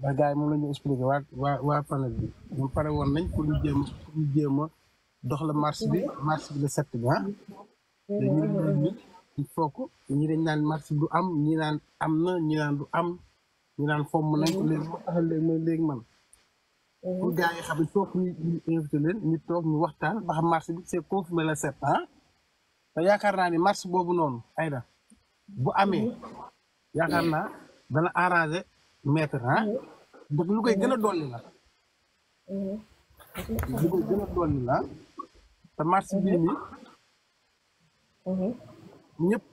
ndax gars yi moom lañu ñu expliqué waa waa waa panel bi ñoom pare woon nañ pour ñu jéem jéem dox la marche bi marche bi le sept bi ah dañu dañ naan marche bi du am ñi naan am na ñi naan am ñi naan fomm nañ ko léegi man léegi man pour gars yi xam il faut ñu toog ñu waxtaan ba xam marche bi c'est confirmé le sept ah te yaakaar naa ni marche boobu noonu ayda bu amee yaakaar naa dana arrangé mètre ah. ndax lu koy gën a dolli la. lu koy gën a dolli la te marché bii nii.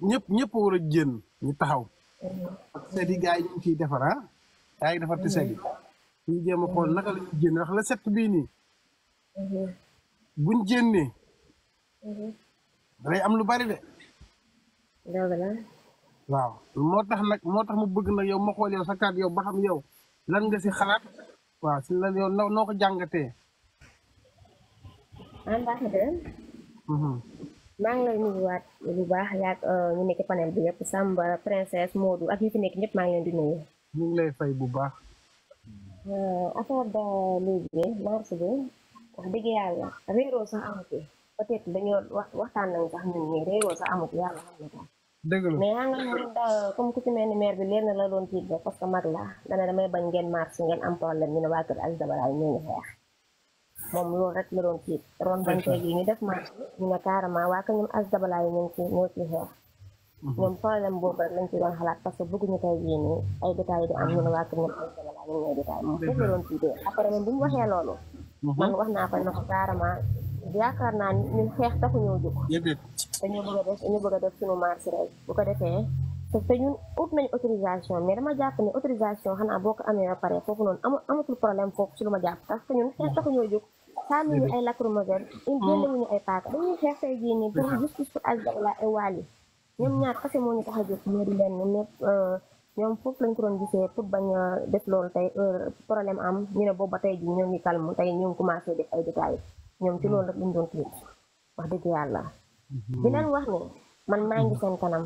ñëpp ñëpp war a génn ñu taxaw. seet yi gars yi ñu ngi ciy defar ah. yaa ngi defar te seet yi. jéem a xool naka la ñuy ndax la set bii nii. buñ génnee. day am lu bari de. waaw moo nak nag moo tax mu bëgg nag yow ma xool yow sa kàddu yow ba xam yow lan nga si xalaat waaw si lan yow noo ko jàngatee. ambassadeur. Mm-hmm. maa ngi lay nuyuwaat bu baax yaag euh, ñu nekk panel bi yëpp Samba princesse Modou ak ñi fi nekk ñëpp maa leen di nuyu. ñu lay fay bu baax. Euh, affaire de léegi mars bi wax dëgg yàlla réeroo sax amatu peut-être dañoo waxtaan nañ xam na dëgg la mais xam nga moom comme ku ci mel ni bi leen la doon tiit ba parce que mag la dana damay bañ ngeen marché ngeen am problème ñu ne waa kër Aziz ñu ngi xeex moom rek la doon tiit ron bante yi ñu def marché ñu ne carrément waa kër ñoom Aziz Dabala ñu ci ci problème lañ ci doon parce que ay di am ñu ñu après bu mu man wax yaakaar naa ni ñun xeex taxu ñoo jóg dañoo bëgg a bëgg a def suñu marché rek bu ko defee te ñun ut nañu autorisation mais dama jàpp ne autorisation xanaa boo ko amee ba pare foofu noonu am amatul problème foofu ci lu ma jàpp tax que ñun xeex taxu ñoo jóg sànniwuñu ay lacrymogène hmm. ay paaka dañuy xeex tey jii nii pour justice pour Azza et Wally ñoom ñaar kese moo ñu tax a jóg mais du leen mais ñoom foofu lañ ko doon gisee pour bañ a def loolu tey problème am ñu ne boobu ba tey jii ñoo ngi calme tey ñu ngi commencé def ay détails ñoom ci mm. loolu rek lañ doon tiit wax dëgg yàlla mm-hmm. di leen wax ne man maa ngi mm. seen kanam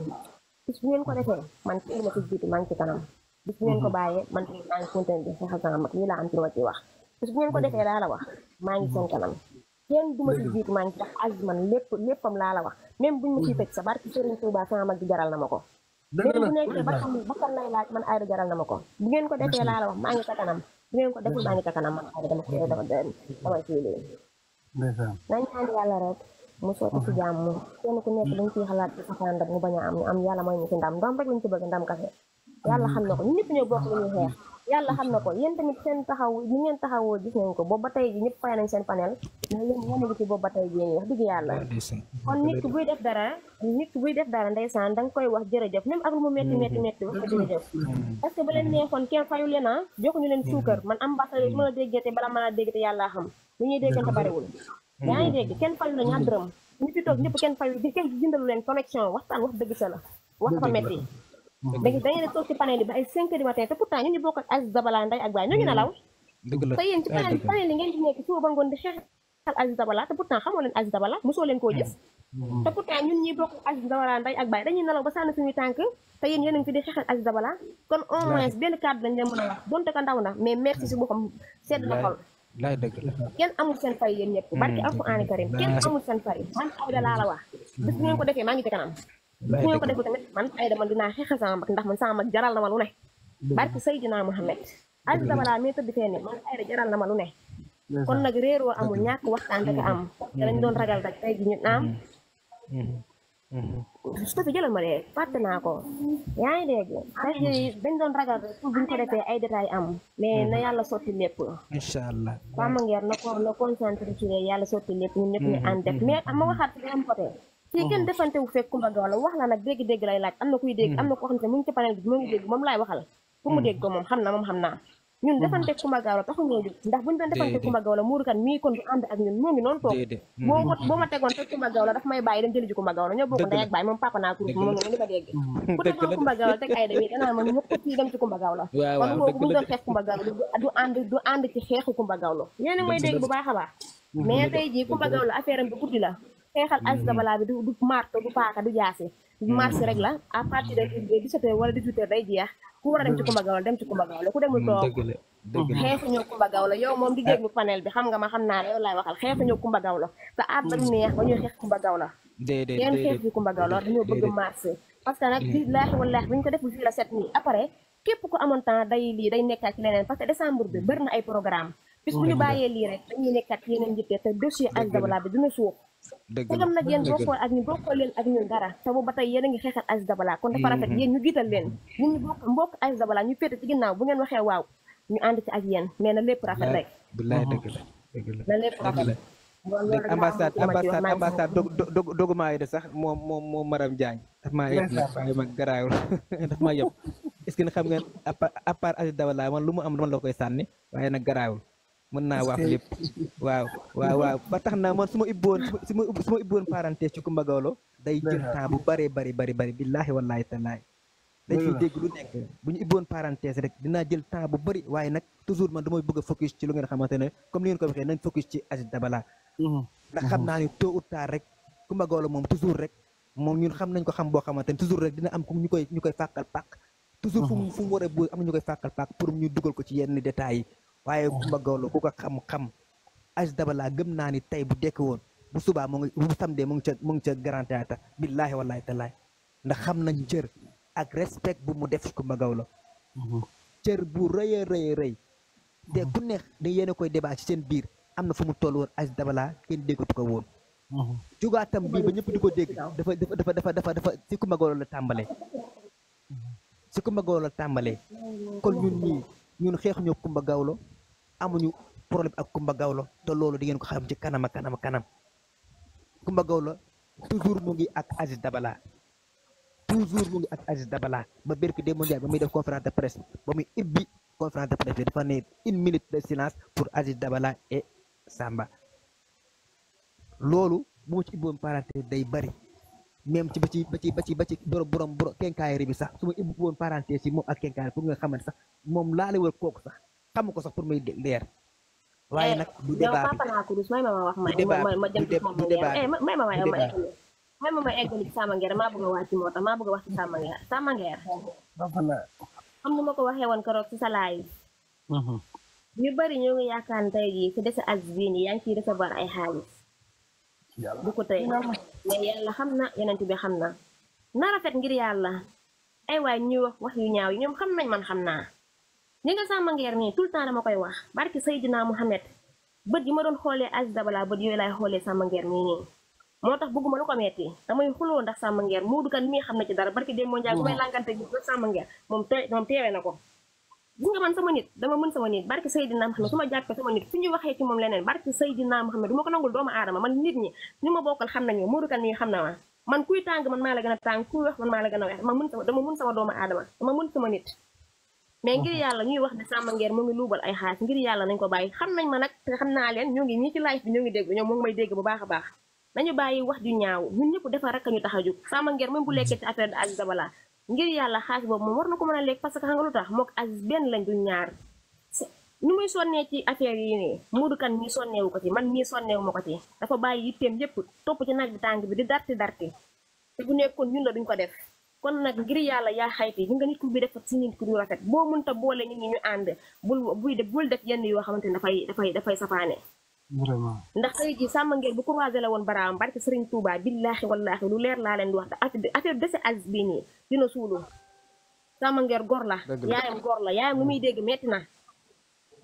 bis bu ngeen ko mm-hmm. defee man ci li ma ci jiitu maa ngi ci kanam bis bu ngeen ko mm-hmm. bàyyee man maa ngi continué di xeexal kanam ak lii laa am ci ma ci wax bis bu ngeen ko defee laa la wax maa ngi seen kanam kenn du ma ci jiitu maa ngi ci tax as man lépp léppam laa la wax même buñ ma ciy fekk sa barki Serigne Touba sama mag di jaral na ma ko léegi bu nekkee ba xam ba kan lay laaj man aada jaral na ma ko bu ngeen ko defee laa la wax maa ngi sa kanam bu ngeen ko deful maa ngi sa kanam man aada dama ko dama damay fii nañ am yàlla rek mu sotti ci jàmm kenn ku nekk dañ ciy xalaat ci safaan rek mu bañ a am ñu am yàlla mooy ñu ci ndam ndam rek lañ ci bëgg ndam kase yàlla xam na ko ñu ñëpp ñoo bokk lu ñuy yàlla xam na ko yéen tamit seen taxaw li ngeen taxawoo gis nañ ko boobu ba tey ji ñëpp fay nañ seen panel mais yéen a ngi ci nit ki buy def dara nit ki buy def dara ndeysaan da nga koy wax jërëjëf même ak lu mu métti métti métti wax ko mm-hmm. jërëjëf mm-hmm. Mm-hmm. parce que ba leen neexoon kenn fayu leen ah joxuñu leen suukar man ambassadeur mën a déggate bala mën a déggate yàllaa xam lu ñuy déggante bariwul yaa ngi dégg kenn fayu la ñaar dërëm ñu fi toog ñëpp kenn fayu kenn leen connexion waxtaan wax dëgg sa la wax dafa métti da ngeen di toog ci panel yi ba ay 5 heures du matin te pourtant ñun ñu bokk ak Aziz Dabala nday ak baay ñooñu mm. nelaw dëgg la te yéen ci ah, panel panel yi ngeen ci nekk suba ba ngoon di xeexal Aziz Dabala te pourtant xamoo leen Aziz Dabala mosoo leen koo gis mm. Mm. te pourtant ñun ñuy bokk Aziz Dabala nday ak baay dañuy nelaw ba sànni suñuy tànk te yéen yéen a ngi fi di xeexal Aziz Dabala kon au moins benn cadre dañ leen mën a wax donte ko ndaw na mais merci si boppam sedd na xol laay dëgg la kenn amul seen fay yéen ñëpp barki alquraan karim kenn amul seen fay man aw da laa la wax bis ngeen ko defee maa ngi ci kanam su ma ko defee tamit man Aïda man dinaa xeexal sama mag ndax man sama mag jaral na ma lu ne. barke Seydina Mohamed. Aziz Dabala mi tëdd fee man Aïda jaral na ma lu ne. kon nag réeroo amul ñàkk waxtaan am. dañ doon ragal rek tey ji ah. ma de fàtte naa ko. yaa doon ragal rek pour am. mais na yàlla sotti lépp. incha allah Pape Maguette na ko yàlla sotti lépp ñun ñëpp ñu mm-hmm. ànd def mm-hmm. mais ma waxaat ci beneen côté. fii kenn defante wu fekk Kumba Gawlo wax la nag dégg-dégg lay laaj am na kuy dégg am na koo xam ne mu ngi ci panel mu ngi dégg moom laay waxal pour mu dégg ko moom xam na moom xam naa ñun ngi noonu toog boo ma boo ma tegoon te Kumba Gawlo daf may bàyyi dem jëli ji Kumba Gawlo ñoo bokk ndey ak baay moom papa naa groupe moom ma dégg dem ci Kumba Gawlo kon boobu buñu doon xeex Kumba Gawlo du ànd du ànd ci xeexu Kumba Gawlo ñeeni may dégg bu baax a mais tey la xeexal Aziz mhm. Dabala bi du marto du paaka du jaasi mhm. marché rek la à de 17 heures wala 18 heures day jeex ku war a dem ci Kumba Gawlo dem yow moom di déglu ah. panel bi xam nga ma xam naa ne yow laay waxal xeexuñoo Kumba Gawlo te aat ba du neex ba ñuy xeex Kumba Gawlo kenn dañoo bëgg marché parce que nag di mm. laaxi walaax bu ñu ko deful fii la set nii après képp ku amoon temps day lii day nekkaat ci leneen parce que décembre bi mm. bëri na ay programme bis bu ñu bàyyee lii rek dañuy nekkat yeneen njëkkee te dossier Aziz Dabala bi dina suux dëgam nag yéen bokkoo ak ñu bokkoo leen ak ñun dara te ba tey yéen a ngi xeexal Aziz Dabala kon dafa rafet mm-hmm. yéen ñu giital leen ñun ñu bokk mbokk Aziz Dabala ñu féete ci ginnaaw bu ngeen waxee waaw ñu ànd ci ak yéen mais na lépp rafet rek bilaay dëgg la dëgg la na lépp rafet ambassade ambassade ambassade dog dog dogumaa yi de sax moom moom moom madame Diagne daf maa yëpp nag waaye man garaawul daf maa yëpp est-ce que xam ngeen à part Aziz Dabala man lu mu am man la koy sànni waaye nag garaawul mën naa waaf lépp waaw waaw waaw ba tax naa man su ma ibboon su ma su ma parenthèse ci Coumba Gawlo day jël temps bu bëree bari bëri bëri billaahi wallaahi tallaahi dañ ciy dégg lu nekk bu ñu ibboon parenthèse rek dinaa jël temps bu bari waaye nag toujours man damay bëgg a ci lu ngeen xamante ne comme li ko waxee nañ focus ci Aziz Dabala mm-hmm. ndax xam naa ni tôt ou tard rek Coumba Gawlo moom toujours rek moom ñun xam nañ ko xam boo xamante ne toujours rek dina am ku ñu koy ñu koy fàqal pàq toujours fu mu mm-hmm. koy fàqal pàq pour ñu dugal ko ci yenn détails yi waaye Kumba Gawlo ku ko xam-xam Aziz Dabala gëm naa ni tey bu dekk woon bu subaa mu ngi bu samdee mu ngi ca mu ngi ca Grand Théâtre billaahi wallaahi tallaahi ndax xam nañ cër ak respect bu mu def Kumba Gawlo mhm. cër bu rëy a rëy rëy te mhm. ku neex da yéen a koy débat ci seen biir am na fu mu toll woon Aziz Dabala kenn déggatu ko woon mhm. jugaatam bii ba ñëpp di ko dégg dafa dafa dafa dafa dafa si Kumba Gawlo la tàmbalee si Kumba Gawlo la tàmbalee kon Kumba Gawlo amuñu problème ak kumba gawlo te lolu di ngeen ko xam ci kanam ak kanam ak kanam kumba gawlo toujours mu ngi ak Aziz Dabala toujours mu ngi ak Aziz Dabala ba berki de mondial ba muy def conférence de presse ba muy ibbi conférence de presse dafa né une minute de silence pour Aziz Dabala et Samba lolu mo ci ibboon parenté day bari même ci ba ci ba ci ba ci ba ci borom borom borom kenkaayri rebi sax suma ma parenté si ak kenkaayri pour nga xamant sax lay wër koku sax xamu ko sax pour may leer waaye nag bu débat bi bu débat may ma may eggali ci maa bëgg a moo tax maa bëgg a wax ci sama xam ma ko waxee woon keroog ci sa ñu bari ñoo ngi yaakaar tey jii ci dese as bii nii yaa ngi ciy recevoir ay xaalis du ko tey mais yàlla xam na yonent bi xam na rafet ngir yàlla ay waay ñu wax wax yu ñaaw yi ñoom man xam li nga sama ngeer nii tout wax barki Seydina Mohamed bët yi ma doon xoolee Aziz Dabala bët yooyu laay xoolee sama ngeer ko metti damay xuloo ndax sama ngeer Modou Kane mi nga xam ne ci dara barki démb moo njaay bu may mm. lànkante gi ba sama ngeer moom te moom na ko gis nga man sama nit dama mën sama nit barki Seydina Mohamed su waxee ci moom leneen barki ko nangul doomu aadama man nit ñi ñu ma bokkal xam nañu Modou Kane mi xam na ma man kuy tàng man maa la gën a tàng kuy wax man maa la gën a wax dama mën sama nit mais ngir yàlla ñuy wax ne Samba Nguer mu ngi luubal ay xaalis ngir yàlla nañ ko bàyyi xam nañ ma nag te xam naa leen ñoo ngi ñii ci live bi ñoo ngi dégg ñoom mu bu a baax nañu bàyyi wax ju ñaaw ñun defar tax a jóg Samba Nguer même bu lekkee ci affaire de Aziz Dabala ngir yàlla xaalis boobu moom war na ko mën a lekk parce que xam nga lu tax mook Aziz benn lañ du ñaar ni muy sonnee ci affaire yi nii Modou Kane mii sonneewu ko ci man mii sonneewu ma ko ci dafa bàyyi yitteem yëpp topp ci naaj bi tàng bi di darti darti te bu nekkoon ñun la duñ ko def kon nag ngir yàlla yaa xayti ñu nga nit ku bi def si nit ku du rafet boo mënta boole nit ñi ñu ànd bul buy def yenn yoo xamante ne dafay dafay dafay safaane vraiment ndax tey jii sàmm ngeen bu croisé la woon baraam barke Serigne Touba billaahi wallaahi lu leer laa leen di wax te affaire dese Aziz bii nii dina suulu sàmm gor la yaayam gor la yaayam lu muy dégg metti na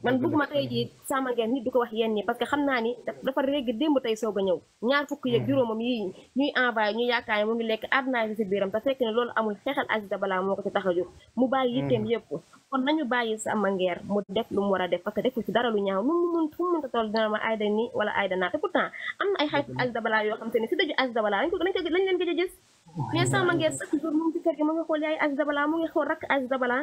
man bëgguma tey jii sama ngeen nit di ko wax yenn yi parce que xam naa ni dafa régg démb tey soog a ñëw ñaar fukk yeeg mm. juróomam yi ñuy envoyé ñu yaakaar ne mu ngi lekk a mm. a ayda ni wala ayda naa te pourtant am na ay xarit Aziz Dabala yoo xam te si dëju Aziz Dabala a gis oh, mais mu ngi xool yaay Aziz Dabala mu ngi xool rakk Aziz Dabala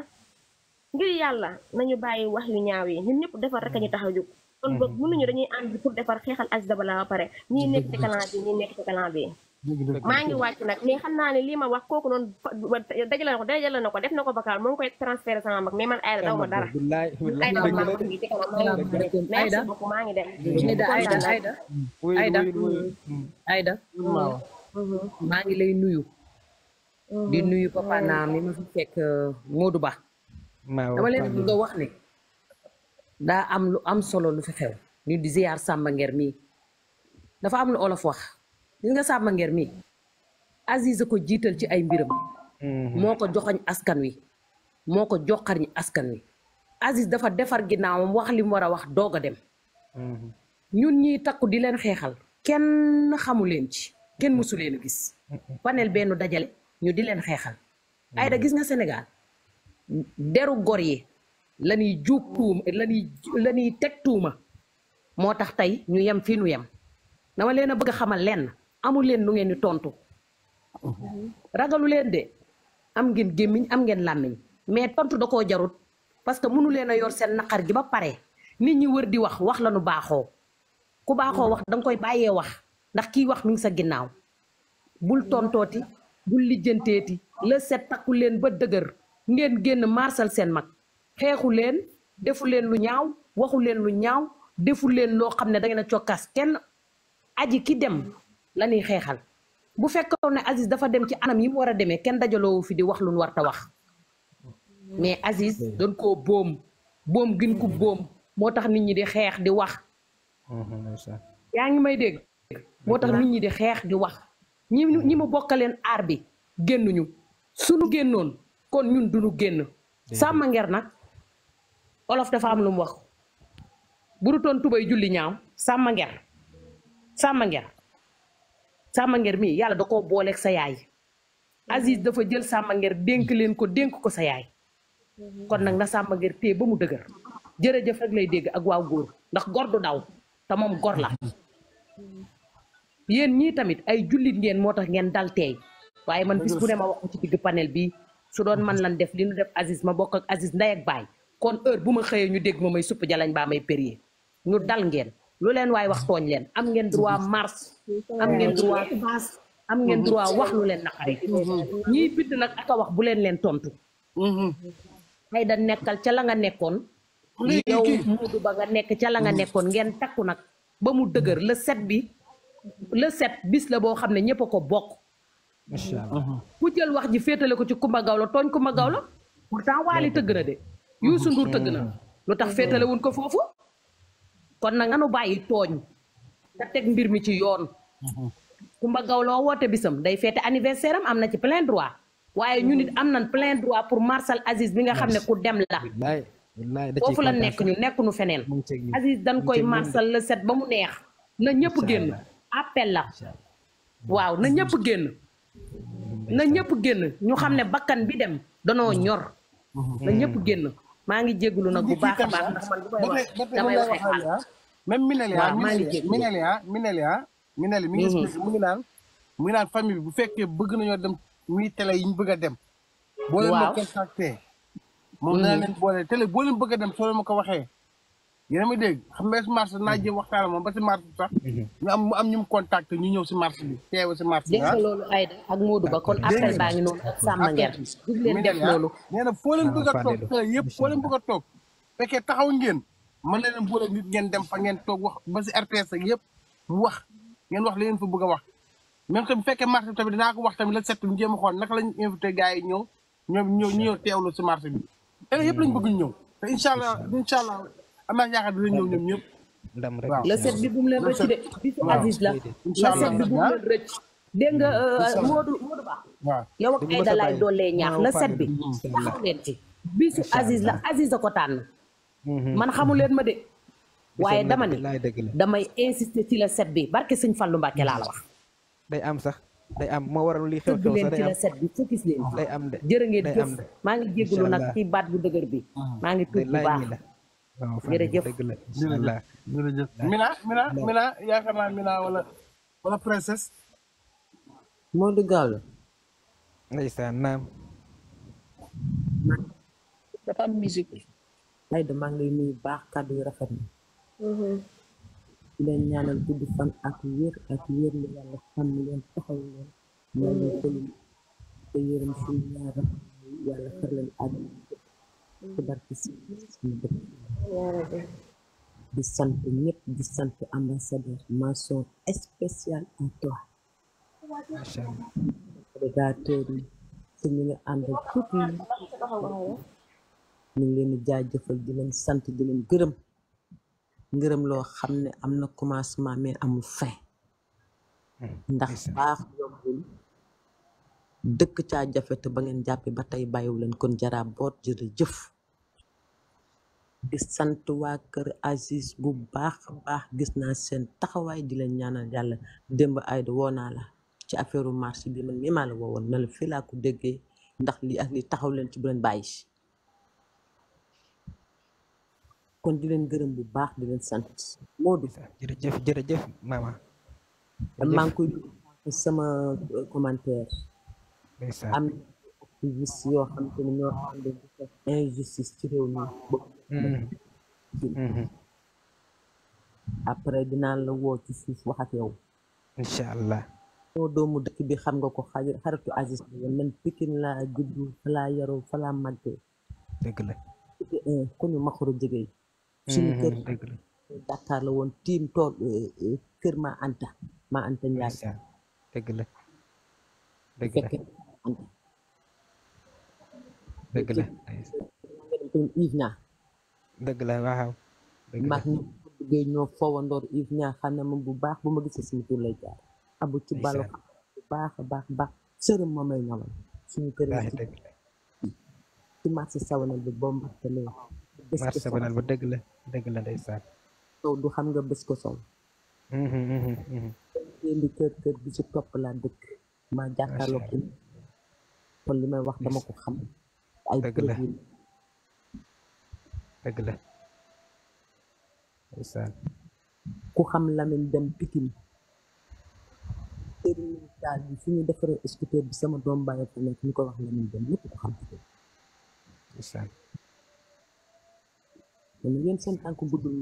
ngir yalla nañu bayyi wax yu ñaaw yi ñun ñep defal rek ñu taxaw a kon kon mënu ñu dañuy and pour defal xéxal Aziz Dabala ba pare ñii nekk ci kalan bi ñi nekk ci kalan bi ma ngi wacc nak mais xamna ni li ma wax koku non dajal nako dajal nako def nako bakal moo ngi koy transférer sama mak mais man Aïda daw ma dara ay da ko ngi ci kanam merci beaucoup maa ngi dem Aïda Aïda mm. mm-hmm. ngi lay nuyu mm-hmm. di nuyu papa naa mi ma fi fekk euh, Modou Ba dama leen bëgg a wax ne daa am lu am solo lu fi xew ñu di ziar Samba Nguer mii dafa am lu olof wax li nga Samba Nguer mii Aziz ko jiital ci ay mbiram mhm. moo ko joxañ askan wi moo ko ñi askan wi Aziz dafa defar ginnaawam wax li mu war a wax doog a dem mhm. ñun ñiy takku di leen xeexal kenn xamu leen ci kenn mësu leen a gis mhm. panel benn dajale ñu di leen xeexal Aïda gis nga Sénégal deru gor yi la ñuy juub tuuma la teg tuuma moo tax tey ñu yem fii ñu yem dama leen a bëgg xamal lenn amul leen nu ngeen di tontu ragalu leen de am ngeen gémmiñ am ngeen làmmiñ mais tontu da koo jarut parce que mënu leen a yor seen naqar ji ba pare nit ñi wër di wax wax la nu baaxoo ku baaxoo wax danga koy bàyyee wax ndax kii wax mi ngi sa ginnaaw bul tontooti bul lijjanteeti la set takku leen ba dëgër ngeen génn marsal seen mag xeexu leen defu leen lu ñaaw waxu leen lu ñaaw defu leen loo xam ne da ngeen a cokkaas kenn aji ki dem la xeexal bu fekkoon ne Aziz dafa dem ci anam yi mu war a demee kenn dajaloo fi di wax lu nu war wax mais Aziz mm-hmm. doon koo boom boom gin ku boom moo tax nit ñi di xeex di wax mm-hmm, yaa ngi may dégg moo tax nit ñi di xeex di wax ñi ñi ma bokkaleen aar bi génnuñu sunu génnoon kon ñun duñu génn sàmm nger nak olof dafa am lu mu wax bu dutoon tubay julli ñaaw sa nger sàmm nger sàmm mi. mi yalla da koo booleeg sa yaay Aziz dafa jël sàmm nger denk leen ko denk ko sa yaay kon nak na sàmm nger téye ba mu dëgër jërëjëf rek lay dégg ak waaw goor ndax gor du daw ta mom gor la yeen ñi tamit ay jullit ngeen motax ngeen dal tay waye man bis bu ne ma wax ci digg panel bi su doon man lan def li ñu def Aziz ma bokk ak Aziz ndey ak baay kon heure bu ma xëyee ñu dégg ma may supp jalañ baa may périer ñu dal ngeen lu leen waaye wax tooñ leen am ngeen droit mars am ngeen droit bas am ngeen droit wax lu leen naqari ñiy bind nag aka wax bu leen leen tontu xëy da nekkal ca la nga nekkoon yow Modou Ba nga nekk ca la nga nekkoon ngeen takku nag ba mu dëgër le set bi le set bis la boo xam ne ñëpp a ko bokk incha ku jël wax ji féetale ko ci Kumba Gawlo tooñ Kumba Gawlo pourtant Waali tëgg na de Youssou Ndour tëgg na lu tax féetalewul ko foofu kon na nga nu bàyyi tooñ nga teg mbir mi ci yoon Kumba Gawlo woote bisam day féete anniversaire am am na ci plein droit waaye ñu nit am na plein droit pour Marshal Aziz bi nga xam ne ku dem la foofu la nekk ñu nekk ñu feneen Aziz dañ koy Marshal la set ba mu neex na ñëpp génn appel la waaw na ñëpp génn na ñépp génn ñu xam ne bakkan bi dem danoo ñor. na ñëpp génn maa ngi jégalu nag bu baax a baax ndax man bu may wax damay waxee xaal. même Minelia Minelia Minelia Minelia mi ngi expliqué mu ngi naan mu ngi naan famille bi bu fekkee bëgg nañoo dem muy télé yi bëgg a dem. waaw boo leen ma boole télé boo bëgg dem soo ma ko waxee. yéen a ngi dégg xam nga si marché naa jéem waxtaan moom ba si marché bi sax. Mhm. ñu am mu am ñu mu contacté ñu ñëw si marché toog fekkee taxaw ngeen mën na leen boole toog ba si RTS ak yëpp wax wax li ngeen fa a wax. même que fekkee marché bi tamit dinaa ko wax tamit la set ñu jéem a xool naka lañu invité gars yi ñëw ñëw ñëw teewlu si marché bi. te yëpp lañ mm. bëgg ñëw am naa yaakaar dina ñëw ñoom ñëpp. la set bi bu leen rëcc de. bisu Aziz la la nga mm. euh, Modou yow ak Aïda laay doolee ñaax la set bi. taxaw leen ci bisu Aziz la Aziz ko tànn. Mm-hmm. man xamu leen ma de. waaye dama ni damay insister ci la set bi barke sëñ Fallou Mbacke laa la wax. day am sax. day am moo waral liy xew xew sax day am day am de jërë ngeen maa ngi jégalu nag ci baat bu dëgër bi. Mm. maa ngi tudd bu baax. waaw jërëjëf jërëjëf Mina Mina Mina yaakaar naa Mina wala wala princesse. Modou Gallo. ndeysaan naam. dafa ay de maa ngi baax kàddu yu rafet na. Mm-hmm. di leen ñaanal gudd fan ak wér ak wér lu yàlla leen taxaw leen. Mm-hmm. yërëm suñu ñaar yàlla far leen àddina. di sant ñëpp di sant ambassadeur mention spéciale à toi prédateur yi te ñu ngi ànd tuut yi ñu ngi leen di jaajëfal di leen sant di leen gërëm ngërëm loo xam ne am na commencement mais amul fin hmm, ndax baax yombul dëkk caa jafe te ba ngeen jàppee ba tey bàyyiwu leen kon jaraa boot jërëjëf sant waa kër Aziz bu baax a baax gis naa seen taxawaay di leen ñaanal yàlla démb Aïda woo naa la ci affaire marché bi man mii maa la woowoon na la fii laa ko ndax lii ak lii taxaw leen ci bu leen bàyyi kon di leen gërëm bu baax di sant moo di. jërëjëf jërëjëf maama. maa ngi sama euh, commentaire. am activiste ci réew mi Mhm. après dinaa la woo ci suuf wax ak yow. allah. moo doomu dëkk bi xam nga ko xaritu Aziz man Pikine laa juddu fa yaroo fa laa màggee. dëgg la. Eh, ku ñu Maxoro Jege. suñu mhm, kër la woon tiim tool eh, eh, kër maa Anta maa Anta Ndiaye. dëgg la dëgg la dëgg la. dëgg la waaw. mag ñi duggee ñoo fowandoor if ñaa xam ne moom bu baax bu ma gisee suñu tur lay jaar abu ci balo bu baax a baax baax sërëm moom lay ñamal suñu kër ci marché sawanal bi bombarde la marché sawanal bu dëgg la dëgg la ndeysaan sow du xam nga bés ko sow leen mhm, mhm, mhm. di kër kër bi ci topp laa dëkk maa jàkkaarloo kon li may wax dama ko xam ay dëgg la dëgg la ku xam Lamine dem Pikine kër militaire bi fi ñu defaree scooter bi sama doom bàyyi fa nekk ñu ko wax Lamine dem ñëpp ko xam Pikine ndeysaan dana seen tànk guddul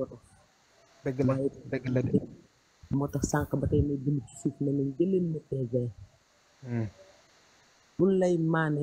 moo tax sànq ba tey may jëm ci suuf ne nañ jëleen ma PV hmm. mun lay maane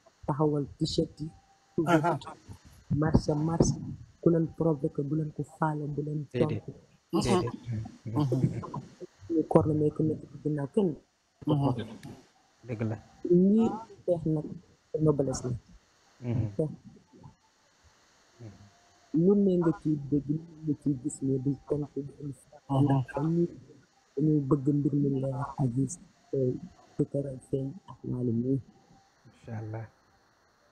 taxawal t-shirt yi. marché marché ku leen provoqué bu leen ko faale bu leen. tontu ñu koor la mais ku nekk ci ginnaaw kenn. dëgg la nag noblesse la. Mhm. lu ne nga ciy gis ne du tontu du am. dañuy bëgg mbir mi leer Aziz te Tunkara feeñ ak Malick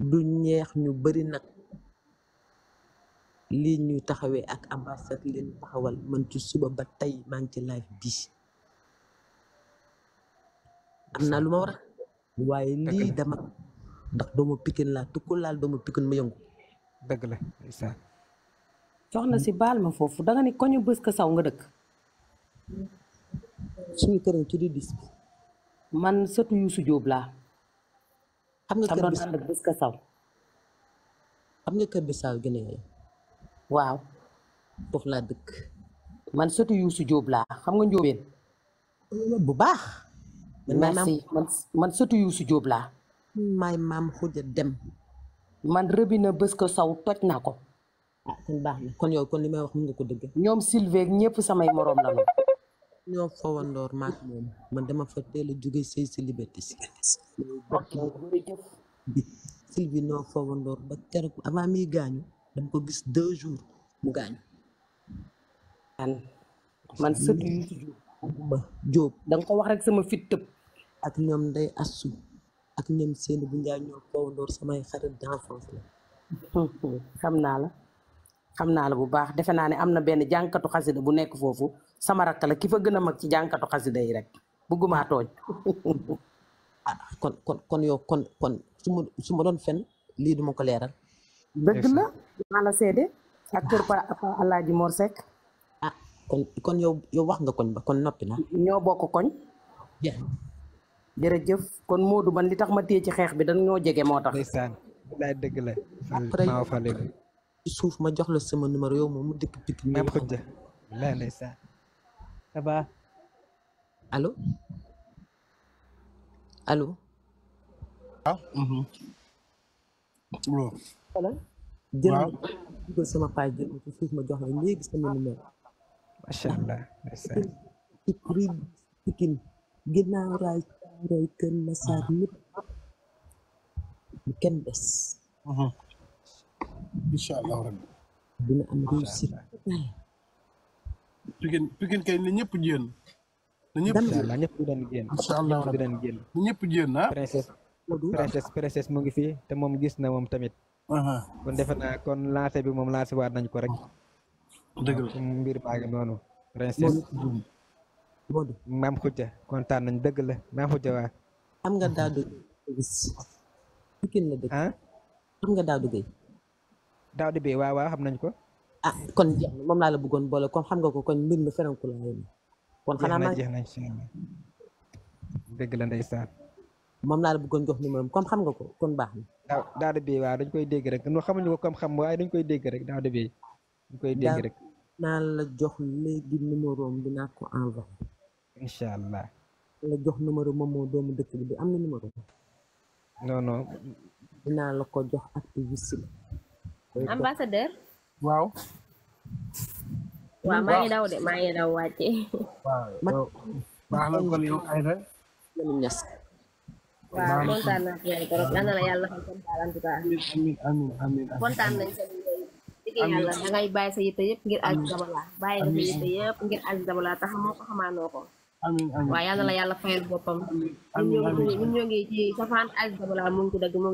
du ñeex ñu bari nak li ñu taxawé ak ambassade leen taxawal man ci suba ba tay maa ngi ci live bi amna luma wara waye li dama ndax doomu pikin la tukku laal doomu pikin ma yëngu deug la isa soxna si bal ma fofu da nga ni koñu bëss ka saw nga dëkk suñu ci di dis man sëtu Yuusu job la xam nga kër bi ànd saw xam nga kër bi saw gine waaw foofu laa dëkk man sotti Youssou Diop laa xam nga njóobeen bu baax merci man man sotti Youssou Diop laa maay maam xuja dem man rëbi na bés ko saw toj naa ko ah kon baax na kon yow kon li may wax mën nga ko dëgg ñoom Sylvain ñëpp samay moroom la ñu ñoo fawandoor maak moom man dama fa teel a jóge sëy si liberté si Sylvie noo fawandoor ba keroog avant miy gaañu dama ko gis deux jours mu gaañu an man sët Youssou Diop da nga ko wax rek sama fit tëb ak ñoom nday assu ak ñoom seen bu njaay ñoo fawandoor samay xarit d'enfance la xam naa la xam naa la bu baax defe naa ne am na benn jànkatu xasida bu nekk foofu sama rakk la ki fa gën a mag ci jànkatu xasida yi rek bëgguma tooñ. ah kon kon kon yow kon kon su su ma doon fen lii duma ko leeral. dëgg la maa la seede ak kër Pa Alaaji Mor Seck. Ah, kon yow yow wax nga koñ ba kon noppi na. ñoo bokk koñ. jërëjëf kon Modou man li tax ma téye ci xeex bi dañ ñoo jege moo tax. ndeysaan dëgg la. après ma jox la sama numéro yow moom Daba. allo allo. ah. waaw. Mhm. voilà. jël ma dugal sama page jël ma ci suuf ma jox la léegi sama numéro. macha allah. Sikri Sikine ginnaaw raay raay Kër Massar ñëpp bu kenn mhm. allah. dina am réussite. Pikine Pikine kay na ñëpp génn. na ñëpp génn incha allah ñëpp dinañ na ñëpp génn mu ngi fii te moom gis na moom tamit. kon defe naa kon lancé bi moom lancé waat nañ ko rek. dëgg la mbir baa noonu. princesse maam Khoutia kontaan nañ dëgg la maam Khoutia waa. am nga daa dugg gis. Pikine la daaw di bee waaw waaw xam nañ ko. ah kon jeex na moom laa la bëggoon boole kon xam nga ko koñ mbir mi feranku laa yéen kon xanaa ma jeex na jeex na dëgg la ndeysaan moom laa la bëggoon jox numéro am xam nga ko kon baax na. daaw daaw de bee koy dégg rek ñu xamuñu ko comme xam waaye dañ koy dégg rek daaw de bee koy dégg rek naa la jox léegi ko envoyé. incha allah. la jox numéro moom moo doomu dëkk bi am na numéro. non ko jox ambassadeur. waaw. waaw maa ngi daw de maa ngi daw wàcce. waaw baax na kon yow Aïda. waaw kontaan naa yàlla trop yàlla na yàlla xam seen daal en tout cas. yàlla ngir Aziz Dabala. bàyyi nga yitte yëpp ngir Aziz Dabala tax moo ko xamaanoo ko. waaw yàlla na yàlla fayal boppam. amiin amiin ñun ñoo ci safaan Aziz Dabala mu ngi ci dëgg moo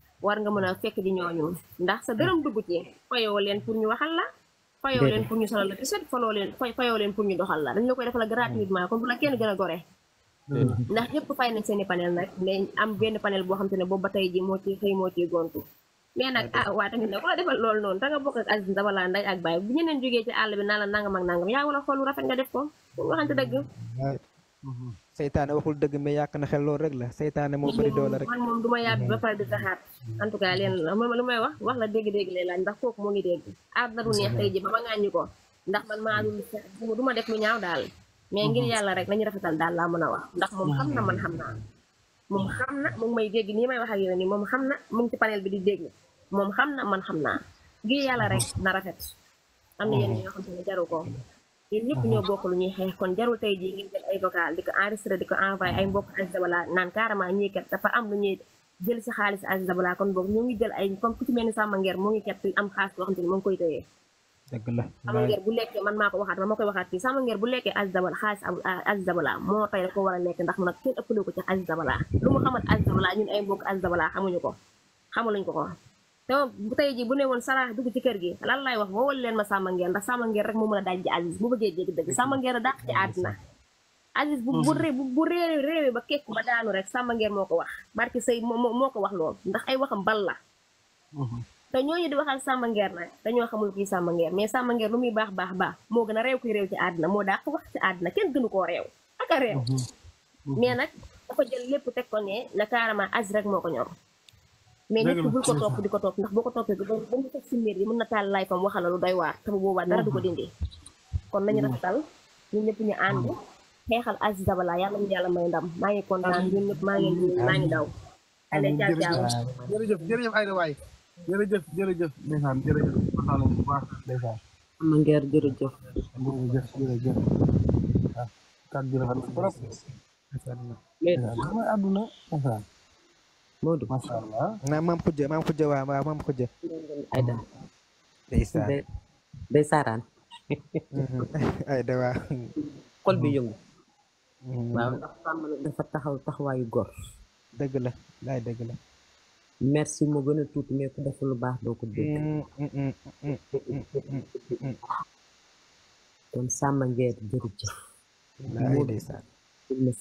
war nga mën a fekk di ñooñu ndax sa dërëm dugg ci fayoo leen pour ñu waxal la fayoo leen pour ñu solal la tiset faloo leen fayoo leen pour ñu doxal la dañ la koy defal gratuitement comme bu la kenn gën a gore ndax ñëpp fay na seeni panel nag mais am benn panel boo xam te ne boobu ba tey ji moo ci xëy moo ciy gontu mais nag ah waa tamit nag ku la defal loolu noonu da nga bokk ak Aziz Dabala nday ak Baye bu ñeneen jógee ci àll bi naa la nangam ak nangam yaa wala xool lu rafet nga def ko pour waxante dëgg seytaane waxul deug me yak na xel loolu rek la seytaane moo mm-hmm. bëri doole rek man mom duma ma ba fa di taxaat en tout cas len lu may wax wax la dégg-dégg le laaj ndax kok mo ngi ad na ru neex tay ji ba ma ŋàññi ko ndax man ma dul du ma def lu ñaaw dal mais ngir yalla rek nañu rafetal dal la mëna wax ndax mom xamna man xamna mom xamna xam ngi may dégg ni may wax ak yow nii moom xam na mu ngi ci panel bi di dégg mom xamna man xamna naa ngir yàlla rek na rafet am na yenn ñoo xam jaru ko ñun ñëpp ñoo bokk lu ñuy xeex kon jarul tey jii ngeen jël ay vocal di ko enregistré di ko envoyé ay mbokk Aziz Dabala naan carrément ñii kat dafa am lu ñuy jël si xaalis Aziz Dabala kon boog ñoo ngi jël ay comme ku ci mel moo ngi kat am xaalis boo xam te moo ngi koy tëyee dëgg la Samba Nguer bu lekkee man maa ko waxaat man ma koy waxaat fii Samba Nguer bu lekkee Aziz Dabala xaalis amul ah, Aziz moo tey ko war a lekk ndax mu nag kenn ëppale ko ci Aziz Dabala lu mu xamal Aziz Dabala ñun ay mbokk Aziz Dabala xamuñu ko xamuluñ ko ko te bu tey ji bu ne woon saraax dugg ci kër gi lan lay wax woowal leen ma Samba Nguer ndax Samba Nguer rek moo mën a daaj ji Aziz bu bëggee a dàq ci àddina Aziz bu bu mhm. bu réew réew ba kekku ba daanu rek Samba Nguer moo ko wax barki sëy moo ko wax loolu ndax ay waxam bal la mhm. te ñooñu di waxal Samba Nguer nag dañoo xamul kii Samba Nguer mais Samba Nguer lu muy baax baax baax moo gën a réew kuy réew ci àddina moo dàq wax ci àddina kenn gënu koo réew ak a réew mhm. mais nag ko jël lépp teg ko ne na carrément Aziz rek moo ko ñor mais nekk bul ko di ko ndax boo ko toppee ba ba mu teg mbir yi mën na taal fam waxal lu doy waar te bu dara du ko mm-hmm. dindi kon nañu mm-hmm. rafetal ñun ñëpp ñu ànd mm-hmm. xeexal Aziz Dabala yàlla ñu yàlla may ndam maa ngi kontaan ñun ñëpp maa ngi maa ngi daw ale jaar jaar bu baax ma ngeer ah, mais aduna Modou macha allah maam maam Khoudia maam Khoudia waaw waaw maam Khoudia. xol bi yëngu. dafa taxaw taxawaayu gor dëgg la laay dëgg la. merci moo gën a tuuti mais ku def lu baax doo ko dégg. Mm-hmm. kon Samba Ndiaye jërëjëf. laay ndeysaan.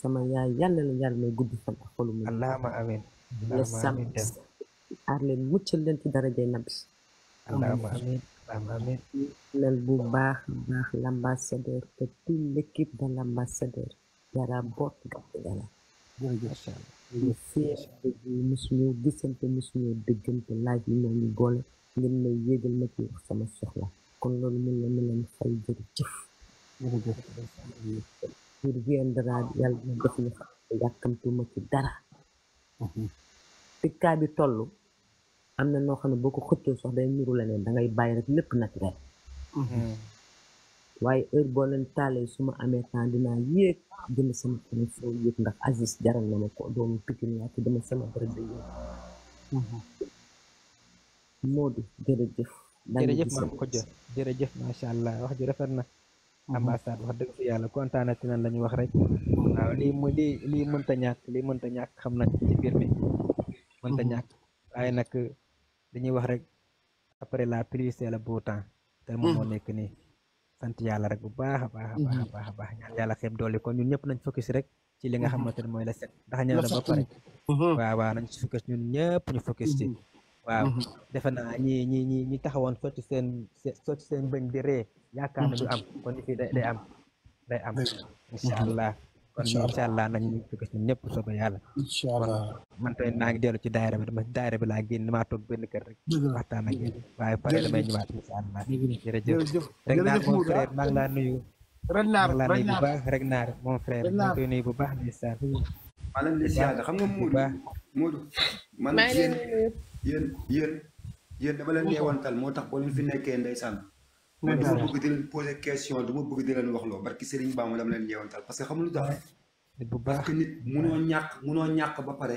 sama yaay yàlla na yàlla may gudd fan ak xolu. allahumma la sàmm aar leen muccal leen ci darajay nabi lal bu baax baax l'ambassadeur et toute l'équipe de l'ambassadeur yara boot gàtt gala ñu fier dëgg musuñu gisante musuñu dëggante laaj yi moo ñu boole ngeen may yéegal ma ci wax sama soxla kon loolu mun na mun nañ fay jërëjëf pour viendra yàlla na def ñu xam yàkkamtuma ci dara fi bi toll am na noo xam ne boo ko xëccoo sax day nuru leneen da ngay bàyyi rek lépp naturel mm-hmm. waaye heure boo leen taalee su ma amee temps dinaa yéeg jënd sama xel foo ndax Aziz jaral na ma ko doomu Pikine yaa ci dama sama bërëb bi yéeg mm-hmm. Modou jërëjëf jërëjëf jërëjëf macha allah wax ji rafet na ambassade mm-hmm. wax deug fi yàlla kontaanati ci nan ñu wax rek waaw li mu li lii mënta ñak li mënta ñàkk xam nañ ci bir mi mënta ñak ay nak dañuy wax rek après la pluie c'est le beau temps te mo mo mm-hmm. nek ni sant yalla rek bu baax a baax a baax mm-hmm. baax baax ñaan yalla xeb doli ko ñun ñep nañ focus rek ci li nga xamantene moy la set ndax ñaan la ba pare waaw waaw nañ focus ñun ñep ñu focus ci waaw defe naa ñi ñi ñi ñi taxawoon sotti seen sotti seen bëñ di ree yaakaar na du am kon fii day day am day am incha allah kon incha allah nañ ñu jóge si ñëpp soba yàlla incha allah man tey naa ngi dellu ci daayira bi dama daayira bi laa génn maa toog benn kër rek waxtaan ak yéen waaye pare damay ñëwaat incha allah jërëjëf rek naa moom frère maa ngi laa nuyu maa ngi nuyu bu baax rek naar moom frère maa ngi koy nuyu bu baax ndeysaan maa leen di siyaar xam nga Modou Modou man maa yéen yéen yéen dama leen yeewantal moo tax boo leen fi nekkee ndeysaan. man du ma bëgg di leen poser question du ma bëgg di leen wax loo barki Serigne Bamba dama leen yeewantal parce que xam lu bu baax parce que nit munoo ñàkk mu munoo ñàkk ba pare.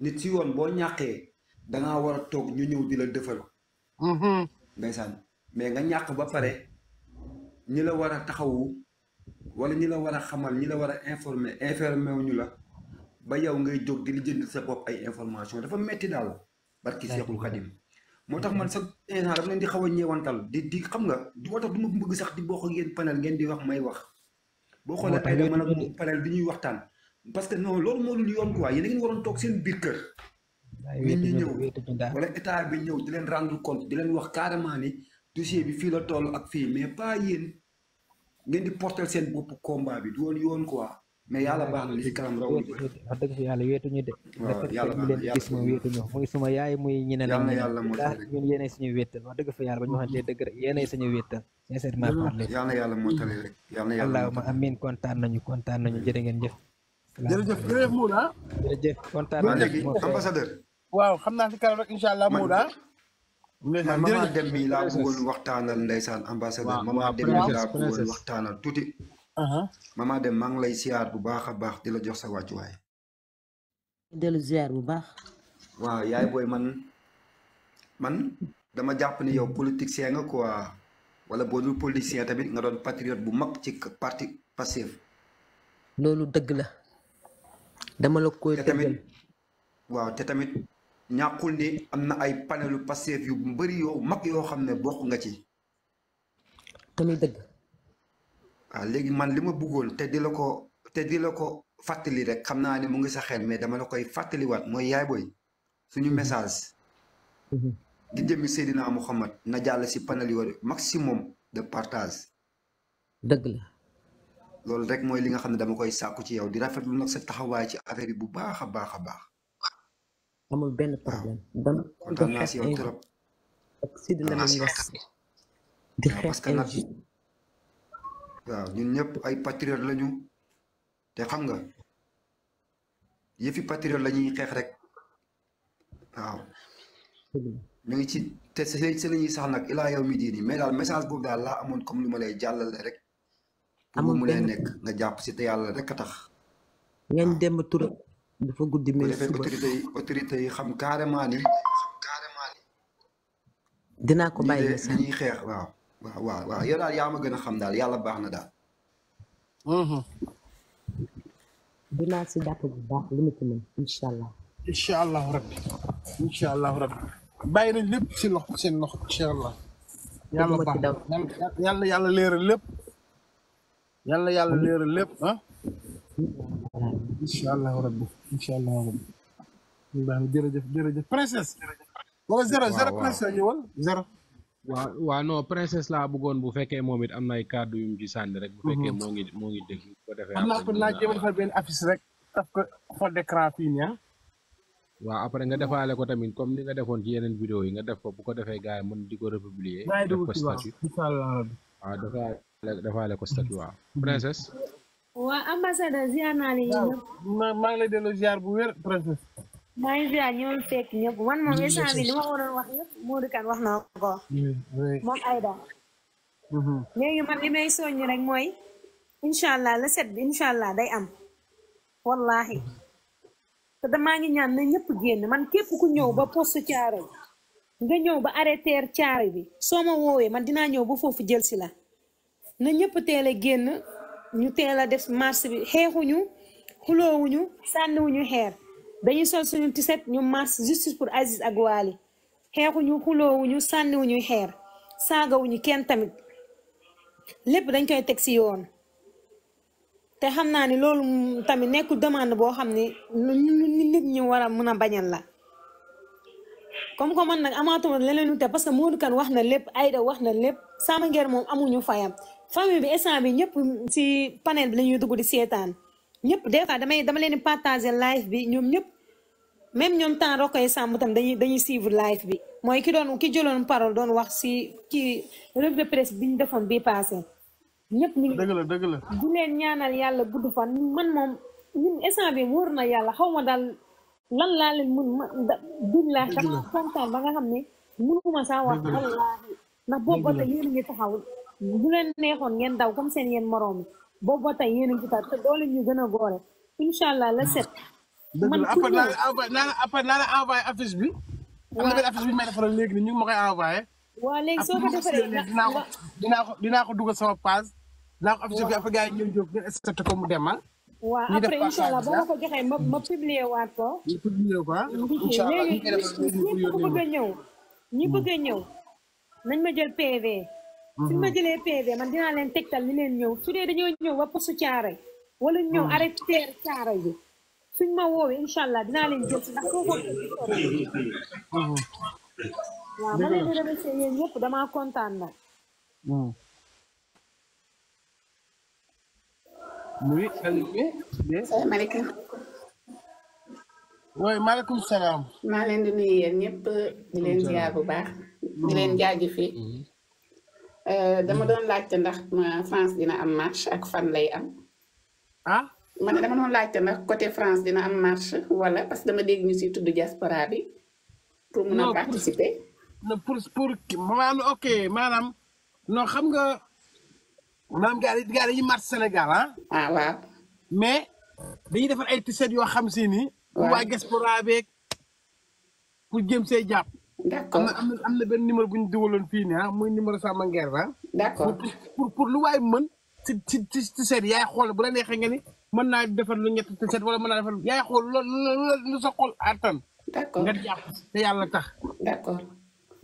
nit si yoon boo ñàkkee da ngaa war a toog ñu ñëw di la defal. Mm-hmm. ndeysaan mais nga ñàkk ba pare ñi la war a taxawu wala ñi la war a xamal ñi la war a informer informer wu ñu la. ba yow ngay jog di lijjanti sa bop ay information dafa metti dal barki cheikhul Xadim motax man sa instant daf len di xawa ñewantal di di xam nga du moo tax du bëgg sax di bokk ak panel ngeen di wax may wax bo xolé ay dama nag panel di ñuy waxtaan parce que non lool mo lu yoon quoi yéen ngeen waron tok seen biir kër ñi ñew wala état bi ñew di len rendre compte di len wax carrément ni dossier bi fi la toll ak fi mais pas yeen ngeen di porter seen bop combat bi du won yoon quoi mais yàlla baax na li ci kanam raw wax yàlla leen gis moom wéetuñu muy yaay muy ñeneen ak ñeneen ñun yéenay suñu wéetal wax dëgg fa yàlla ba ñu waxantee dëgg rek yéenay suñu wéetal sincèrement yàlla yàlla moo amin kontaan nañu kontaan nañu jërë ngeen jëf jërëjëf jërëjëf Mouda jërëjëf kontaan nañu léegi ambassadeur waaw xam naa si kanam rek incha allah Mouda man maman dem bi laa bëggoon waxtaanal ndeysaan ambassadeur maman dem bi laa bëggoon waxtaanal tuuti mama dem maa ngi lay siyaar bu baax a baax di la jox sa wàccuwaay. dellu ziar bu baax. waaw yaay booy man dama jàpp ni yow politicien nga quoi wala boo dul politicien tamit nga doon patriote bu mag ci parti Pastef. loolu dëgg la. dama la koy tamit waaw te tamit ñàkkul ni am na ay panelu Pastef yu bari yow mag yoo xam ne bokk nga ci. tamit dëgg. waaw léegi man li ma bëggoon te di la ko te di la ko fàttali rek xam naa ne mu ngi sa xel mais dama la koy fàttaliwaat mooy yaay booy suñu mhm. message. Mhm. di jëmi Seydina Mouhamad na jàll si panel yooyu maximum de partage. dëgg la. loolu rek mooy li nga xam ne dama koy sàkku ci yow di rafetlu na sa taxawaay ci affaire yi bu baax a baax a baax. amul benn problème. dama waaw ñun ñëpp ay patriote lañu te xam nga yëfi patriote la ñuy xeex rek waaw. ñu ngi ci te si la ñuy sax nag ilaa yow mi diini mais daal message boobu daal laa amoon comme lu ma lay jàllale rek. amul mu lay nekk nga jàpp si te yàlla rek a tax. ngeen dem Touré dafa guddi. mais suba bu autorité yi autorité yi xam carrément ni. ko bàyyi message ñuy xeex waaw. waaw waaw waaw yow daal a xam daal yàlla baax na daal. Mm-hmm. dinaa si jàpp bu baax li ma ci mën incha allah. incha allahu rabbi incha allahu rabbi bàyyi nañ lépp si loxo seen loxo incha allah. yàlla yàlla yàlla leeral lépp. yàlla lépp ah. wala zéro zéro princesse ñëwal zéro. waaw waaw non princesse laa bu fekkee moom it am na ay kàddu yu mu ci sànni rek. bu mhm. fekkee moo ngi moo ngi dégg. bu ko defee am naa ko naa jéem a defal benn affiche rek ko ah. après nga defaale ko tamit comme ni nga defoon ci yeneen vidéo yi nga def ko bu ko defee gars yi mën di ko republier. def ko statut waaw defaale defaale ko statut waaw. Mhm. princesse. waa ambassadeur ziar naa leen. maa lay delloo ziar bu wér princesse. maa ngi ziar ñu ngi fekk ñëpp man moom instant bi li ma waroon wax yëpp Modou Kane wax na ko moom Aïda mm-hmm. léegi rek mooy incha allah la set bi allah day am wallahi damaa ngi ñaan na ñëpp génn man képp ku ñëw ba poste caaro nga ñëw ba arrêté caaro bi soo ma woowee man dinaa ñëw ba foofu jël si la na ñëpp teel génn ñu teel a def marche bi xeexuñu xuloowuñu sànniwuñu xeer dañuy sol suñu tiset ñu marche justice pour Aziz ak Waly xeexuñu xuloowuñu sànniwuñu xeer saagawuñu kenn tamit lépp dañ koy teg si yoon te xam naa ni loolu tamit nekkul demande boo xam ne nit ñi war a mën a bañal la comme que man nag amaatuma leneen lu te parce que Modou Kane wax na lépp Aïda wax na lépp Sama Nguer moom amuñu fayam famille bi instant bi ñëpp si panel bi la ñuy dugg di seetaan ñëpp des fois damay dama leen di partager live bi ñoom ñëpp même ñoom temps Rokhaya Samb tam dañuy dañuy suivre live bi mooy ki doon ki jëloon parole doon wax si ci revue de presse bi ñu defoon bii passé ñëpp ñu ngi dëgg la dëgg la du leen ñaanal yàlla gudd fan man moom ñun instant bi wóor na yàlla xaw ma daal lan laa leen mun ma billahi dama kontaan ba nga xam ne mënuma saa wax wallaahi ndax la ba tey yéen a ngi taxaw bu leen neexoon ngeen daw comme seen yéen moroom yi boobu ba tey yéen a ngi taxaw te doole ñu gën a góore incha la set man après naa la envoyé naa la après naa la envoyé affiche bi. waaw am na benn affiche bi ñu may defaral léegi nii ñu ngi ma koy envoyé. waaw léegi soo ko defaree dinaa ko dinaa ko dinaa ko dugal sama page. dinaa ko affiche bi après gars yi ñëw jóg ñu accepté ko mu dem ah. waaw après incha allah boo ma ko joxee ma ma publier waat ko. ñu publier ko ah. incha allah ñu ngi ñëpp bëgg a ñëw. ñi bëgg a hmm. ñëw nañ ma jël PV. suñ ma hmm. jëlee PV man dinaa leen tegtal ñu leen ñëw su dee dañoo ñëw ba posu caare wala ñëw hmm. arrêté caare bi suñ ma woowee incha allah dinaa leen jël ndax soo ko waaw ma leen mm. di remercier yéen kontaan nag oui salaamaaleykum leen di nuyu yéen ñëpp di leen ziar bu baax di leen jaajëfee dama doon laajte ndax France dina am marche ak fan lay am ah? man dama doon laajte nag côté France dina am marche wala parce que dama dégg ñu si tudd diaspora bi. pour mun participer. non pour pour man ok manam non xam nga maanaam gars gaari gars yi marche Sénégal hein ah, ah wa mais dañuy defar ay t yo xam si ni. waaw waa diaspora bi pour jëm see jàpp. d' am na am na ben numéro buñ ñu fi fii hein ah, moy numéro Samba Nguer hein d'accord pour pour lu waay mën ci ci ci t-shirt yaay xool bu la nexé nga ni. mën naa defar lu ñett te set wala mën naa defar yaay xool loolu lu sa xol attan. d' accord nga jàpp te yàlla tax. d' accord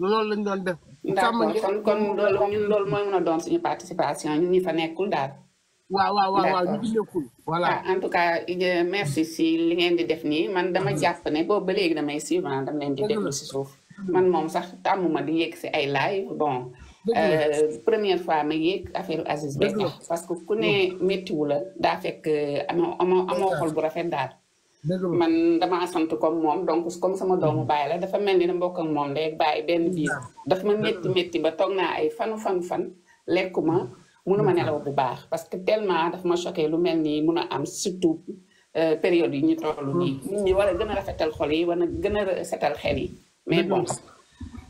loolu lañ doon def. d' accord kon kon loolu ñun loolu mooy mën a doon suñu participation ñun ñi fa nekkul daal. waaw waaw waaw waaw ñu ngi nekkul. voilà ah, en tout cas merci si li ngeen di def nii man dama jàpp ne boobu ba léegi damay suivre ah, dama leen di déglu si suuf. man moom sax tàmmuma di yegg si ay live bon. Euh, première fois ma yéeg affaire Aziz Bey parce que ku ne méttiwu la daa fekk euh, amoo xol bu rafet daal man damaa sant comme moom donc comme sama doomu mm-hmm. baay la dafa mel ni da mbokk ak moom ndey bàyyi benn biir dafa ma métti métti ba toog naa ay fanu fan fan lekkuma mënuma mm-hmm. nelaw bu baax parce que tellement daf ma choqué lu mel nii mun a am surtout euh, période yi ñu toll nii mm-hmm. nit ñi war a gën a rafetal xol yi war a gën a setal xel yi mais bon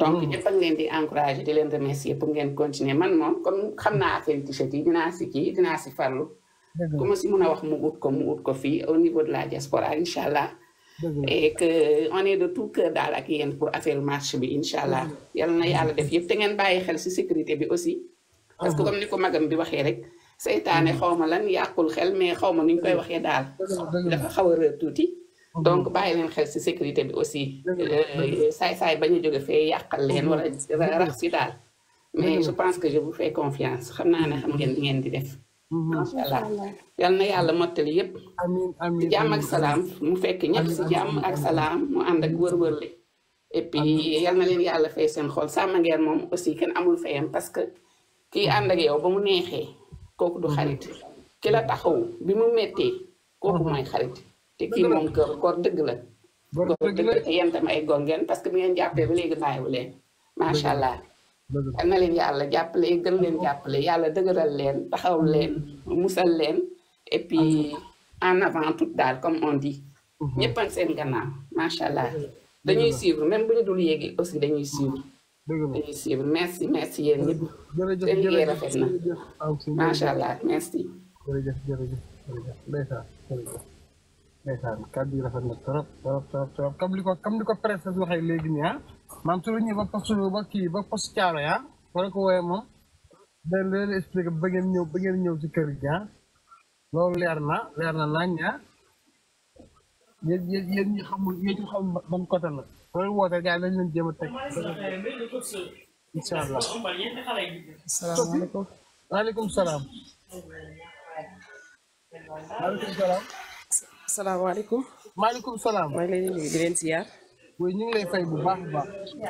donc ñëpp mm. a ngi leen di encouragé di leen remercier pour ngeen continuer man moom comme xam naa affaire yi dinaa si kii dinaa si farlu ku ma si mun a wax mu ut ko mu ut ko fii au niveau de la diaspora incha allah et que on est de tout cœur daal ak yéen pour affaire bi incha allah yal na yàlla def yëpp te ngeen bàyyi xel si sécurité bi aussi parce que comme ni ko magam bi waxee rek seytaane mm. xaw ma lan yàqul xel mais xaw ma koy waxee daal dafa xaw a rër tuuti donc mmh. bàyyi leen xel si sécurité bi aussi. Euh, saay-saay bañ a jóge fee yàqal leen mmh. wala rax si daal. mais je pense que je vous fais confiance xam naa ne xam ngeen di def. Mmh. macha allah yal na yàlla mottali yëpp. amiin amiin jàmm ak salaam mu fekk ñëpp si jàmm ak salaam mu ànd ak wër-wër li et puis yal na leen yàlla fay seen xool sàmm ngeen moom aussi kenn amul fayam parce que kii ànd ak yow ba mu neexee kooku du xarit ki la taxaw bi mu méttee kooku mooy xarit. te kii moom góor dëgg la. góor dëgg la te ay góor ngeen parce que bu ngeen jàppee ba léegi bàyyiwu leen macha allah. am na leen yàlla jàppale gën leen jàppale yàlla dëgëral leen taxaw leen musal leen et puis en avant tout daal comme on di mhm. ñëpp ak seen gannaaw macha allah. dañuy suivre même bu ñu dul yéegi aussi dañuy mhm. suivre. dañuy suivre merci merci yéen ñëpp. jërëjëf seen liggéey rafet na macha allah merci. jërëjëf jërëjëf ndeysaan kàddu yi rafet na trop trop trop trop comme li ko comme li ko presse waxee léegi nii ah maam su la ñëwee ba poste ba kii ba poste caaro ah wala ko wooyee moom dañ leen expliqué ba ngeen ñëw ba ngeen ñëw ci kër gi ah loolu leer na leer na nañ ah yéen yéen yéen ñi xamul yéen ñi xamul ban côté la loolu woote gars yi dañ leen jéem a teg incha allah salaamaaleykum waaleykum salaam waaleykum salaam salaamaaleykum. maaleykum salaam. maa ngi leen di nuyu di leen siyaar. ñu ngi lay fay bu baax a